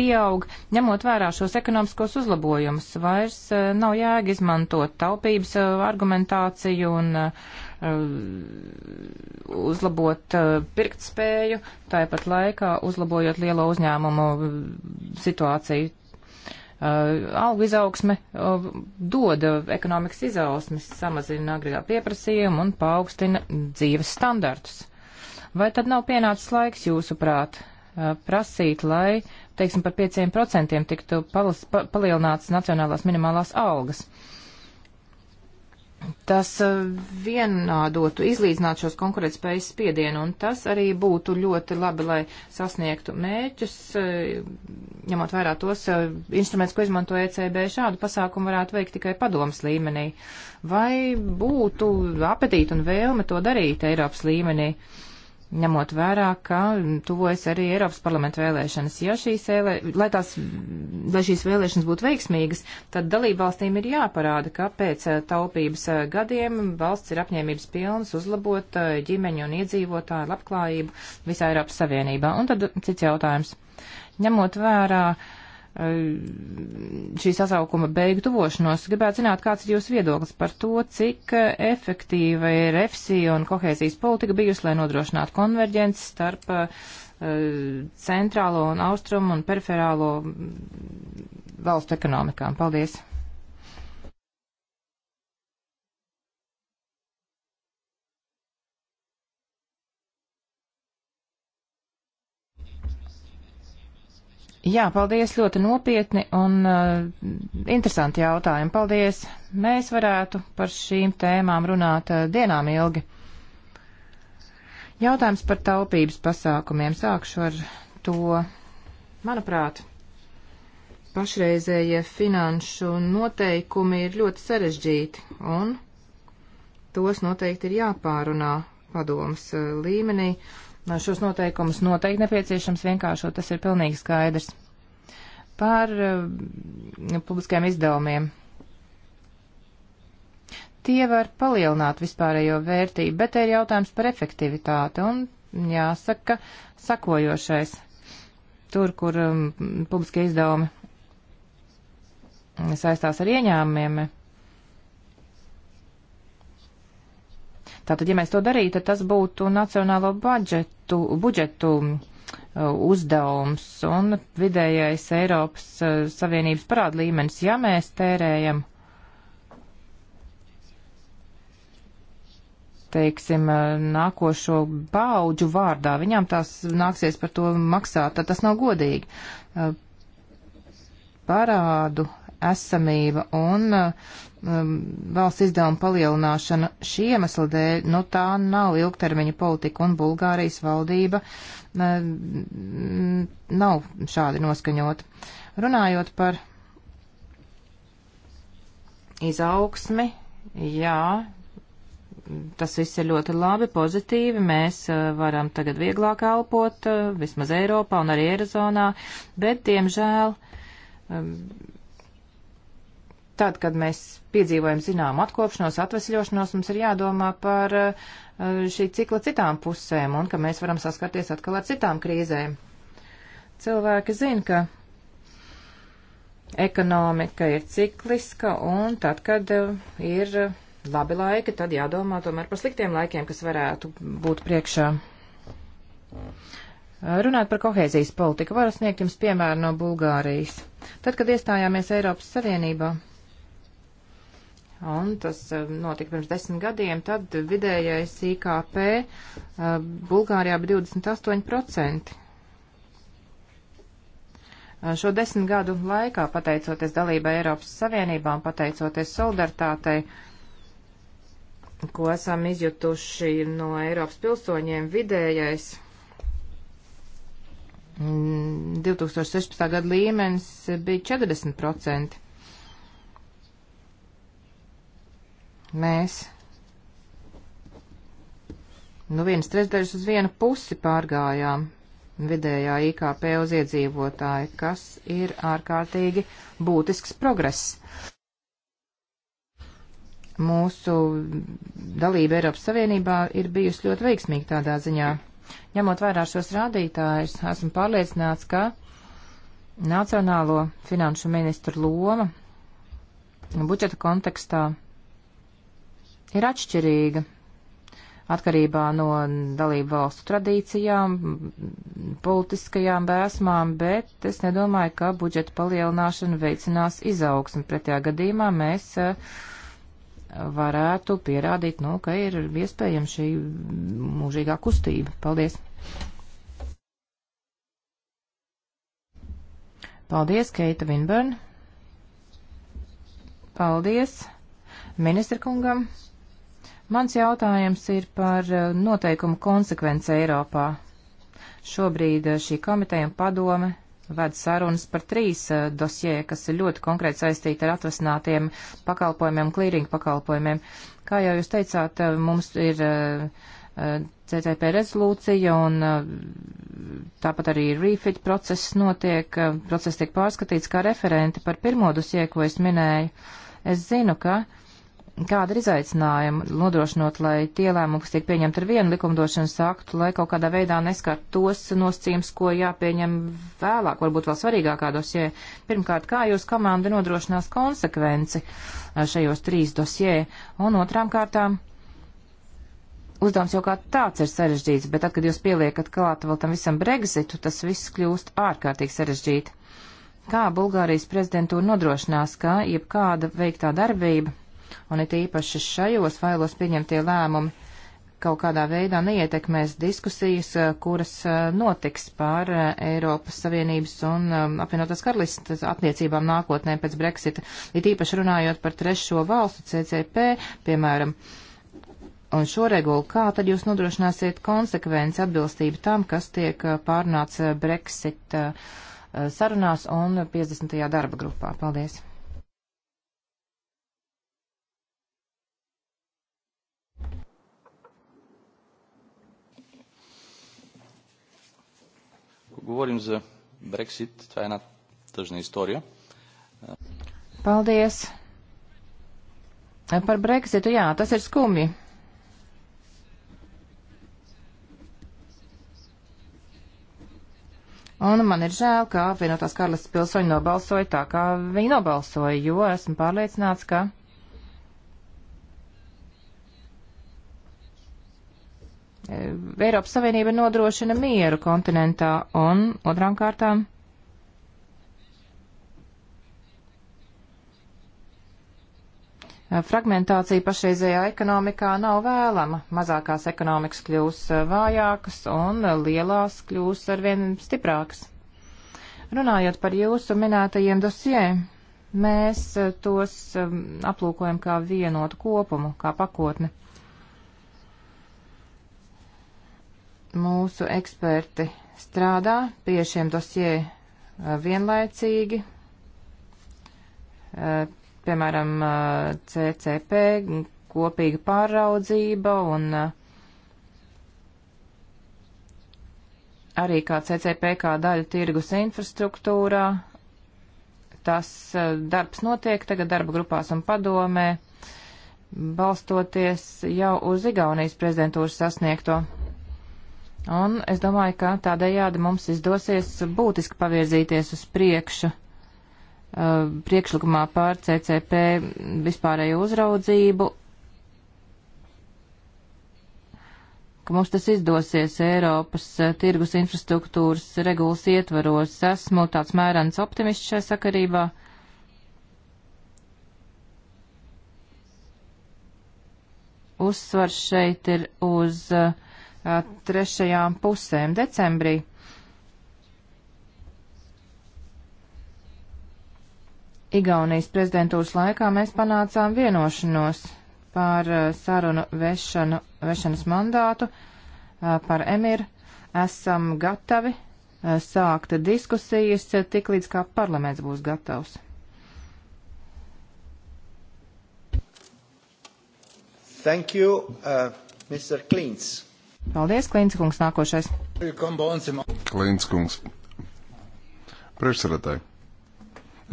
pieaug. Ņemot vērā šos ekonomiskos uzlabojumus, vairs nav jēga izmantot taupības argumentāciju un uh, Um, uzlabot uh, pirktspēju, tāpat laikā uzlabojot lielo uzņēmumu um, situāciju. Uh, algu izaugsme uh, dod ekonomikas izausmes, samazina agrīgā pieprasījumu un paaugstina dzīves standartus. Vai tad nav pienācis laiks, jūsuprāt, prasīt, lai, teiksim, par 5% tiktu palas, pa, palielināts nacionālās minimālās algas? Uh, tas eh, vienādotu, izlīdzinātu šos konkurētspējas spiedienu, un tas arī būtu ļoti labi, lai sasniegtu mērķus, eh, ņemot vērā tos eh, instrumentus, ko izmanto ECB. Šādu pasākumu varētu veikt tikai padomas līmenī. Vai būtu apetīti un vēlme to darīt Eiropas līmenī? Uh, ņemot vērā, ka tuvojas arī Eiropas parlamenta vēlēšanas. Ja šīs, ēlē, lai, tās, lai šīs vēlēšanas būtu veiksmīgas, tad dalībvalstīm ir jāparāda, ka pēc eh, taupības eh, gadiem valsts ir apņēmības pilnas uzlabot eh, ģimeņu un iedzīvotāju labklājību visā Eiropas Savienībā. Un tad cits jautājums. Ņemot vērā uh, šī sasaukuma beigu tuvošanos. Gribētu zināt, kāds ir jūsu viedoklis par to, cik efektīva ir EFSI un kohēzijas politika bijusi, lai nodrošinātu konverģenci starp uh, centrālo un austrumu un periferālo valstu ekonomikām. Paldies! Jā, paldies, ļoti nopietni un uh, interesanti jautājumi. Paldies. Mēs varētu par šīm tēmām runāt uh, dienām ilgi. Jautājums par taupības pasākumiem. Sākšu ar to, manuprāt, pašreizējie finanšu noteikumi ir ļoti sarežģīti un tos noteikti ir jāpārunā padomas uh, līmenī. Uh, Šos noteikumus noteikti nepieciešams vienkāršot, tas ir pilnīgi skaidrs. Par eh, publiskajiem izdevumiem. Tie var palielināt vispārējo vērtību, bet ir jautājums par efektivitāti un jāsaka sakojošais. Tur, kur um, publiskie izdevumi saistās ar ieņēmumiem, Tātad, ja mēs to darītu, tad tas būtu nacionālo budžetu, budžetu uh, uzdevums un vidējais Eiropas uh, Savienības parāda līmenis, ja mēs tērējam, teiksim, uh, nākošo paudžu vārdā, viņām tās nāksies par to maksāt, tad tas nav godīgi. Parādu esamība un uh, um, valsts izdevuma palielināšana šī iemesla dēļ, nu tā nav ilgtermiņa politika un Bulgārijas valdība um, nav šādi noskaņota. Runājot par izaugsmi, jā, tas viss ir ļoti labi, pozitīvi. Mēs uh, varam tagad vieglāk elpot, uh, vismaz Eiropā un arī Eirozonā, bet, diemžēl, um, tad, kad mēs piedzīvojam zinām atkopšanos, atvesļošanos, mums ir jādomā par eh, šī cikla citām pusēm un ka mēs varam saskarties atkal ar citām krīzēm. Cilvēki zina, ka ekonomika ir cikliska un tad, kad eh, ir labi laiki, tad jādomā tomēr par sliktiem laikiem, kas varētu būt priekšā. Eh, runāt par kohēzijas politiku varu sniegt jums piemēru no Bulgārijas. Tad, kad iestājāmies Eiropas Savienībā, un tas eh, notika pirms desmit gadiem, tad vidējais IKP eh, Bulgārijā bija 28%. Eh, šo desmit gadu laikā, pateicoties dalībai Eiropas Savienībā un pateicoties solidaritātei, ko esam izjutuši no Eiropas pilsoņiem, vidējais 2016. Mm, gada līmenis bija 40%. mēs nu viens trešdaļas uz vienu pusi pārgājām vidējā IKP uz iedzīvotāju, kas ir ārkārtīgi būtisks progress. Mūsu dalība Eiropas Savienībā ir bijusi ļoti veiksmīga tādā ziņā. Ņemot vērā šos rādītājus, esmu pārliecināts, ka Nacionālo finanšu ministru loma budžeta kontekstā ir atšķirīga atkarībā no dalību valstu tradīcijām, politiskajām bēsmām, bet es nedomāju, ka budžeta palielināšana veicinās izaugsmi. Pretējā gadījumā mēs eh, varētu pierādīt, nu, ka ir iespējama šī mūžīgā kustība. Paldies! Paldies, Keita Vinburn! Paldies ministra kungam! Mans jautājums ir par eh, noteikumu konsekvenci Eiropā. Šobrīd eh, šī komiteja un padome ved sarunas par trīs eh, dosjē, kas ir ļoti konkrēti saistīti ar atvasinātiem pakalpojumiem, klīringu pakalpojumiem. Kā jau jūs teicāt, mums ir CTP rezolūcija un tāpat arī refit process notiek, process tiek pārskatīts kā referenti par pirmo dosjē, ko es minēju. Es zinu, ka uh, kāda ir izaicinājuma nodrošinot, lai tie lēmumi, kas tiek pieņemti ar vienu likumdošanas aktu, lai kaut kādā veidā neskart tos nosacījums, ko jāpieņem vēlāk, varbūt vēl svarīgākā dosjē. Pirmkārt, kā jūs komanda nodrošinās konsekvenci eh, šajos trīs dosjē, un otrām kārtām. Uzdevums jau kā tāds ir sarežģīts, bet tad, kad jūs pieliekat klāt vēl tam visam Brexitu, tas viss kļūst ārkārtīgi sarežģīti. Kā Bulgārijas prezidentūra nodrošinās, ka jebkāda veiktā darbība un it īpaši šajos failos pieņemtie lēmumi kaut kādā veidā neietekmēs diskusijas, eh, kuras eh, notiks par eh, Eiropas Savienības un um, apvienotās karalistas attiecībām nākotnē pēc Brexita, it īpaši runājot par trešo valstu CCP, piemēram. Un šo regulu, kā tad jūs nodrošināsiet konsekvenci atbilstību tam, kas tiek pārnāts Brexit sarunās un 50. darba grupā? Paldies! Говорим за Брексит. Това е една тъжна история. Paldies. Par Brexitu, jā, tas ir skumji. Un man ir žēl, ka apvienotās karalistas pilsoņi nobalsoja tā, kā viņi nobalsoja, jo esmu pārliecināts, ka Eiropas Savienība nodrošina mieru kontinentā un otrām kārtām. Fragmentācija pašreizējā ekonomikā nav vēlama. Mazākās ekonomikas kļūs eh, vājākas un lielās kļūs arvien stiprākas. Runājot par jūsu minētajiem dosjē, mēs eh, tos eh, aplūkojam kā vienotu kopumu, kā pakotni. mūsu eksperti strādā pie šiem dosie eh, vienlaicīgi, eh, piemēram, eh, CCP, kopīga pāraudzība un arī kā CCP kā daļa tirgus infrastruktūrā. Tas darbs notiek tagad darba grupās un padomē, balstoties jau uz Igaunijas prezidentūras sasniegto. Un es domāju, ka tādējādi mums izdosies būtiski pavirzīties uz priekšu uh, priekšlikumā pār CCP vispārēju uzraudzību, ka mums tas izdosies Eiropas uh, tirgus infrastruktūras regulas ietvaros. Esmu tāds mērens optimists šai sakarībā. Uzsvars šeit ir uz uh, Uh, trešajām pusēm decembrī. Igaunijas prezidentūras laikā mēs panācām vienošanos par uh, sarunu vešanu, vešanas mandātu, uh, par emiru. Esam gatavi sākt diskusijas tik līdz kā parlaments būs gatavs. Thank you, uh, Mr. Klīns. Paldies, Klīnskungs, nākošais. Klīnskungs. Priekšsarētāji,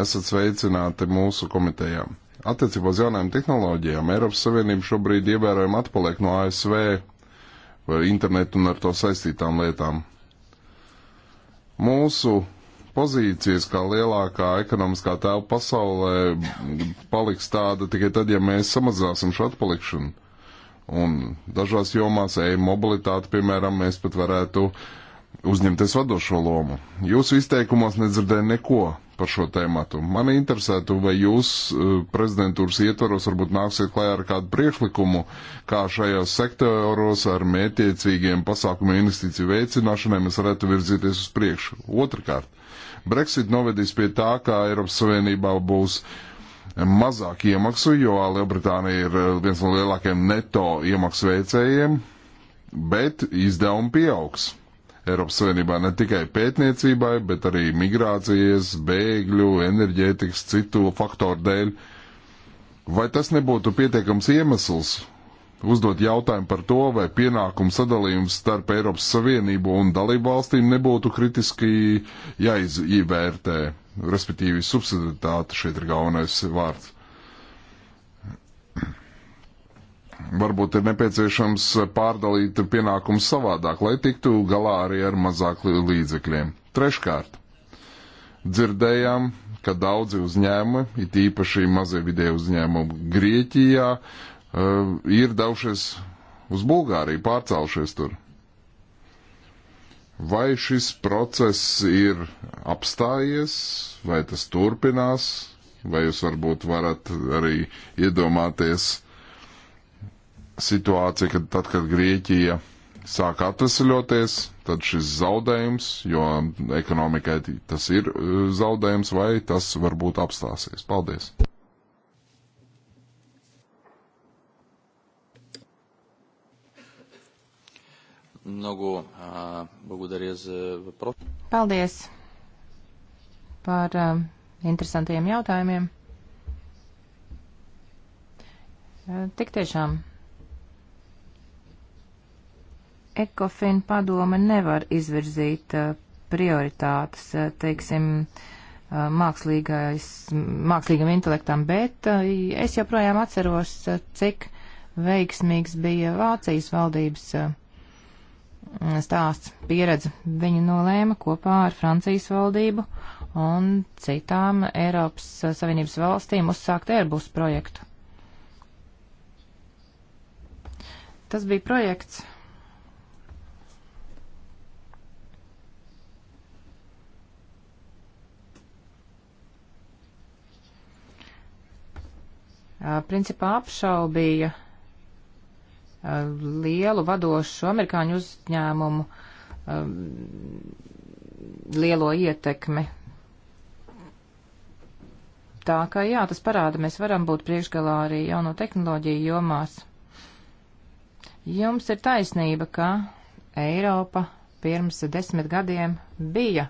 esat sveicināti mūsu komitejā. Attiecībā uz jaunajām tehnoloģijām Eiropas Savienība šobrīd ievērojami atpaliek no ASV par internetu un ar to saistītām lietām. Mūsu pozīcijas kā lielākā ekonomiskā tēla pasaulē paliks tāda tikai tad, ja mēs samazināsim šo atpalikšanu. Un dažās jomās, e-mobilitāte, piemēram, mēs pat varētu uzņemties vadošo lomu. Jūsu izteikumos nedzirdēju neko par šo tēmatu. Mani interesētu, vai jūs eh, prezidentūras ietvaros varbūt nāksiet klajā ar kādu priekšlikumu, kā šajos sektoros ar mētiecīgiem pasākumiem investīciju veicināšanai mēs varētu virzīties uz priekšu. Otrakārt, Brexit novedīs pie tā, ka Eiropas Savienībā būs uh, mazāk iemaksu, jo Lielbritānija ir eh, viens no lielākajiem neto iemaksu veicējiem, bet izdevumi pieaugs. Eiropas Savienībā ne tikai pētniecībai, bet arī migrācijas, bēgļu, enerģētikas, citu faktoru dēļ. Vai tas nebūtu pietiekams iemesls uzdot jautājumu par to, vai pienākumu sadalījums starp Eiropas Savienību un dalību valstīm nebūtu kritiski jāizvērtē? respektīvi subsidiaritāte šeit ir galvenais vārds. Varbūt ir nepieciešams pārdalīt pienākumus savādāk, lai tiktu galā arī ar mazāk līdzekļiem. Treškārt, dzirdējām, ka daudzi uzņēmumi, it īpaši mazie vidē uzņēmumi Grieķijā, eh, ir devušies uz Bulgāriju, pārcēlušies tur. Vai šis process ir apstājies, vai tas turpinās, vai jūs varbūt varat arī iedomāties situāciju, kad tad, kad Grieķija sāk atvesaļoties, tad šis zaudējums, jo ekonomikai tas ir eh, zaudējums, vai tas varbūt apstāsies. Paldies! Много а, благодаря за въпрос. Paldies par uh, interesantajiem jautājumiem. Uh, tik tiešām. Ekofin padome nevar izvirzīt uh, prioritātes, uh, teiksim, uh, mākslīgam intelektam, bet uh, es joprojām atceros, uh, cik veiksmīgs bija Vācijas valdības. Uh, Mm, stāsts, pieredze. Viņi nolēma kopā ar Francijas valdību un citām Eiropas Savienības valstīm uzsākt Airbus projektu. Tas bija projekts, principā apšaubīja lielu vadošu amerikāņu uzņēmumu um, lielo ietekmi. Tā kā jā, tas parāda, mēs varam būt priekšgalā arī jauno tehnoloģiju jomās. Jums ir taisnība, ka Eiropa pirms desmit gadiem bija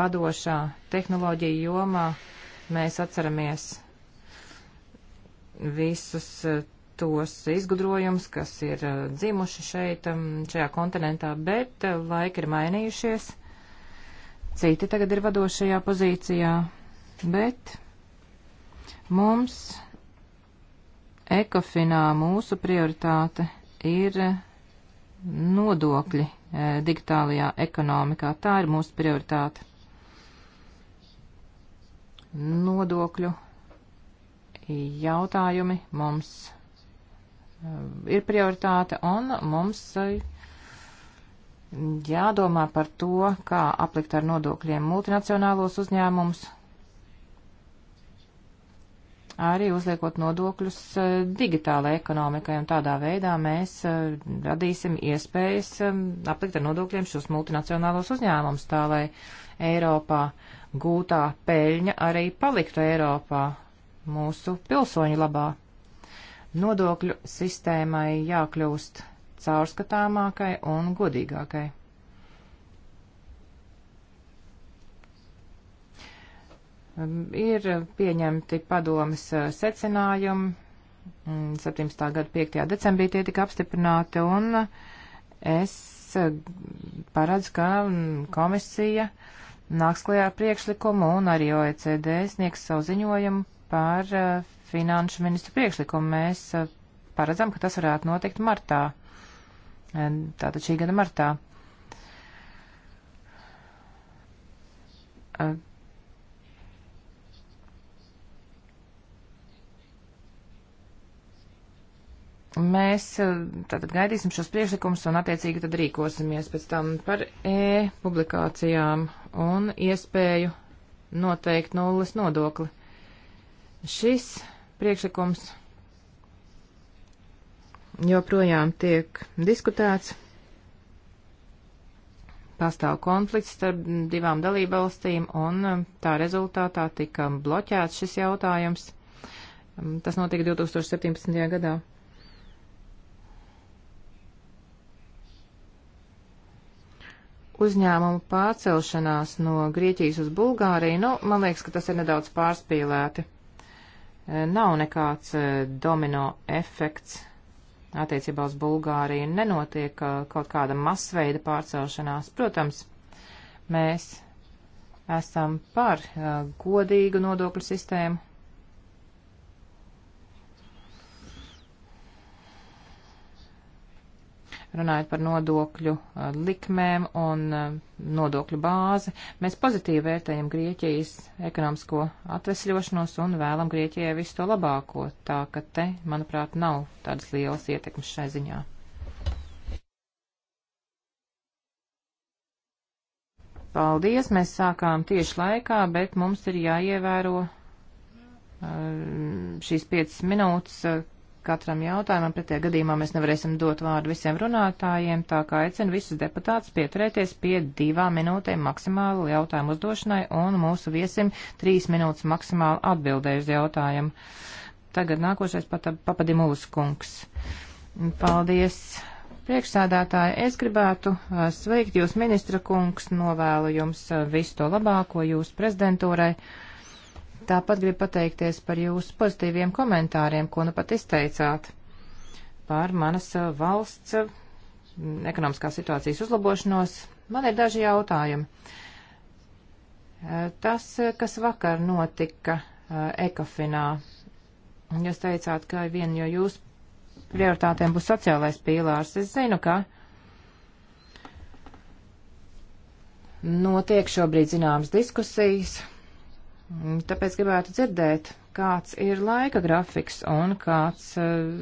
vadošā tehnoloģija jomā. Mēs atceramies visus tos izgudrojumus, kas ir uh, dzimuši šeit, um, šajā kontinentā, bet uh, laika ir mainījušies. Citi tagad ir vadošajā pozīcijā, bet mums ekofinā mūsu prioritāte ir uh, nodokļi digitālajā ekonomikā. Tā ir mūsu prioritāte. Nodokļu jautājumi mums Um, ir prioritāte un mums uh, jādomā par to, kā aplikt ar nodokļiem multinacionālos uzņēmumus, arī uzliekot nodokļus uh, digitālai ekonomikai, un tādā veidā mēs uh, radīsim iespējas um, aplikt ar nodokļiem šos multinacionālos uzņēmumus, tā lai Eiropā gūtā peļņa arī paliktu Eiropā mūsu pilsoņu labā. Nodokļu sistēmai jākļūst caurskatāmākai un godīgākai. Um, ir pieņemti padomas uh, secinājumi, 17. Mm, gada 5. decembrī tie tika apstiprināti, un uh, es uh, paredzu, ka mm, komisija nāks klajā ar priekšlikumu un arī OECD sniegs savu ziņojumu par finanšu ministru priekšlikumu. Mēs eh, paredzam, ka tas varētu notikt martā. Eh, tātad šī gada martā. Eh, mēs tātad gaidīsim šos priekšlikumus un attiecīgi tad rīkosimies pēc tam par e-publikācijām un iespēju noteikt nulles nodokli. Šis priekšlikums joprojām tiek diskutēts. Pastāv konflikts starp divām dalībvalstīm, un um, tā rezultātā tika bloķēts šis jautājums. Um, tas notika 2017. gadā. Uzņēmumu pārcelšanās no Grieķijas uz Bulgāriju, nu, man liekas, ka tas ir nedaudz pārspīlēti nav nekāds e, domino efekts attiecībā uz Bulgāriju, nenotiek e, kaut kāda masveida pārcelšanās. Protams, mēs esam par e, godīgu nodokļu sistēmu, runājot par nodokļu uh, likmēm un uh, nodokļu bāzi, mēs pozitīvi vērtējam Grieķijas ekonomisko atvesļošanos un vēlam Grieķijai visu to labāko, tā ka te, manuprāt, nav tādas lielas ietekmes šai ziņā. Paldies, mēs sākām tieši laikā, bet mums ir jāievēro uh, šīs piecas minūtes, katram jautājumam, pretie gadījumā mēs nevarēsim dot vārdu visiem runātājiem, tā kā aicinu visus deputātus pieturēties pie divām minūtēm maksimāli jautājumu uzdošanai un mūsu viesim trīs minūtes maksimāli atbildēju uz jautājumu. Tagad nākošais papadimulis kungs. Paldies! Priekšsādātāji, es gribētu uh, sveikt jūs, ministra kungs, novēlu jums uh, visu to labāko jūsu prezidentūrai. Tāpat gribu pateikties par jūsu pozitīviem komentāriem, ko nu pat izteicāt par manas eh, valsts eh, ekonomiskās situācijas uzlabošanos. Man ir daži jautājumi. Eh, tas, kas vakar notika Ekofinā, jūs teicāt, ka viena no jūsu prioritātēm būs sociālais pīlārs. Es zinu, ka notiek šobrīd zināmas diskusijas Mm, tāpēc gribētu dzirdēt, kāds ir laika grafiks un kāds uh,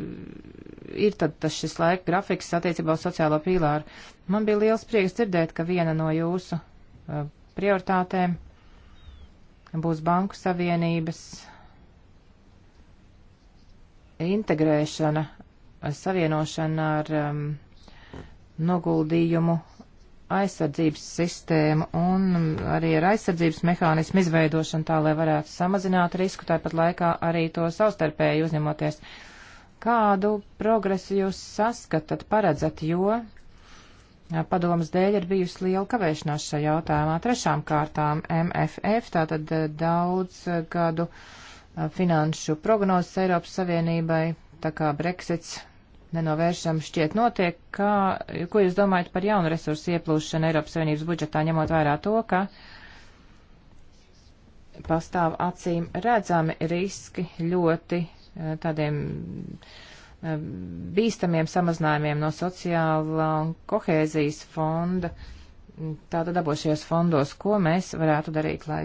ir tad tas šis laika grafiks attiecībā uz sociālo pīlāru. Man bija liels prieks dzirdēt, ka viena no jūsu uh, prioritātēm būs banku savienības integrēšana, savienošana ar um, noguldījumu aizsardzības sistēmu un arī ar aizsardzības mehānismu izveidošanu tā, lai varētu samazināt risku, tāpat laikā arī to savstarpēji uzņemoties. Kādu progresu jūs saskatat, paredzat, jo padomas dēļ ir bijusi liela kavēšanās šajā jautājumā. Trešām kārtām MFF, tātad eh, daudz eh, gadu eh, finanšu prognozes Eiropas Savienībai, tā kā Brexits nenovēršam šķiet notiek, kā, ko jūs domājat par jaunu resursu ieplūšanu Eiropas Savienības budžetā, ņemot vērā to, ka pastāv acīm redzami riski ļoti eh, tādiem eh, bīstamiem samazinājumiem no sociālā un kohēzijas fonda. Tātad dabošajos fondos, ko mēs varētu darīt, lai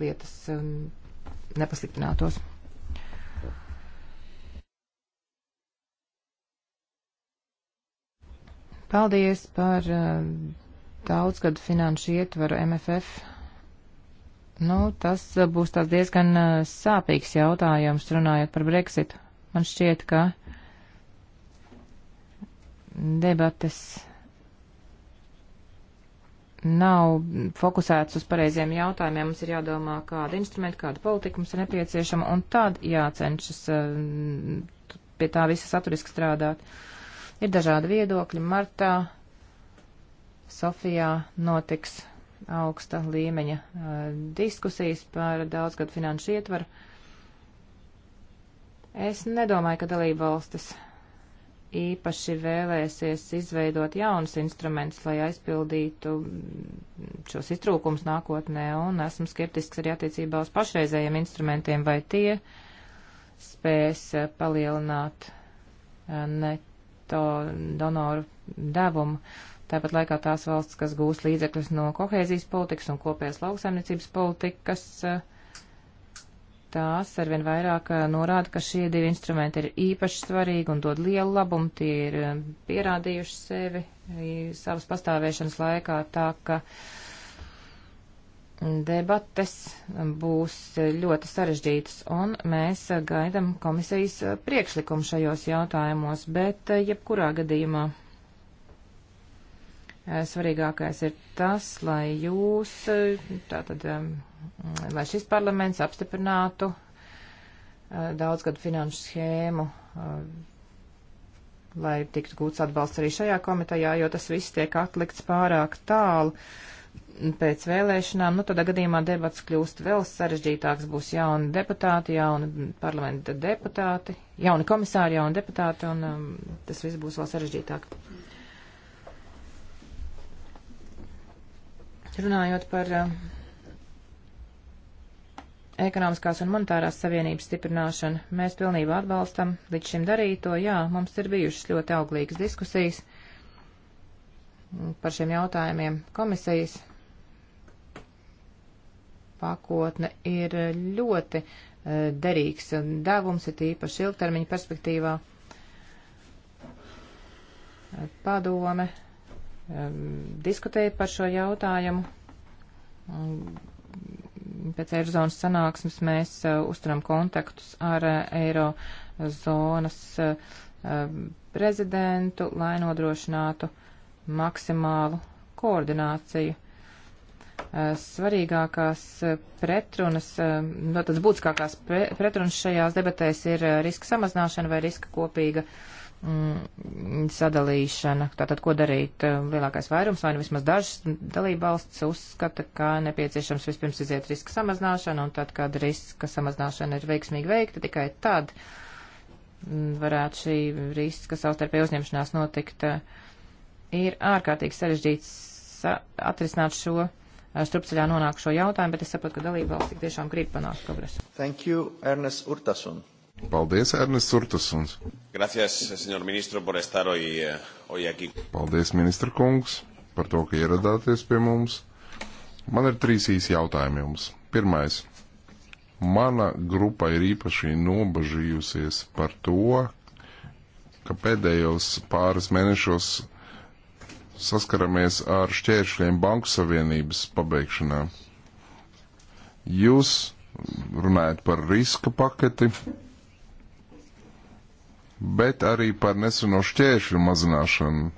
lietas eh, nepasliktinātos. Paldies par eh, daudzgadu finanšu ietvaru MFF. Nu, tas eh, būs tāds diezgan eh, sāpīgs jautājums runājot par Brexitu. Man šķiet, ka debates nav fokusētas uz pareiziem jautājumiem. Mums ir jādomā, kāda instrumenta, kāda politika mums ir nepieciešama, un tad jācenšas pie tā visa saturiski strādāt. Uh, Ir dažādi viedokļi. Martā Sofijā notiks augsta līmeņa uh, diskusijas par daudzgadu finanšu ietvaru. Es nedomāju, ka dalība valstis īpaši vēlēsies izveidot jaunus instrumentus, lai aizpildītu šos iztrūkums nākotnē, un esmu skeptisks arī attiecībā uz pašreizējiem instrumentiem, vai tie spēs palielināt ne neto donoru devumu. Tāpat laikā tās valsts, kas gūs līdzekļus no kohēzijas politikas un kopējas lauksaimniecības politikas, tās arvien vairāk eh, norāda, ka šie divi instrumenti ir īpaši svarīgi un dod lielu labumu. Tie ir eh, pierādījuši sevi savas pastāvēšanas laikā, tā ka uh, debates būs ļoti sarežģītas, un mēs gaidam komisijas priekšlikumu šajos jautājumos, bet jebkurā gadījumā eh, svarīgākais ir tas, lai jūs, eh, tātad, lai šis parlaments apstiprinātu eh, daudzgadu finanšu schēmu, lai tiktu gūts atbalsts arī šajā komitejā, jo tas viss tiek atlikts pārāk tālu pēc vēlēšanām, nu tādā gadījumā debats kļūst vēl sarežģītāks, būs jauni deputāti, jauni parlamenta deputāti, jauni komisāri, jauni deputāti, un um, tas viss būs vēl sarežģītāk. Runājot par uh, ekonomiskās un monetārās savienības stiprināšanu, mēs pilnībā atbalstam līdz šim darīto. Jā, mums ir bijušas ļoti auglīgas diskusijas par šiem jautājumiem komisijas pakotne ir ļoti eh, derīgs devums, ir tīpaši ilgtermiņa perspektīvā. Padome ehm, diskutēja par šo jautājumu. Pēc Eirozonas sanāksmes mēs eh, uzturam kontaktus ar eh, Eirozonas ehm, prezidentu, lai nodrošinātu maksimālu koordināciju Eh, svarīgākās eh, pretrunas, eh, no tāds būtiskākās pretrunas šajās debatēs ir riska samazināšana vai riska kopīga mm, sadalīšana. Tātad, ko darīt? Lielākais vairums vai nu vismaz dažas dalībvalsts uzskata, ka nepieciešams vispirms iziet riska samazināšana, un tad, kad riska samazināšana ir veiksmīgi veikta, tikai tad mm, varētu šī riska savstarpēja uzņemšanās notikt. Ir ārkārtīgi sarežģīts atrisināt šo strupceļā nonāk šo jautājumu, bet es saprotu, ka dalība valsts tik tiešām grib panākt progresu. Thank you, Ernest Urtasun. Paldies, Ernests Urtasuns. Gracias, senor ministro, por estar hoy, eh, hoy aquí. Paldies, ministra kungs, par to, ka ieradāties pie mums. Man ir trīs īsi jautājumi jums. Pirmais. Mana grupa ir īpaši nobažījusies par to, ka pēdējos pāris mēnešos saskaramies ar šķēršļiem Banku Savienības pabeigšanā. Jūs runājat par riska paketi, bet arī par neseno šķēršļu mazināšanu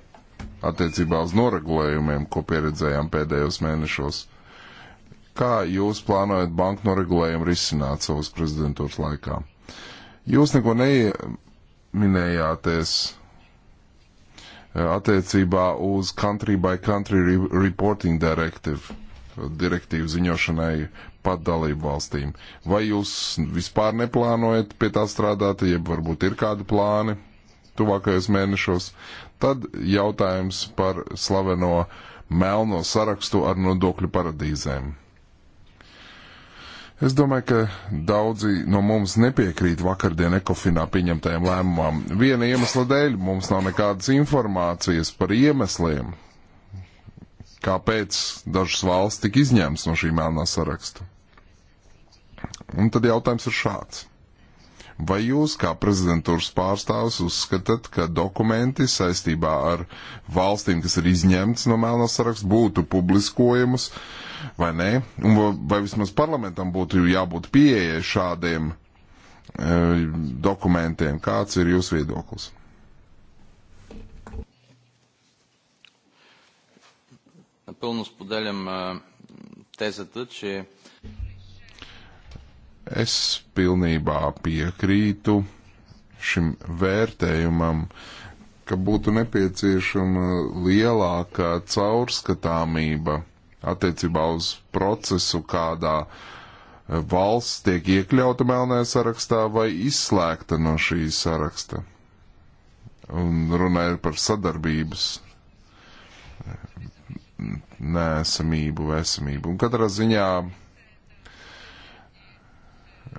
attiecībā uz noregulējumiem, ko pieredzējām pēdējos mēnešos. Kā jūs plānojat banku noregulējumu risināt savas prezidentūras laikā? Jūs neko neminējāties Uh, attiecībā uz Country by Country Reporting Directive, uh, direktīvu ziņošanai pat dalību valstīm. Vai jūs vispār neplānojat pie tā strādāt, jeb varbūt ir kādi plāni tuvākajos mēnešos? Tad jautājums par slaveno melno sarakstu ar nodokļu paradīzēm. Es domāju, ka daudzi no mums nepiekrīt vakardien ekofinā pieņemtajam lēmumam. Viena iemesla dēļ mums nav nekādas informācijas par iemesliem, kāpēc dažas valsts tika izņemts no šī melnā saraksta. Un tad jautājums ir šāds. Vai jūs, kā prezidentūras pārstāvis, uzskatāt, ka dokumenti saistībā ar valstīm, kas ir izņemts no melnās saraksts, būtu publiskojumus vai nē? Un vai vismaz parlamentam būtu jābūt pieejai šādiem e, dokumentiem? Kāds ir jūsu viedoklis? Напълно споделям тезата, че Es pilnībā piekrītu šim vērtējumam, ka būtu nepieciešama lielākā caurskatāmība attiecībā uz procesu, kādā valsts tiek iekļauta melnajā sarakstā vai izslēgta no šī saraksta. Un runa ir par sadarbības nēsamību, esamību. Un katrā ziņā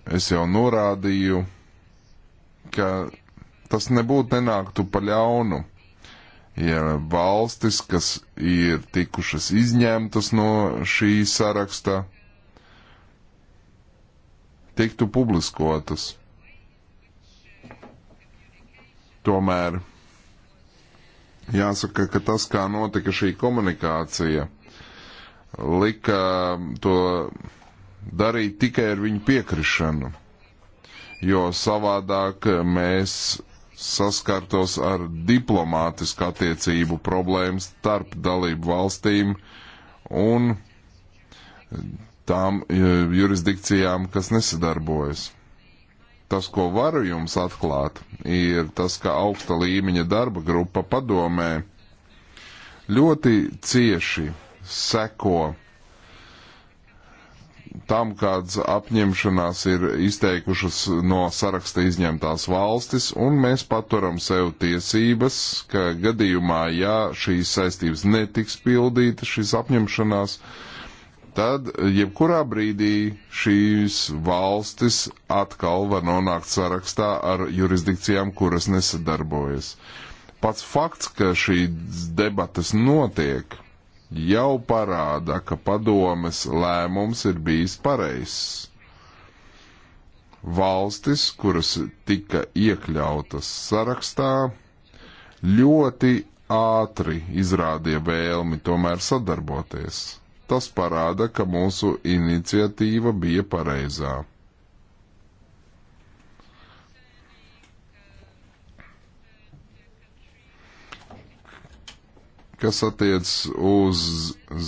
Es jau norādīju, ka tas nebūtu nenāktu pa ļaunu, ja valstis, kas ir tikušas izņemtas no šī saraksta, tiktu publiskotas. Tomēr jāsaka, ka tas, kā notika šī komunikācija, lika to darīt tikai ar viņu piekrišanu, jo savādāk mēs saskartos ar diplomātisku attiecību problēmu starp dalību valstīm un tām e, jurisdikcijām, kas nesadarbojas. Tas, ko varu jums atklāt, ir tas, ka augsta līmeņa darba grupa padomē ļoti cieši seko tam, kādas apņemšanās ir izteikušas no saraksta izņemtās valstis, un mēs paturam sev tiesības, ka gadījumā, ja šīs saistības netiks pildītas, šīs apņemšanās, tad jebkurā brīdī šīs valstis atkal var nonākt sarakstā ar jurisdikcijām, kuras nesadarbojas. Pats fakts, ka šīs debatas notiek, jau parāda, ka padomes lēmums ir bijis pareizs. Valstis, kuras tika iekļautas sarakstā, ļoti ātri izrādīja vēlmi tomēr sadarboties. Tas parāda, ka mūsu iniciatīva bija pareizā. kas attiec uz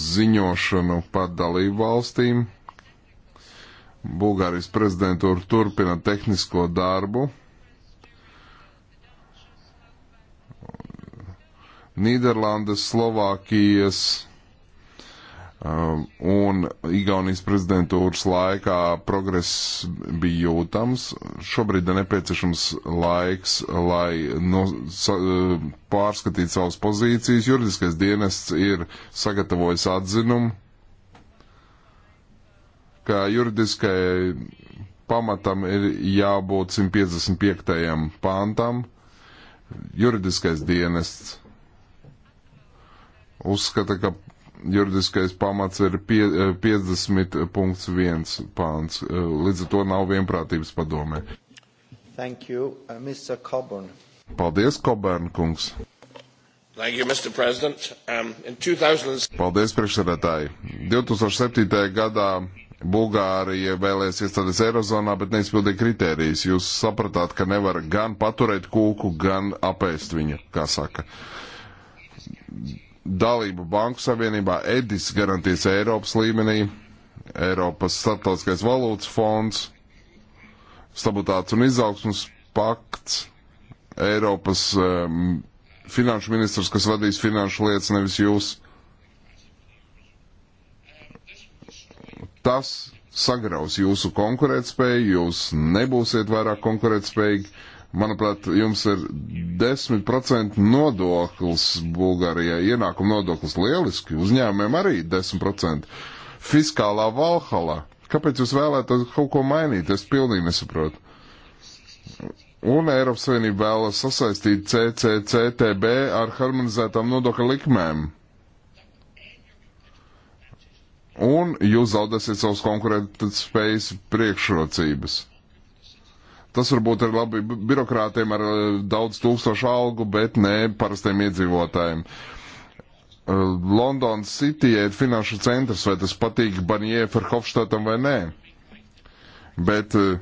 ziņošanu pat dalību valstīm. Bulgārijas prezidentūra turpina tehnisko darbu. Nīderlandes, Slovākijas, Um, un Igaunijas prezidentūras laikā progress bija jūtams. Šobrīd ir nepieciešams laiks, lai no, sa, uh, pārskatītu savas pozīcijas. Juridiskais dienests ir sagatavojis atzinumu, ka juridiskai pamatam ir jābūt 155. pāntam. Juridiskais dienests uzskata, ka juridiskais pamats ir pie, 50.1 eh, pāns. Eh, līdz ar to nav vienprātības padomē. Thank you, uh, Mr. Coburn. Paldies, Coburn kungs. Thank you, Mr. President. Um, in 2000... Paldies, priekšsēdētāji. 2007. gadā Bulgārija vēlēs iestāties Eirozonā, bet neizpildīja kritērijas. Jūs sapratāt, ka nevar gan paturēt kūku, gan apēst viņu, kā saka dalību Banku Savienībā, EDIS garantijas Eiropas līmenī, Eiropas Startautiskais valūtas fonds, Stabilitātes un izaugsmas pakts, Eiropas um, finanšu ministrs, kas vadīs finanšu lietas, nevis jūs. Tas sagraus jūsu konkurētspēju, jūs nebūsiet vairāk konkurētspējīgi Manuprāt, jums ir 10% nodoklis Bulgārijai, ienākuma nodoklis lieliski, uzņēmumiem arī 10%. Fiskālā valhalā. Kāpēc jūs vēlētos kaut ko mainīt? Es pilnīgi nesaprotu. Un Eiropas Savienība vēlas sasaistīt CCCTB ar harmonizētām nodokļa likmēm. Un jūs zaudēsiet savus konkurētas spējas priekšrocības. Tas varbūt ir labi birokrātiem ar eh, daudz tūkstošu algu, bet ne parastiem iedzīvotājiem. Eh, Londonas City ir finanšu centrs, vai tas patīk Banjē Ferhofštatam vai nē. Bet eh,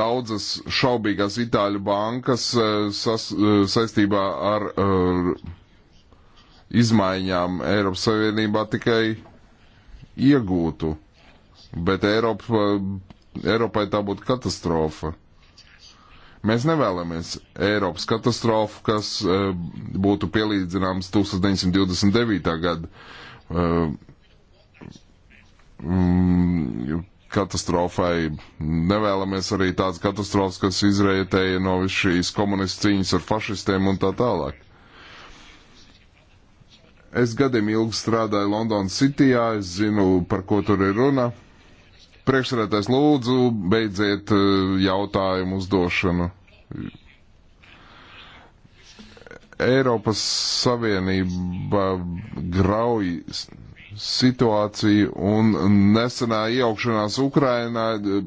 daudzas šaubīgās itāļu bankas sas, saistībā ar, ar izmaiņām Eiropas Savienībā tikai iegūtu bet Eiropa Eiropai tā būtu katastrofa. Mēs nevēlamies Eiropas katastrofu, kas uh, būtu pielīdzināms 1929. gada uh, um, katastrofai. Nevēlamies arī tādas katastrofas, kas izrietēja no šīs komunistu cīņas ar fašistiem un tā tālāk. Es gadiem ilgi strādāju Londonas Cityjā, es zinu, par ko tur ir runa. Priekšsēdētājs lūdzu, beidziet eh, jautājumu uzdošanu. Eiropas Savienība grauj situāciju un nesenā iejaukšanās Ukrainā eh,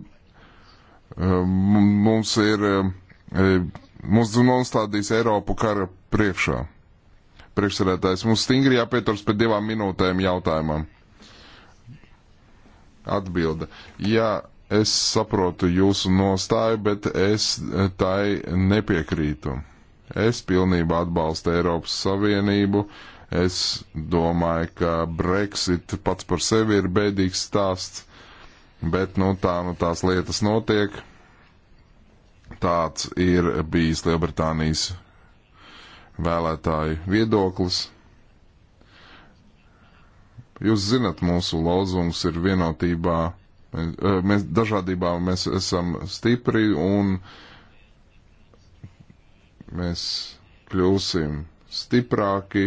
mums ir, eh, mums nostādīs Eiropu kara priekšā. Priekšsēdētājs, mums stingri jāpieturas pie divām minūtēm jautājumam. Atbilde. Jā, es saprotu jūsu nostāju, bet es tai nepiekrītu. Es pilnībā atbalstu Eiropas Savienību. Es domāju, ka Brexit pats par sevi ir bēdīgs stāsts, bet nu tā nu tās lietas notiek. Tāds ir bijis Lielbritānijas vēlētāju viedoklis. Jūs zinat, mūsu lozungs ir vienotībā, eh, mēs dažādībā mēs esam stipri un mēs kļūsim stiprāki.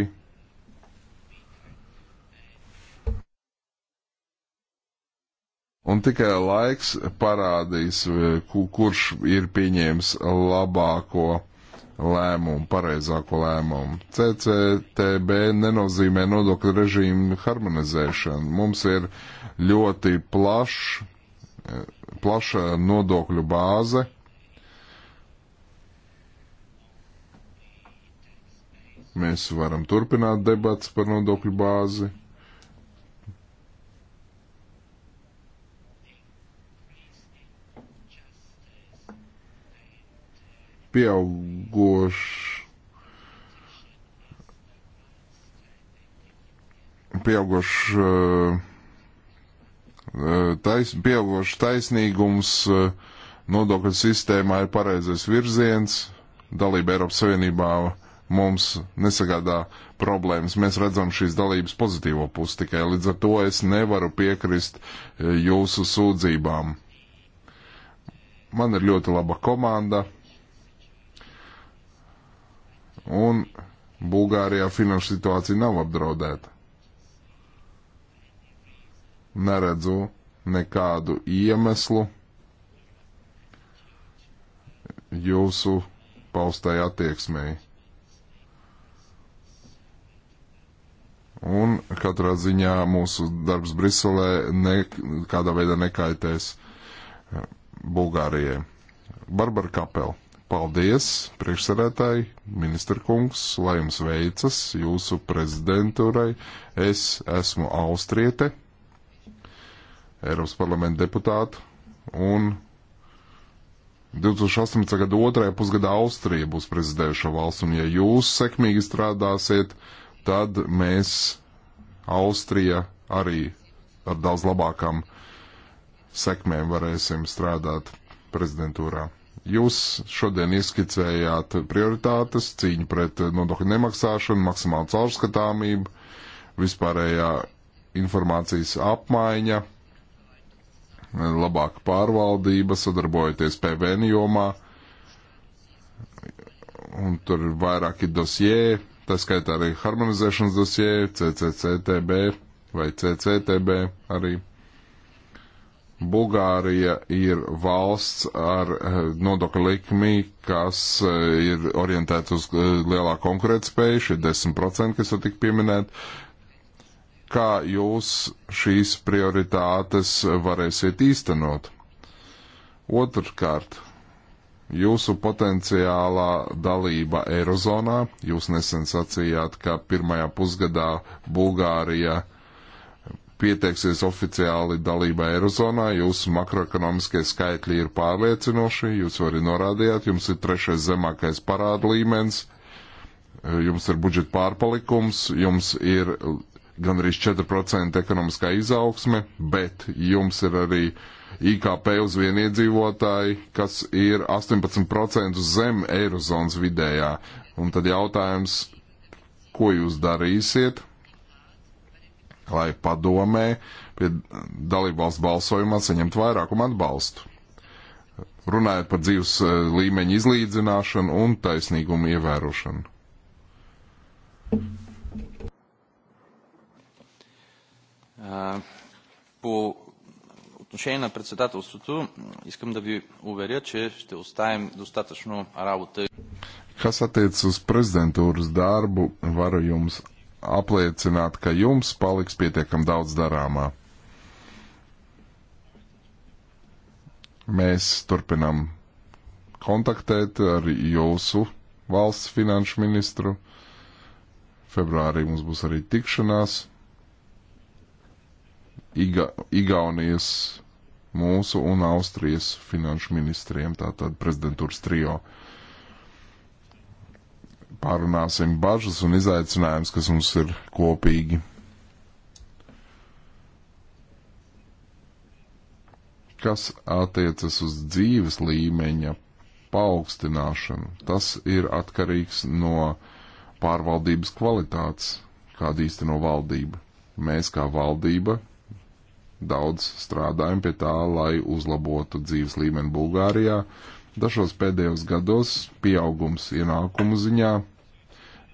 Un tikai laiks parādīs, kurš ir pieņēmis labāko lēmumu, pareizāku lēmumu. CCTB nenozīmē nodokļu režīmu harmonizēšanu. Mums ir ļoti plašs, plaša nodokļu bāze. Mēs varam turpināt debats par nodokļu bāzi. pieaugošs pieaugušs eh, eh, tais, pieaugušs taisnīgums eh, nodokļu sistēmā ir pareizais virziens. Dalība Eiropas Savienībā mums nesagādā problēmas. Mēs redzam šīs dalības pozitīvo pusi tikai. Līdz ar to es nevaru piekrist jūsu sūdzībām. Man ir ļoti laba komanda un Bulgārijā finanšu situācija nav apdraudēta. Neredzu nekādu iemeslu jūsu paustai attieksmēji. Un katrā ziņā mūsu darbs Briselē nekādā veidā nekaitēs Bulgārijai. Barbara Kapela. Paldies, priekšsēdētāji, ministra kungs, lai jums veicas jūsu prezidentūrai. Es esmu austriete, Eiropas parlamenta deputāta, un 2018. gada otrajā pusgadā Austrija būs prezidējuša valsts, un ja jūs sekmīgi strādāsiet, tad mēs, Austrija, arī ar daudz labākām sekmēm varēsim strādāt prezidentūrā. Jūs šodien izskicējāt prioritātes, cīņu pret nodokļu nemaksāšanu, maksimālu caurskatāmību, vispārējā informācijas apmaiņa, labāka pārvaldība, sadarbojoties PVN jomā, un tur ir vairāki dosjē, tā skaitā arī harmonizēšanas dosjē, CCCTB vai CCTB arī. Bulgārija ir valsts ar eh, nodokļu likmi, kas eh, ir orientēta uz eh, lielā konkurētspēju, šie 10%, kas jau tik pieminēt. Kā jūs šīs prioritātes varēsiet īstenot? Otrkārt, jūsu potenciālā dalība Eirozonā. Jūs nesen sacījāt, ka pirmajā pusgadā Bulgārija uh, pieteiksies oficiāli dalībā Eirozonā, jūsu makroekonomiskie skaitļi ir pārliecinoši, jūs jau arī norādījāt, jums ir trešais zemākais parāda līmenis, jums ir budžeta pārpalikums, jums ir gandrīz 4% ekonomiskā izaugsme, bet jums ir arī IKP uz vienu iedzīvotāju, kas ir 18% zem Eirozonas vidējā. Un tad jautājums, ko jūs darīsiet, lai padomē pie dalībvalsts balsojumā saņemtu vairākumu atbalstu. Runājot par dzīves eh, līmeņa izlīdzināšanu un taisnīgumu ievērošanu. Э, по отношение на председателството искам да ви уверя, че ще оставим достатъчно работа. Kas attiecas uz prezidentūras darbu, varu jums apliecināt, ka jums paliks pietiekam daudz darāmā. Mēs turpinam kontaktēt ar jūsu valsts finanšu ministru. Februārī mums būs arī tikšanās. Iga, Igaunijas mūsu un Austrijas finanšu ministriem, tātad prezidentūras trio pārunāsim bažas un izaicinājumus, kas mums ir kopīgi. Kas attiecas uz dzīves līmeņa paaugstināšanu, tas ir atkarīgs no pārvaldības kvalitātes, kāda īsteno valdība. Mēs kā valdība daudz strādājam pie tā, lai uzlabotu dzīves līmeni Bulgārijā. Dažos pēdējos gados pieaugums ienākumu ziņā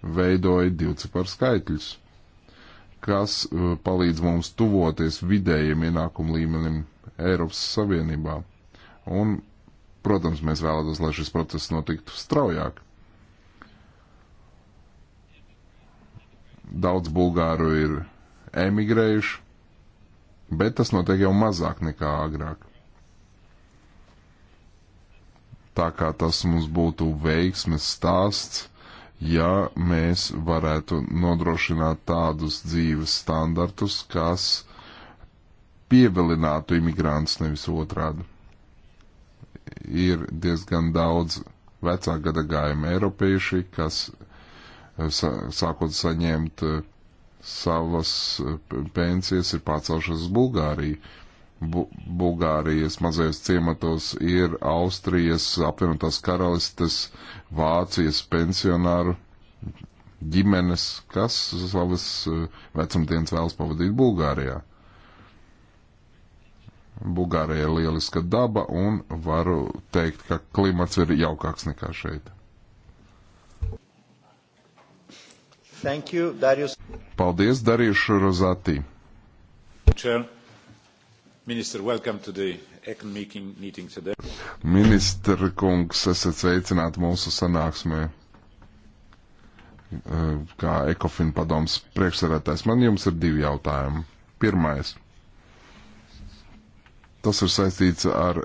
veidoja divciparu skaitļus, kas uh, palīdz mums tuvoties vidējiem ienākumu līmenim Eiropas Savienībā. Un, protams, mēs vēlētos, lai šis process notiktu straujāk. Daudz bulgāru ir emigrējuši, bet tas notiek jau mazāk nekā agrāk. Tā kā tas mums būtu veiksmes stāsts ja mēs varētu nodrošināt tādus dzīves standartus, kas pievilinātu imigrantus nevis otrādi. Ir diezgan daudz vecā gada gājuma eiropieši, kas eh, sākot saņemt eh, savas eh, pensijas, ir pārcelšies uz Bulgāriju Bu Bulgārijas mazajos ciematos ir Austrijas, apvienotās karalistes, Vācijas pensionāru ģimenes, kas savas eh, vecumdienas vēlas pavadīt Bulgārijā. Bulgārijai lieliska daba un varu teikt, ka klimats ir jaukāks nekā šeit. Thank you, Darius. Paldies, Darījušu Rozatī. Čer. Minister, welcome to the ECN meeting, meeting today. Ministra kungs, esat sveicināti mūsu sanāksmē eh, kā ECOFIN padoms priekšsarētājs. Man jums ir divi jautājumi. Pirmais. Tas ir saistīts ar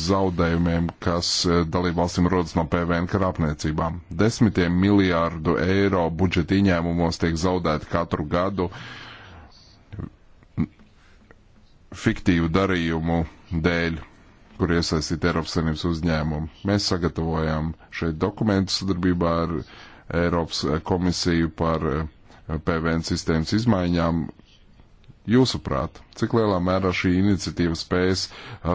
zaudējumiem, kas eh, dalībvalstīm rodas no PVN krāpniecībām. Desmitiem miljārdu eiro budžeta ieņēmumos tiek zaudēti katru gadu uh, fiktīvu darījumu dēļ, kur iesaistīta Eiropas Savienības uzņēmuma. Mēs sagatavojam šeit dokumentu sadarbībā ar Eiropas komisiju par eh, PVN sistēmas izmaiņām. Jūsuprāt, cik lielā mērā šī iniciatīva spējas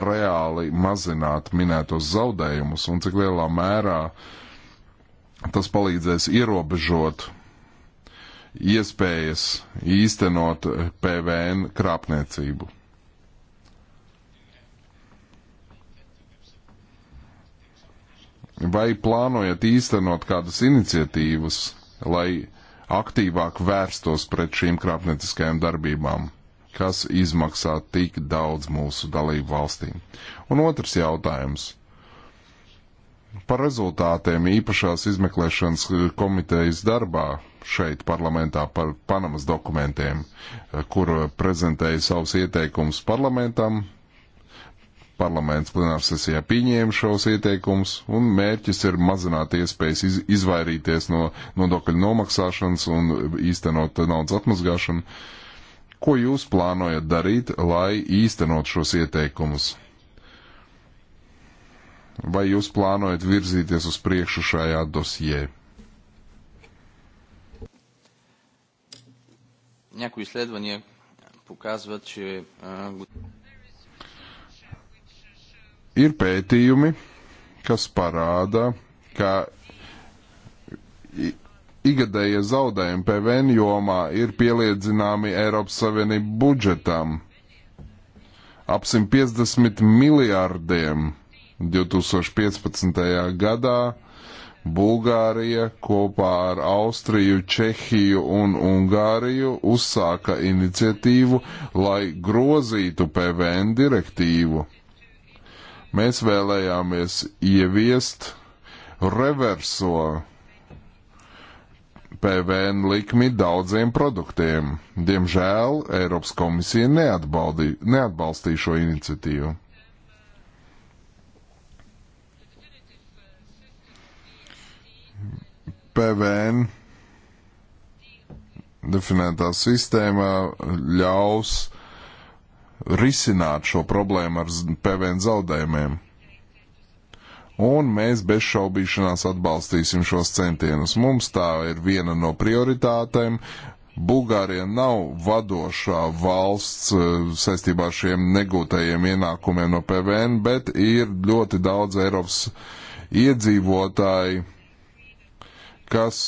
reāli mazināt minētos zaudējumus un cik lielā mērā tas palīdzēs ierobežot iespējas īstenot PVN krāpniecību? Vai plānojat īstenot kādas iniciatīvas, lai aktīvāk vērstos pret šīm krāpnieciskajām darbībām, kas izmaksā tik daudz mūsu dalību valstīm? Un otrs jautājums. Par rezultātiem īpašās izmeklēšanas komitejas darbā šeit parlamentā par Panamas dokumentiem, kur prezentēja savus ieteikumus parlamentam, Parlaments plenārsesijā pieņēma šos ieteikumus, un mērķis ir mazināt iespējas iz, izvairīties no nodokļu nomaksāšanas un īstenot naudas atmazgāšanu. Ko jūs plānojat darīt, lai īstenot šos ieteikumus? Vai jūs plānojat virzīties uz priekšu šajā dosijā? Някои изследвания показват, че... Ir pētījumi, kas parāda, ka igadējie zaudējumi PVN jomā ir pieliedzināmi Eiropas Savienību budžetam ap 150 miljārdiem 2015. gadā. Bulgārija kopā ar Austriju, Čehiju un Ungāriju uzsāka iniciatīvu, lai grozītu PVN direktīvu. Mēs vēlējāmies ieviest reverso PVN likmi daudziem produktiem. Diemžēl Eiropas komisija neatbalstīja šo iniciatīvu. PVN definētā sistēmā ļaus risināt šo problēmu ar PVN zaudējumiem. Un mēs bez šaubīšanās atbalstīsim šos centienus. Mums tā ir viena no prioritātēm. Bulgārija nav vadošā valsts e, saistībā ar šiem negūtajiem ienākumiem no PVN, bet ir ļoti daudz Eiropas iedzīvotāji, kas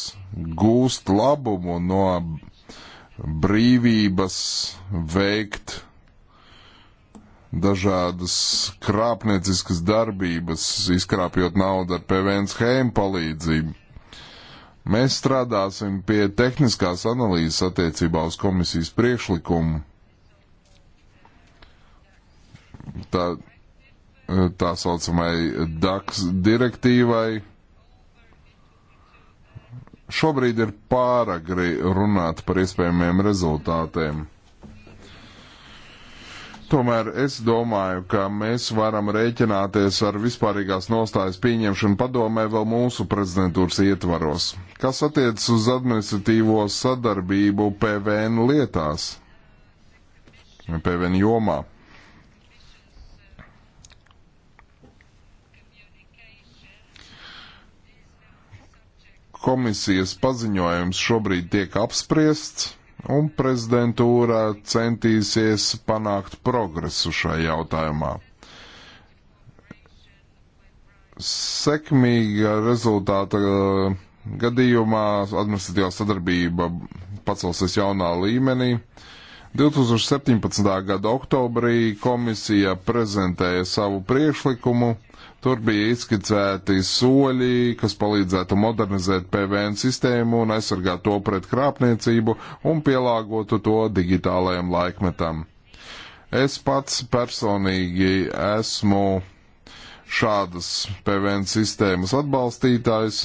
gūst labumu no brīvības veikt dažādas krāpnieciskas darbības, izkrāpjot naudu ar PVN schēmu palīdzību. Mēs strādāsim pie tehniskās analīzes attiecībā uz komisijas priekšlikumu. Tā, tā saucamai DAX direktīvai. Šobrīd ir pāragri runāt par iespējamiem rezultātiem. Tomēr es domāju, ka mēs varam rēķināties ar vispārīgās nostājas pieņemšanu padomē vēl mūsu prezidentūras ietvaros. Kas attiecas uz administratīvo sadarbību PVN lietās? PVN jomā. Komisijas paziņojums šobrīd tiek apspriests un prezidentūra centīsies panākt progresu šajā jautājumā. Sekmīga rezultāta eh, gadījumā administratīvā sadarbība pacelsies jaunā līmenī. 2017. gada oktobrī komisija prezentēja savu priekšlikumu Tur bija izskicēti soļi, kas palīdzētu modernizēt PVN sistēmu un aizsargāt to pret krāpniecību un pielāgotu to digitālajam laikmetam. Es pats personīgi esmu šādas PVN sistēmas atbalstītājs.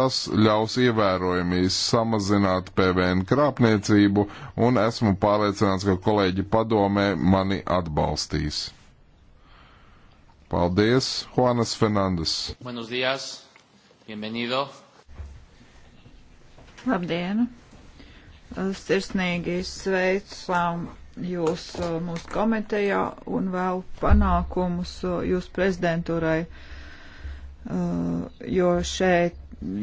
Tas ļaus ievērojami samazināt PVN krāpniecību, un esmu pārliecināts, ka kolēģi padomē mani atbalstīs. Paldies, Juanas Fernandes. Buenos dias, bienvenido. Labdien! Sirsnīgi sveicam jūs uh, mūsu komitejā un vēl panākumus uh, jūsu prezidentūrai, uh, jo šeit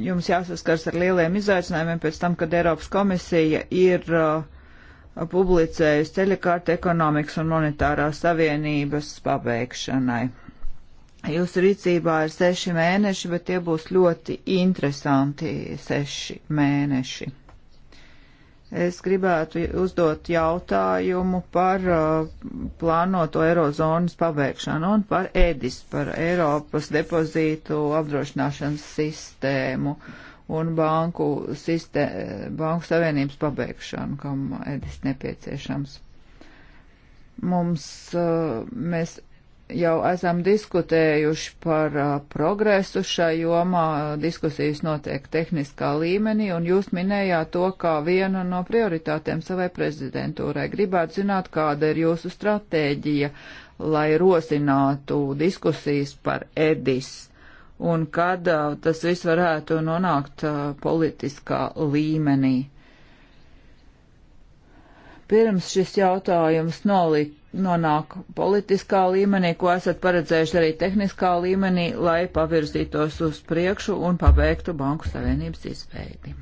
jums jāsaskars ar lieliem izaicinājumiem pēc tam, kad Eiropas komisija ir publicējusi ceļakārtu ekonomikas un monetārās savienības pabeigšanai. Jūsu rīcībā ir seši mēneši, bet tie būs ļoti interesanti seši mēneši. Es gribētu uzdot jautājumu par uh, plānoto Eirozonas pabeigšanu un par EDIS, par Eiropas depozītu apdrošināšanas sistēmu un banku, sistē, banku savienības pabeigšanu, kam EDIS nepieciešams. Mums, uh, mēs jau esam diskutējuši par uh, progresu šai jomā, diskusijas notiek tehniskā līmenī, un jūs minējāt to kā vienu no prioritātēm savai prezidentūrai. Gribētu zināt, kāda ir jūsu stratēģija, lai rosinātu diskusijas par EDIS, un kad uh, tas viss varētu nonākt uh, politiskā līmenī. Pirms šis jautājums nolik nonāk politiskā līmenī, ko esat paredzējuši arī tehniskā līmenī, lai pavirzītos uz priekšu un pabeigtu Banku Savienības izveidi.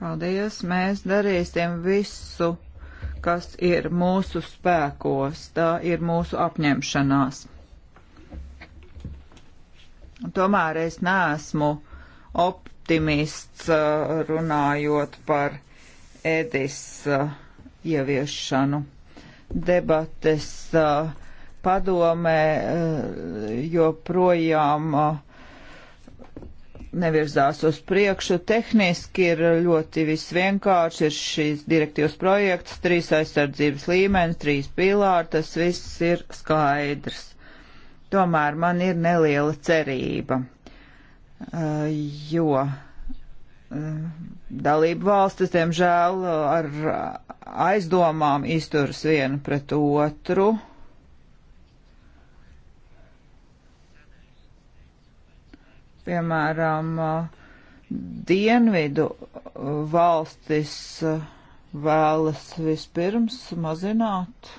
Paldies, mēs darīsim visu, kas ir mūsu spēkos, tā ir mūsu apņemšanās. Tomēr es neesmu optimists eh, runājot par Edis eh, ieviešanu. Debates eh, padomē joprojām nevirzās uz priekšu. Tehniski ir ļoti viss vienkārši, ir šīs direktīvas projekts, trīs aizsardzības līmenis, trīs pilāri, tas viss ir skaidrs tomēr man ir neliela cerība, eh, jo eh, dalību valstis, diemžēl, ar aizdomām izturas vienu pret otru. Piemēram, eh, dienvidu valstis vēlas vispirms mazināt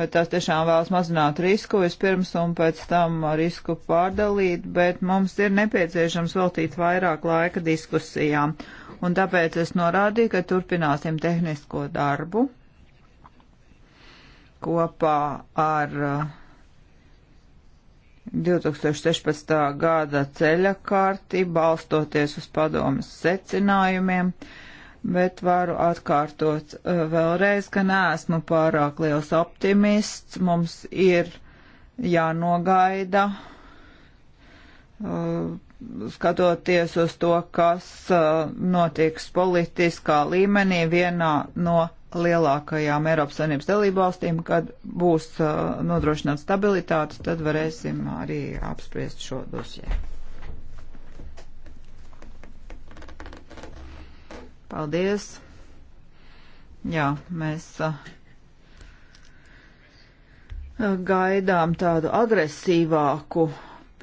vai tās tiešām vēlas mazināt risku vispirms un pēc tam risku pārdalīt, bet mums ir nepieciešams veltīt vairāk laika diskusijām. Un tāpēc es norādīju, ka turpināsim tehnisko darbu kopā ar 2016. Uh, gada ceļa karti, balstoties uz padomas secinājumiem. Uh, bet varu atkārtot eh, vēlreiz, ka neesmu pārāk liels optimists. Mums ir jānogaida, eh, skatoties uz to, kas eh, notiks politiskā līmenī vienā no lielākajām Eiropas Savienības dalībvalstīm, kad būs nodrošināta stabilitāte, tad varēsim arī apspriest šo dosiju. Paldies! Jā, mēs gaidām tādu agresīvāku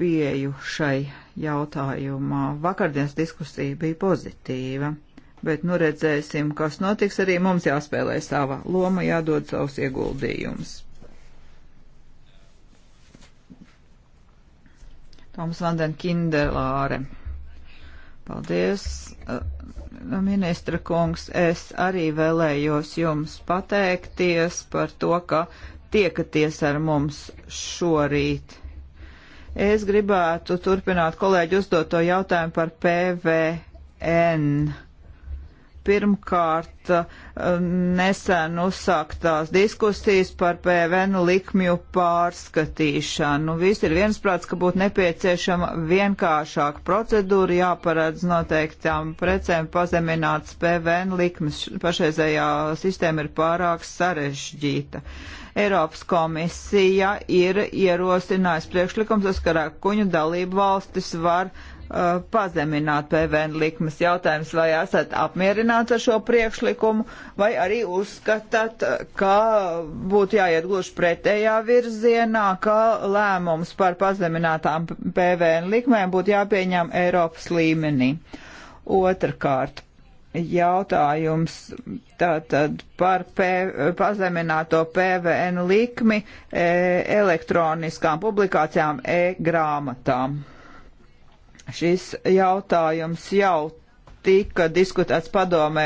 pieju šai jautājumā. Vakardienas diskusija bija pozitīva, bet nu redzēsim, kas notiks. Arī mums jāspēlē sava loma, jādod savus ieguldījumus. Toms Vanden Kindelāre. Paldies, uh, ministra kungs. Es arī vēlējos jums pateikties par to, ka tiekaties ar mums šorīt. Es gribētu turpināt kolēģi uzdoto jautājumu par PVN Pirmkārt, eh, nesen uzsāktās diskusijas par PVN likmju pārskatīšanu. Viss ir viensprāts, ka būtu nepieciešama vienkāršāka procedūra, jāparedz noteiktām precēm pazemināts PVN likmes. Pašreizējā sistēma ir pārāk sarežģīta. Eiropas komisija ir ierosinājusi priekšlikums, uz karā kuņu dalību valstis var Uh, pazemināt PVN likmes jautājums, vai esat apmierināts ar šo priekšlikumu, vai arī uzskatāt, uh, ka būtu jāiet gluži pretējā virzienā, ka lēmums par pazeminātām PVN likmēm būtu jāpieņem Eiropas līmenī. Otrakārt, jautājums tātad par P, pazemināto PVN likmi e, elektroniskām publikācijām e-grāmatām. Šis jautājums jau tika diskutēts padomē,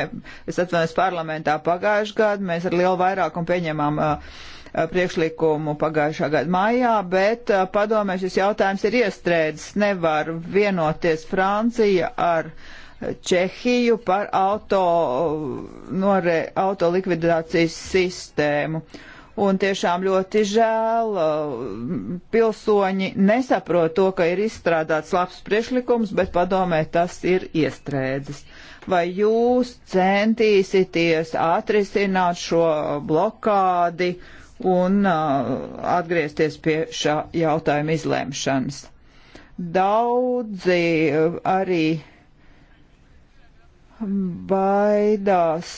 es atvainojos parlamentā pagājušajā gadā, mēs ar lielu vairākumu pieņemām uh, uh, priekšlikumu pagājušā gada maijā, bet uh, padomē šis jautājums ir iestrēdzis. Nevar vienoties Francija ar Čehiju par auto, uh, nore, auto likvidācijas sistēmu. Uh, Un tiešām ļoti žēl, uh, pilsoņi nesaprot to, ka ir izstrādāts labs priešlikums, bet padomē tas ir iestrēdzis. Vai jūs centīsieties atrisināt šo blokādi un uh, atgriezties pie šā jautājuma izlēmšanas? Daudzi uh, arī baidās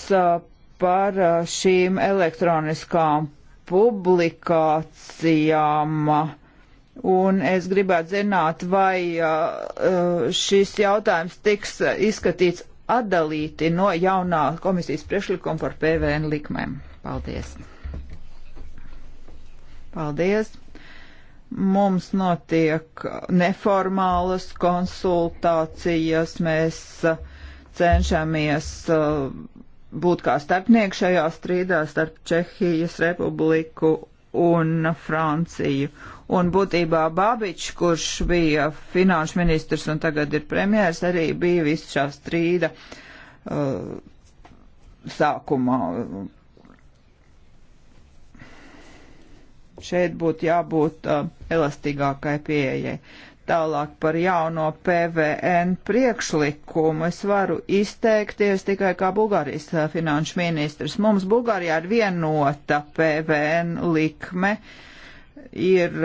par šīm elektroniskām publikācijām. Un es gribētu zināt, vai uh, uh, šis jautājums tiks izskatīts atdalīti no jaunā komisijas priekšlikuma par PVN likmēm. Paldies! Paldies! mums notiek neformālas konsultācijas, mēs uh, cenšamies būt kā starpnieks šajā strīdā starp Čehijas republiku un Franciju. Un būtībā Babičs, kurš bija finanšu ministrs un tagad ir premjērs, arī bija visu šā strīda uh, sākumā. Šeit būtu jābūt uh, elastīgākai pieejai. Tālāk par jauno PVN priekšlikumu es varu izteikties tikai kā Bulgārijas finanšu ministrs. Mums Bulgārijā ir vienota PVN likme, ir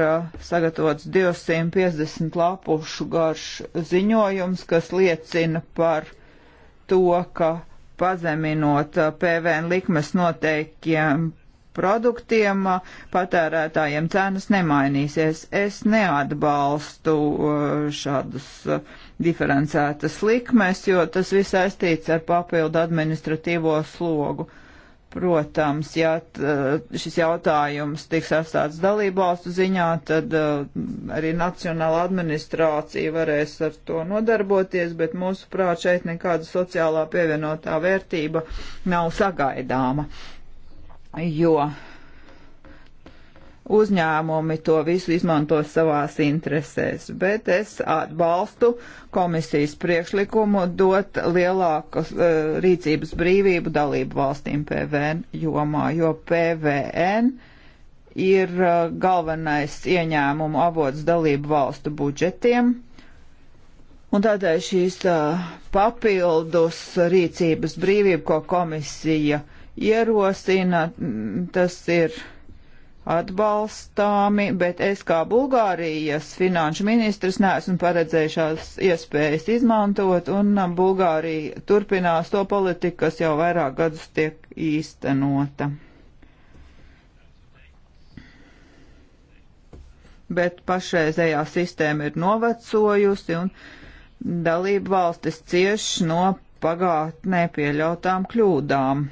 sagatavots 250 lapušu garš ziņojums, kas liecina par to, ka pazeminot PVN likmes noteikiem produktiem patērētājiem cenas nemainīsies. Es neatbalstu uh, šādus uh, diferencētas likmes, jo tas viss aiztīts ar papildu administratīvo slogu. Protams, ja uh, šis jautājums tiks atstāts dalībvalstu ziņā, tad arī Nacionāla administrācija varēs ar to nodarboties, bet mūsuprāt šeit nekāda sociālā pievienotā vērtība nav sagaidāma jo uzņēmumi to visu izmanto savās interesēs, bet es atbalstu komisijas priekšlikumu dot lielākas uh, eh, rīcības brīvību dalību valstīm PVN jomā, jo PVN ir uh, galvenais ieņēmumu avots dalību valstu budžetiem. Un tādēļ šīs uh, papildus rīcības brīvība, ko komisija uh, ierosina, mm, tas ir atbalstāmi, bet es kā Bulgārijas finanšu ministrs neesmu paredzējušās iespējas izmantot, un um, Bulgārija turpinās to politiku, kas jau vairāk gadus tiek īstenota. Bet pašreizējā sistēma ir novecojusi, un dalību valstis cieš no pagātnē pieļautām kļūdām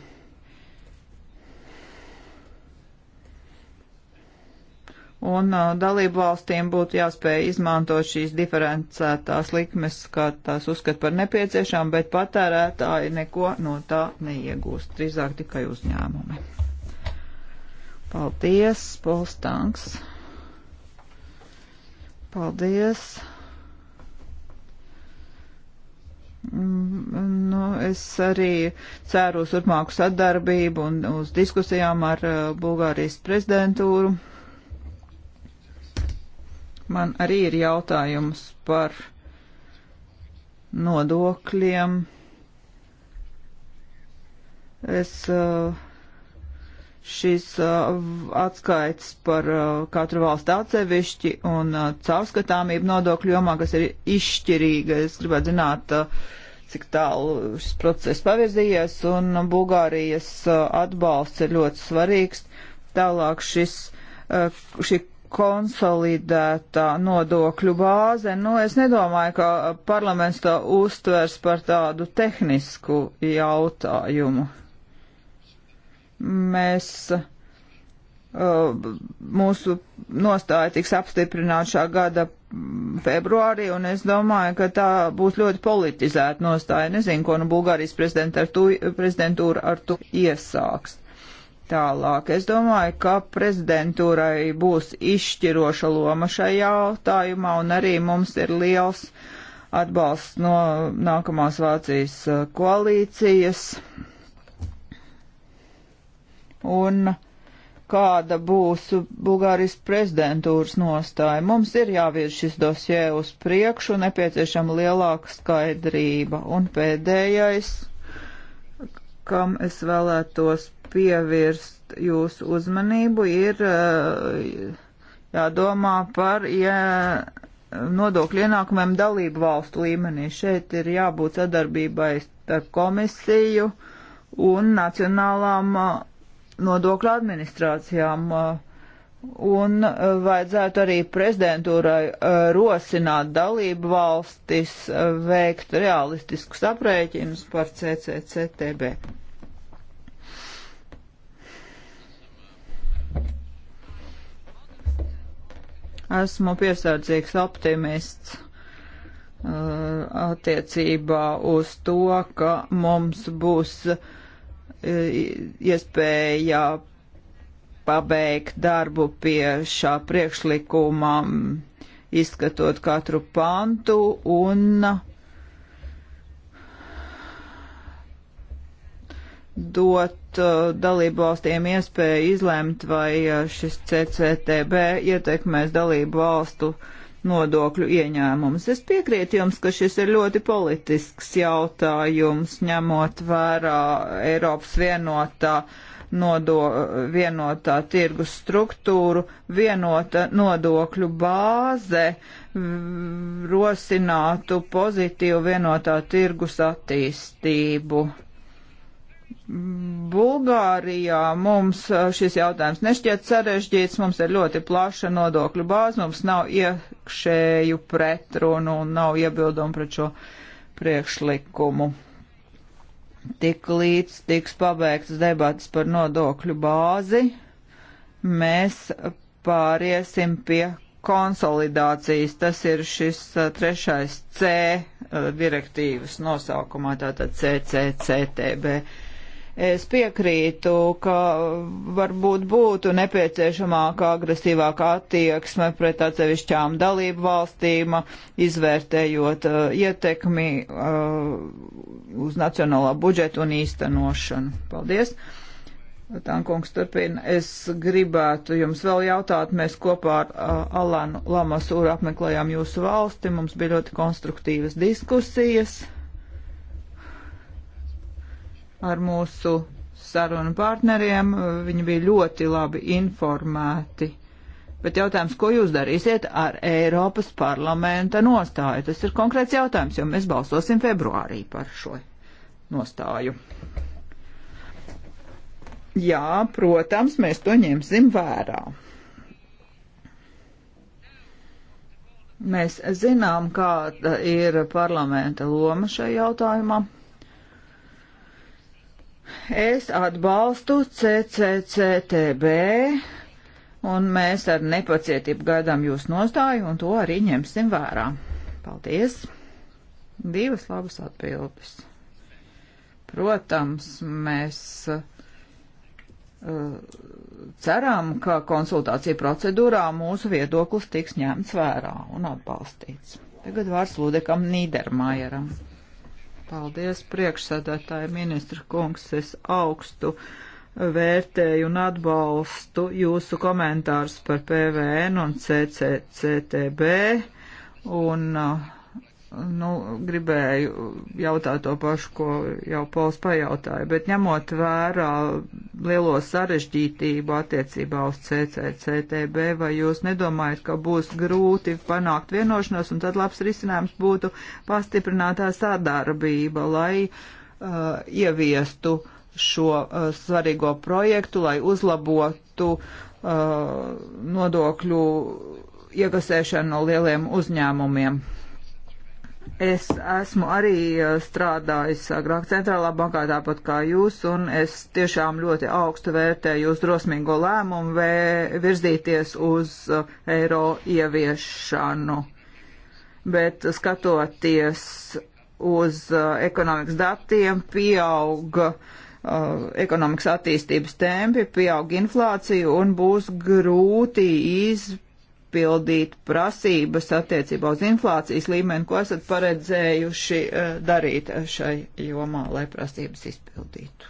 un uh, dalību valstīm būtu jāspēj izmantot šīs diferencētās likmes, kā tās uzskat par nepieciešām, bet patērētāji neko no tā neiegūst, drīzāk tikai uzņēmumi. Paldies, Polstanks. Paldies. Mm, nu, es arī ceru uz turpmāku sadarbību un uz diskusijām ar uh, Bulgārijas prezidentūru. Man arī ir jautājums par nodokļiem. Es eh, šīs eh, atskaits par eh, katru valstu atsevišķi un caurskatāmību nodokļu jomā, kas ir izšķirīga. Es gribētu zināt, cik tālu šis process pavirzījies, un Bulgārijas atbalsts ir ļoti svarīgs. Tālāk šis, šī konsolidētā nodokļu bāze. Nu, es nedomāju, ka parlaments to uztvers par tādu tehnisku jautājumu. Mēs uh, mūsu nostāja tiks apstiprināta šā gada februārī, un es domāju, ka tā būs ļoti politizēta nostāja. Nezinu, ko nu Bulgārijas prezidentūra ar to iesāks tālāk. Es domāju, ka prezidentūrai būs izšķiroša loma šajā jautājumā, un arī mums ir liels atbalsts no nākamās Vācijas uh, koalīcijas. Un kāda būs Bulgārijas prezidentūras nostāja. Mums ir jāvirz šis dosie uz priekšu, nepieciešama lielāka skaidrība. Un pēdējais, kam es vēlētos pievirst jūsu uzmanību, ir uh, jādomā par ja nodokļu ienākumiem dalību valstu līmenī. Šeit ir jābūt sadarbībai starp komisiju un nacionālām uh, nodokļu administrācijām. Uh, un vajadzētu arī prezidentūrai rosināt dalību valstis veikt realistiskus aprēķinus par CCCTB. Esmu piesardzīgs optimists uh, attiecībā uz to, ka mums būs uh, iespēja pabeigt darbu pie šā priekšlikuma, izskatot katru pantu un uh, dot dot uh, dalību valstīm iespēju izlemt, vai uh, šis CCTB ietekmēs dalību valstu nodokļu ieņēmumus. Es piekrītu jums, ka šis ir ļoti politisks jautājums, ņemot vērā Eiropas vienotā nodo, vienotā tirgus struktūru, vienota nodokļu bāze rosinātu pozitīvu vienotā tirgus attīstību. Bulgārijā mums uh, šis jautājums nešķiet sarežģīts, mums ir ļoti plaša nodokļu bāze, mums nav iekšēju pretrunu un nav iebildumu pret šo priekšlikumu. Tik līdz tiks pabeigts debats par nodokļu bāzi, mēs pāriesim pie konsolidācijas. Tas ir šis uh, trešais C uh, direktīvas nosaukumā, tātad CCCTB. Es piekrītu, ka varbūt būtu nepieciešamāka agresīvāka attieksme pret atsevišķām dalību valstīm, izvērtējot uh, ietekmi uh, uz nacionālā budžeta un īstenošanu. Paldies! Tankungs turpina. Es gribētu jums vēl jautāt, mēs kopā ar uh, Alanu Lamasūru apmeklējām jūsu valsti, mums bija ļoti konstruktīvas diskusijas ar mūsu sarunu partneriem. Viņi bija ļoti labi informēti. Bet jautājums, ko jūs darīsiet ar Eiropas parlamenta nostāju? Tas ir konkrēts jautājums, jo mēs balsosim februārī par šo nostāju. Jā, protams, mēs to ņemsim vērā. Mēs zinām, kāda ir parlamenta loma šajā jautājumā. Es atbalstu CCCTB, un mēs ar nepacietību gaidām jūs nostāju, un to arī ņemsim vērā. Paldies! Divas labas atbildes. Protams, mēs uh, ceram, ka konsultāciju procedūrā mūsu viedoklis tiks ņemts vērā un atbalstīts. Tagad vārds Ludekam Nīdermājeram. Paldies, priekšsēdētāji ministra kungs, es augstu vērtēju un atbalstu jūsu komentārus par PVN un CCCTB un uh, nu, gribēju jautāt to pašu, ko jau Pols pajautāja, bet ņemot vērā lielo sarežģītību attiecībā uz CCCTB, vai jūs nedomājat, ka būs grūti panākt vienošanos, un tad labs risinājums būtu pastiprinātā sadarbība, lai uh, ieviestu šo uh, svarīgo projektu, lai uzlabotu uh, nodokļu iekasēšanu no lieliem uzņēmumiem. Es esmu arī uh, strādājis agrāk centrālā bankā, tāpat kā jūs, un es tiešām ļoti augstu vērtēju jūsu drosmīgo lēmumu vē, virzīties uz uh, eiro ieviešanu. Bet skatoties uz uh, ekonomikas datiem, pieauga uh, ekonomikas attīstības tempi, pieauga inflācija un būs grūti izpētīt izpildīt prasības attiecībā uz inflācijas līmeni, ko esat paredzējuši eh, darīt šai jomā, lai prasības izpildītu?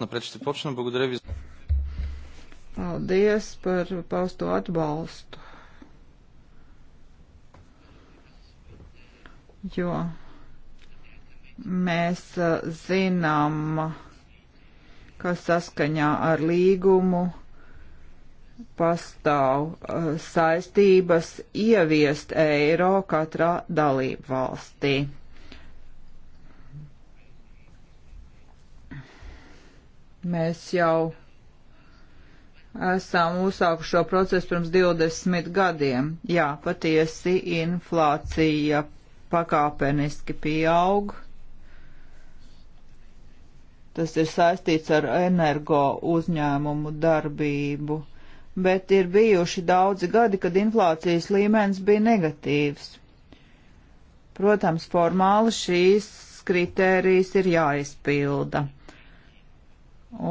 Напред ще почна. Благодаря ви. Paldies par pausto atbalstu. Jo mēs eh, zinām, kas saskaņā ar līgumu pastāv uh, saistības ieviest eiro katrā dalību valstī. Mēs jau esam uzsākuši šo procesu pirms 20 gadiem. Jā, patiesi inflācija pakāpeniski pieaug. Tas ir saistīts ar energo uzņēmumu darbību. Bet ir bijuši daudzi gadi, kad inflācijas līmenis bija negatīvs. Protams, formāli šīs kritērijas ir jāizpilda.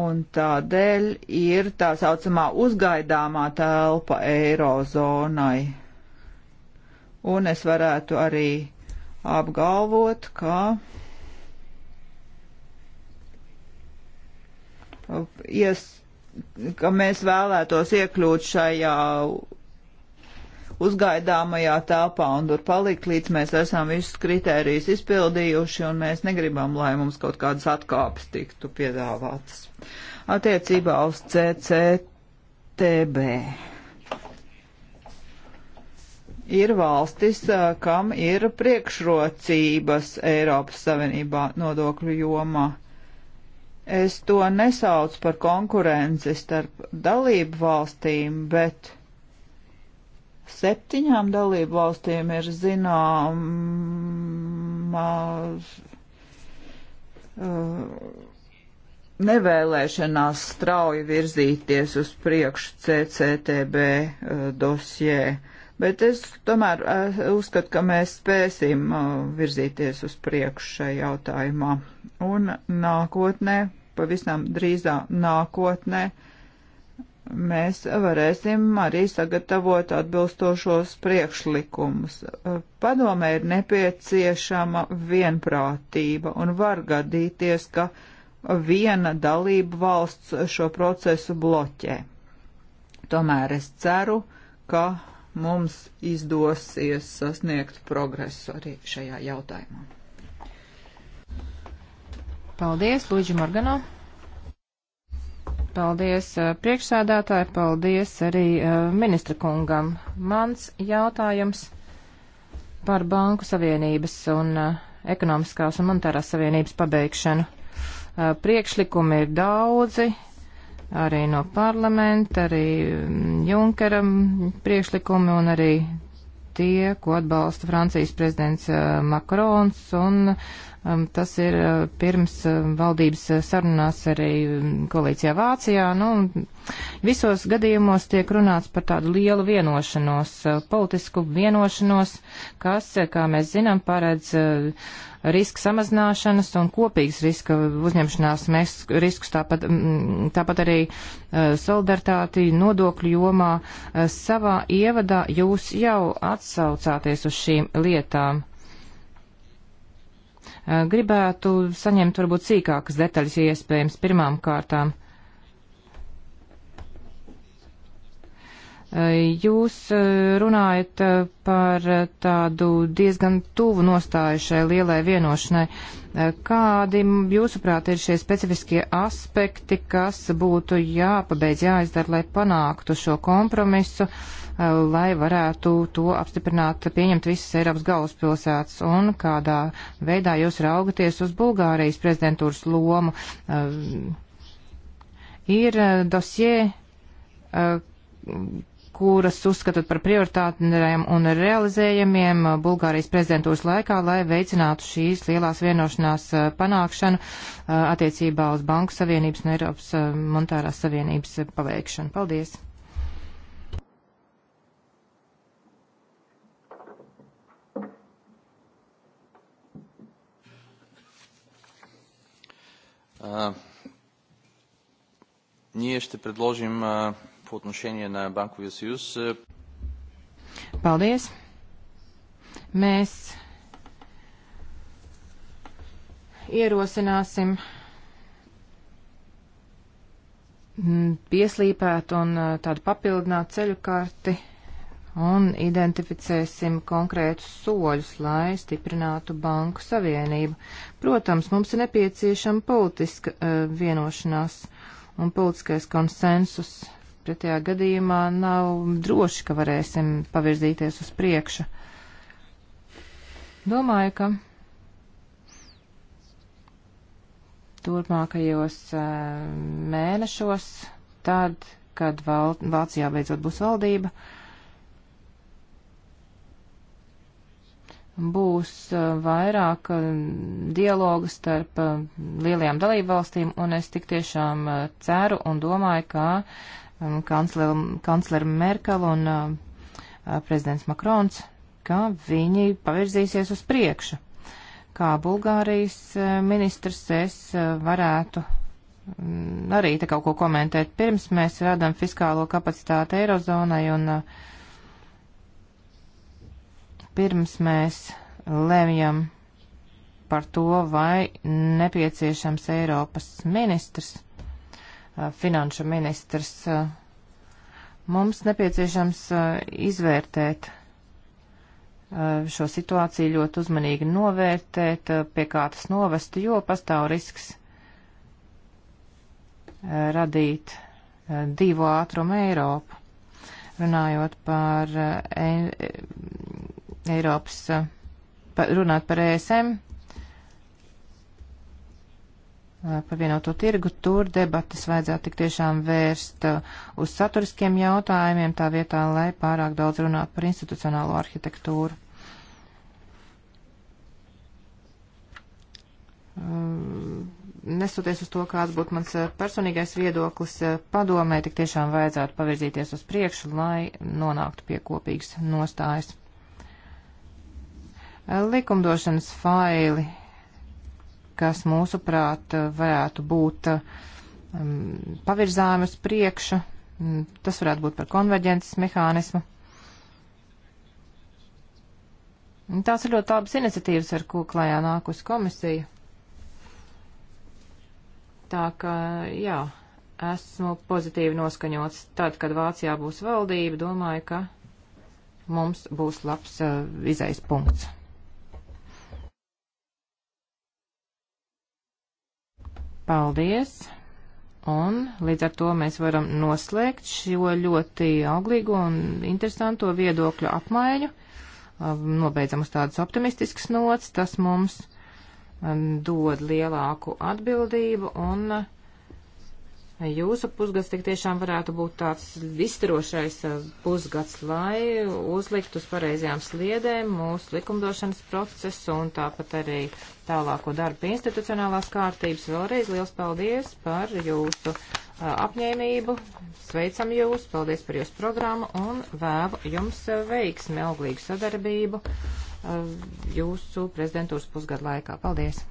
Un tādēļ ir tā saucamā uzgaidāmā telpa eirozonai. Un es varētu arī apgalvot, ka ies, ka mēs vēlētos iekļūt šajā uzgaidāmajā tāpā un tur palikt, līdz mēs esam visus kritērijus izpildījuši un mēs negribam, lai mums kaut kādas atkāpes tiktu piedāvātas. Attiecībā uz CCTB. Ir valstis, kam ir priekšrocības Eiropas Savienībā nodokļu jomā Es to nesaucu par konkurenci starp dalību valstīm, bet septiņām dalību valstīm ir zināmas uh, nevēlēšanās strauji virzīties uz priekšu CCTB uh, dosjē bet es tomēr eh, uzskatu, ka mēs spēsim eh, virzīties uz priekšu šajā jautājumā. Un nākotnē, pavisam drīzā nākotnē, mēs varēsim arī sagatavot atbilstošos priekšlikumus. Eh, padomē ir nepieciešama vienprātība un var gadīties, ka viena dalība valsts šo procesu bloķē. Tomēr es ceru, ka mums izdosies sasniegt progresu arī šajā jautājumā. Paldies, Lūdzu Morgano. Paldies eh, priekšsādātāji, paldies arī eh, ministra kungam. Mans jautājums par Banku Savienības un eh, ekonomiskās un monetārās savienības pabeigšanu. Priekšlikumi ir daudzi, arī no parlamenta, arī mm, Junkeram mm, priekšlikumi un arī tie, ko atbalsta Francijas prezidents eh, Makrons un Um, tas ir uh, pirms um, valdības uh, sarunās arī um, koalīcijā Vācijā. Nu, visos gadījumos tiek runāts par tādu lielu vienošanos, uh, politisku vienošanos, kas, kā mēs zinām, paredz riska samazināšanas un kopīgas riska uzņemšanās mēs riskus tāpat, mm, tāpat arī solidaritāti nodokļu jomā. Savā ievadā jūs jau atsaucāties uz šīm lietām Eh, gribētu saņemt varbūt sīkākas detaļas, ja iespējams, pirmām kārtām. Eh, jūs eh, runājat par tādu diezgan tuvu nostāju šai lielai vienošanai. Kādi, jūsuprāt, ir šie specifiskie aspekti, kas būtu jāpabeidz, jāizdara, lai panāktu šo kompromisu? Uh, Eh, lai varētu to apstiprināt, pieņemt visas Eiropas galvaspilsētas un kādā veidā jūs raugaties uz Bulgārijas prezidentūras lomu. Eh, ir eh, dosie, kuras uzskatāt par prioritātiem un realizējamiem Bulgārijas prezidentūras laikā, lai veicinātu šīs lielās vienošanās panākšanu attiecībā uz Banku Savienības un Eiropas Monetārās Savienības paveikšanu. Paldies! Ние ще предложим по отношение на Банковия съюз. Paldies! Mēs ierosināsim pieslīpēt un tādu papildinātu ceļu karti un identificēsim konkrētus soļus, lai stiprinātu banku savienību. Protams, mums ir nepieciešama politiska uh, vienošanās un politiskais konsensus. Pretējā gadījumā nav droši, ka varēsim pavirzīties uz priekšu. Domāju, ka turpmākajos uh, mēnešos, tad, kad Val Vācijā beidzot būs valdība, uh, būs vairāk dialogu starp lielajām dalībvalstīm, un es tik tiešām ceru un domāju, ka kancler, kancler Merkel un prezidents Makrons, ka viņi pavirzīsies uz priekšu. Kā Bulgārijas ministrs es varētu arī te kaut ko komentēt pirms mēs radam fiskālo kapacitāti Eirozonai un uh, pirms mēs lemjam par to, vai nepieciešams Eiropas ministrs, finanšu ministrs, mums nepieciešams izvērtēt šo situāciju ļoti uzmanīgi novērtēt, pie kā tas novestu, jo pastāv risks radīt divu ātrumu Eiropu. Runājot par e, Eiropas, eh, runāt par ESM, eh, par vienoto tirgu, tur debatas vajadzētu tik tiešām vērst eh, uz saturiskiem jautājumiem, tā vietā, lai pārāk daudz runātu par institucionālo arhitektūru. Nesoties uz to, kāds būtu mans personīgais viedoklis, padomē tik tiešām vajadzētu pavirzīties uz priekšu, lai nonāktu pie kopīgas nostājas likumdošanas faili, kas mūsuprāt varētu būt um, pavirzāmi uz priekšu. Mm, tas varētu būt par konverģences mehānismu. Tās ir ļoti labas iniciatīvas, ar ko klājā nākus komisija. Tā ka, jā, esmu pozitīvi noskaņots. Tad, kad Vācijā būs valdība, domāju, ka mums būs labs uh, izējas punkts. Paldies! Un līdz ar to mēs varam noslēgt šo ļoti auglīgo un interesanto viedokļu apmaiņu. Nobeidzam uz tādas optimistiskas nots, tas mums dod lielāku atbildību un uh, jūsu pusgads tik tiešām varētu būt tāds izstarošais eh, pusgads, lai uzlikt uz pareizajām sliedēm mūsu likumdošanas procesu un tāpat arī tālāko darbu institucionālās kārtības. Vēlreiz liels paldies par jūsu eh, apņēmību, sveicam jūs, paldies par jūsu programmu un vēlu jums eh, veiksmi, auglīgu sadarbību jūsu prezidentūras pusgadu laikā. Paldies!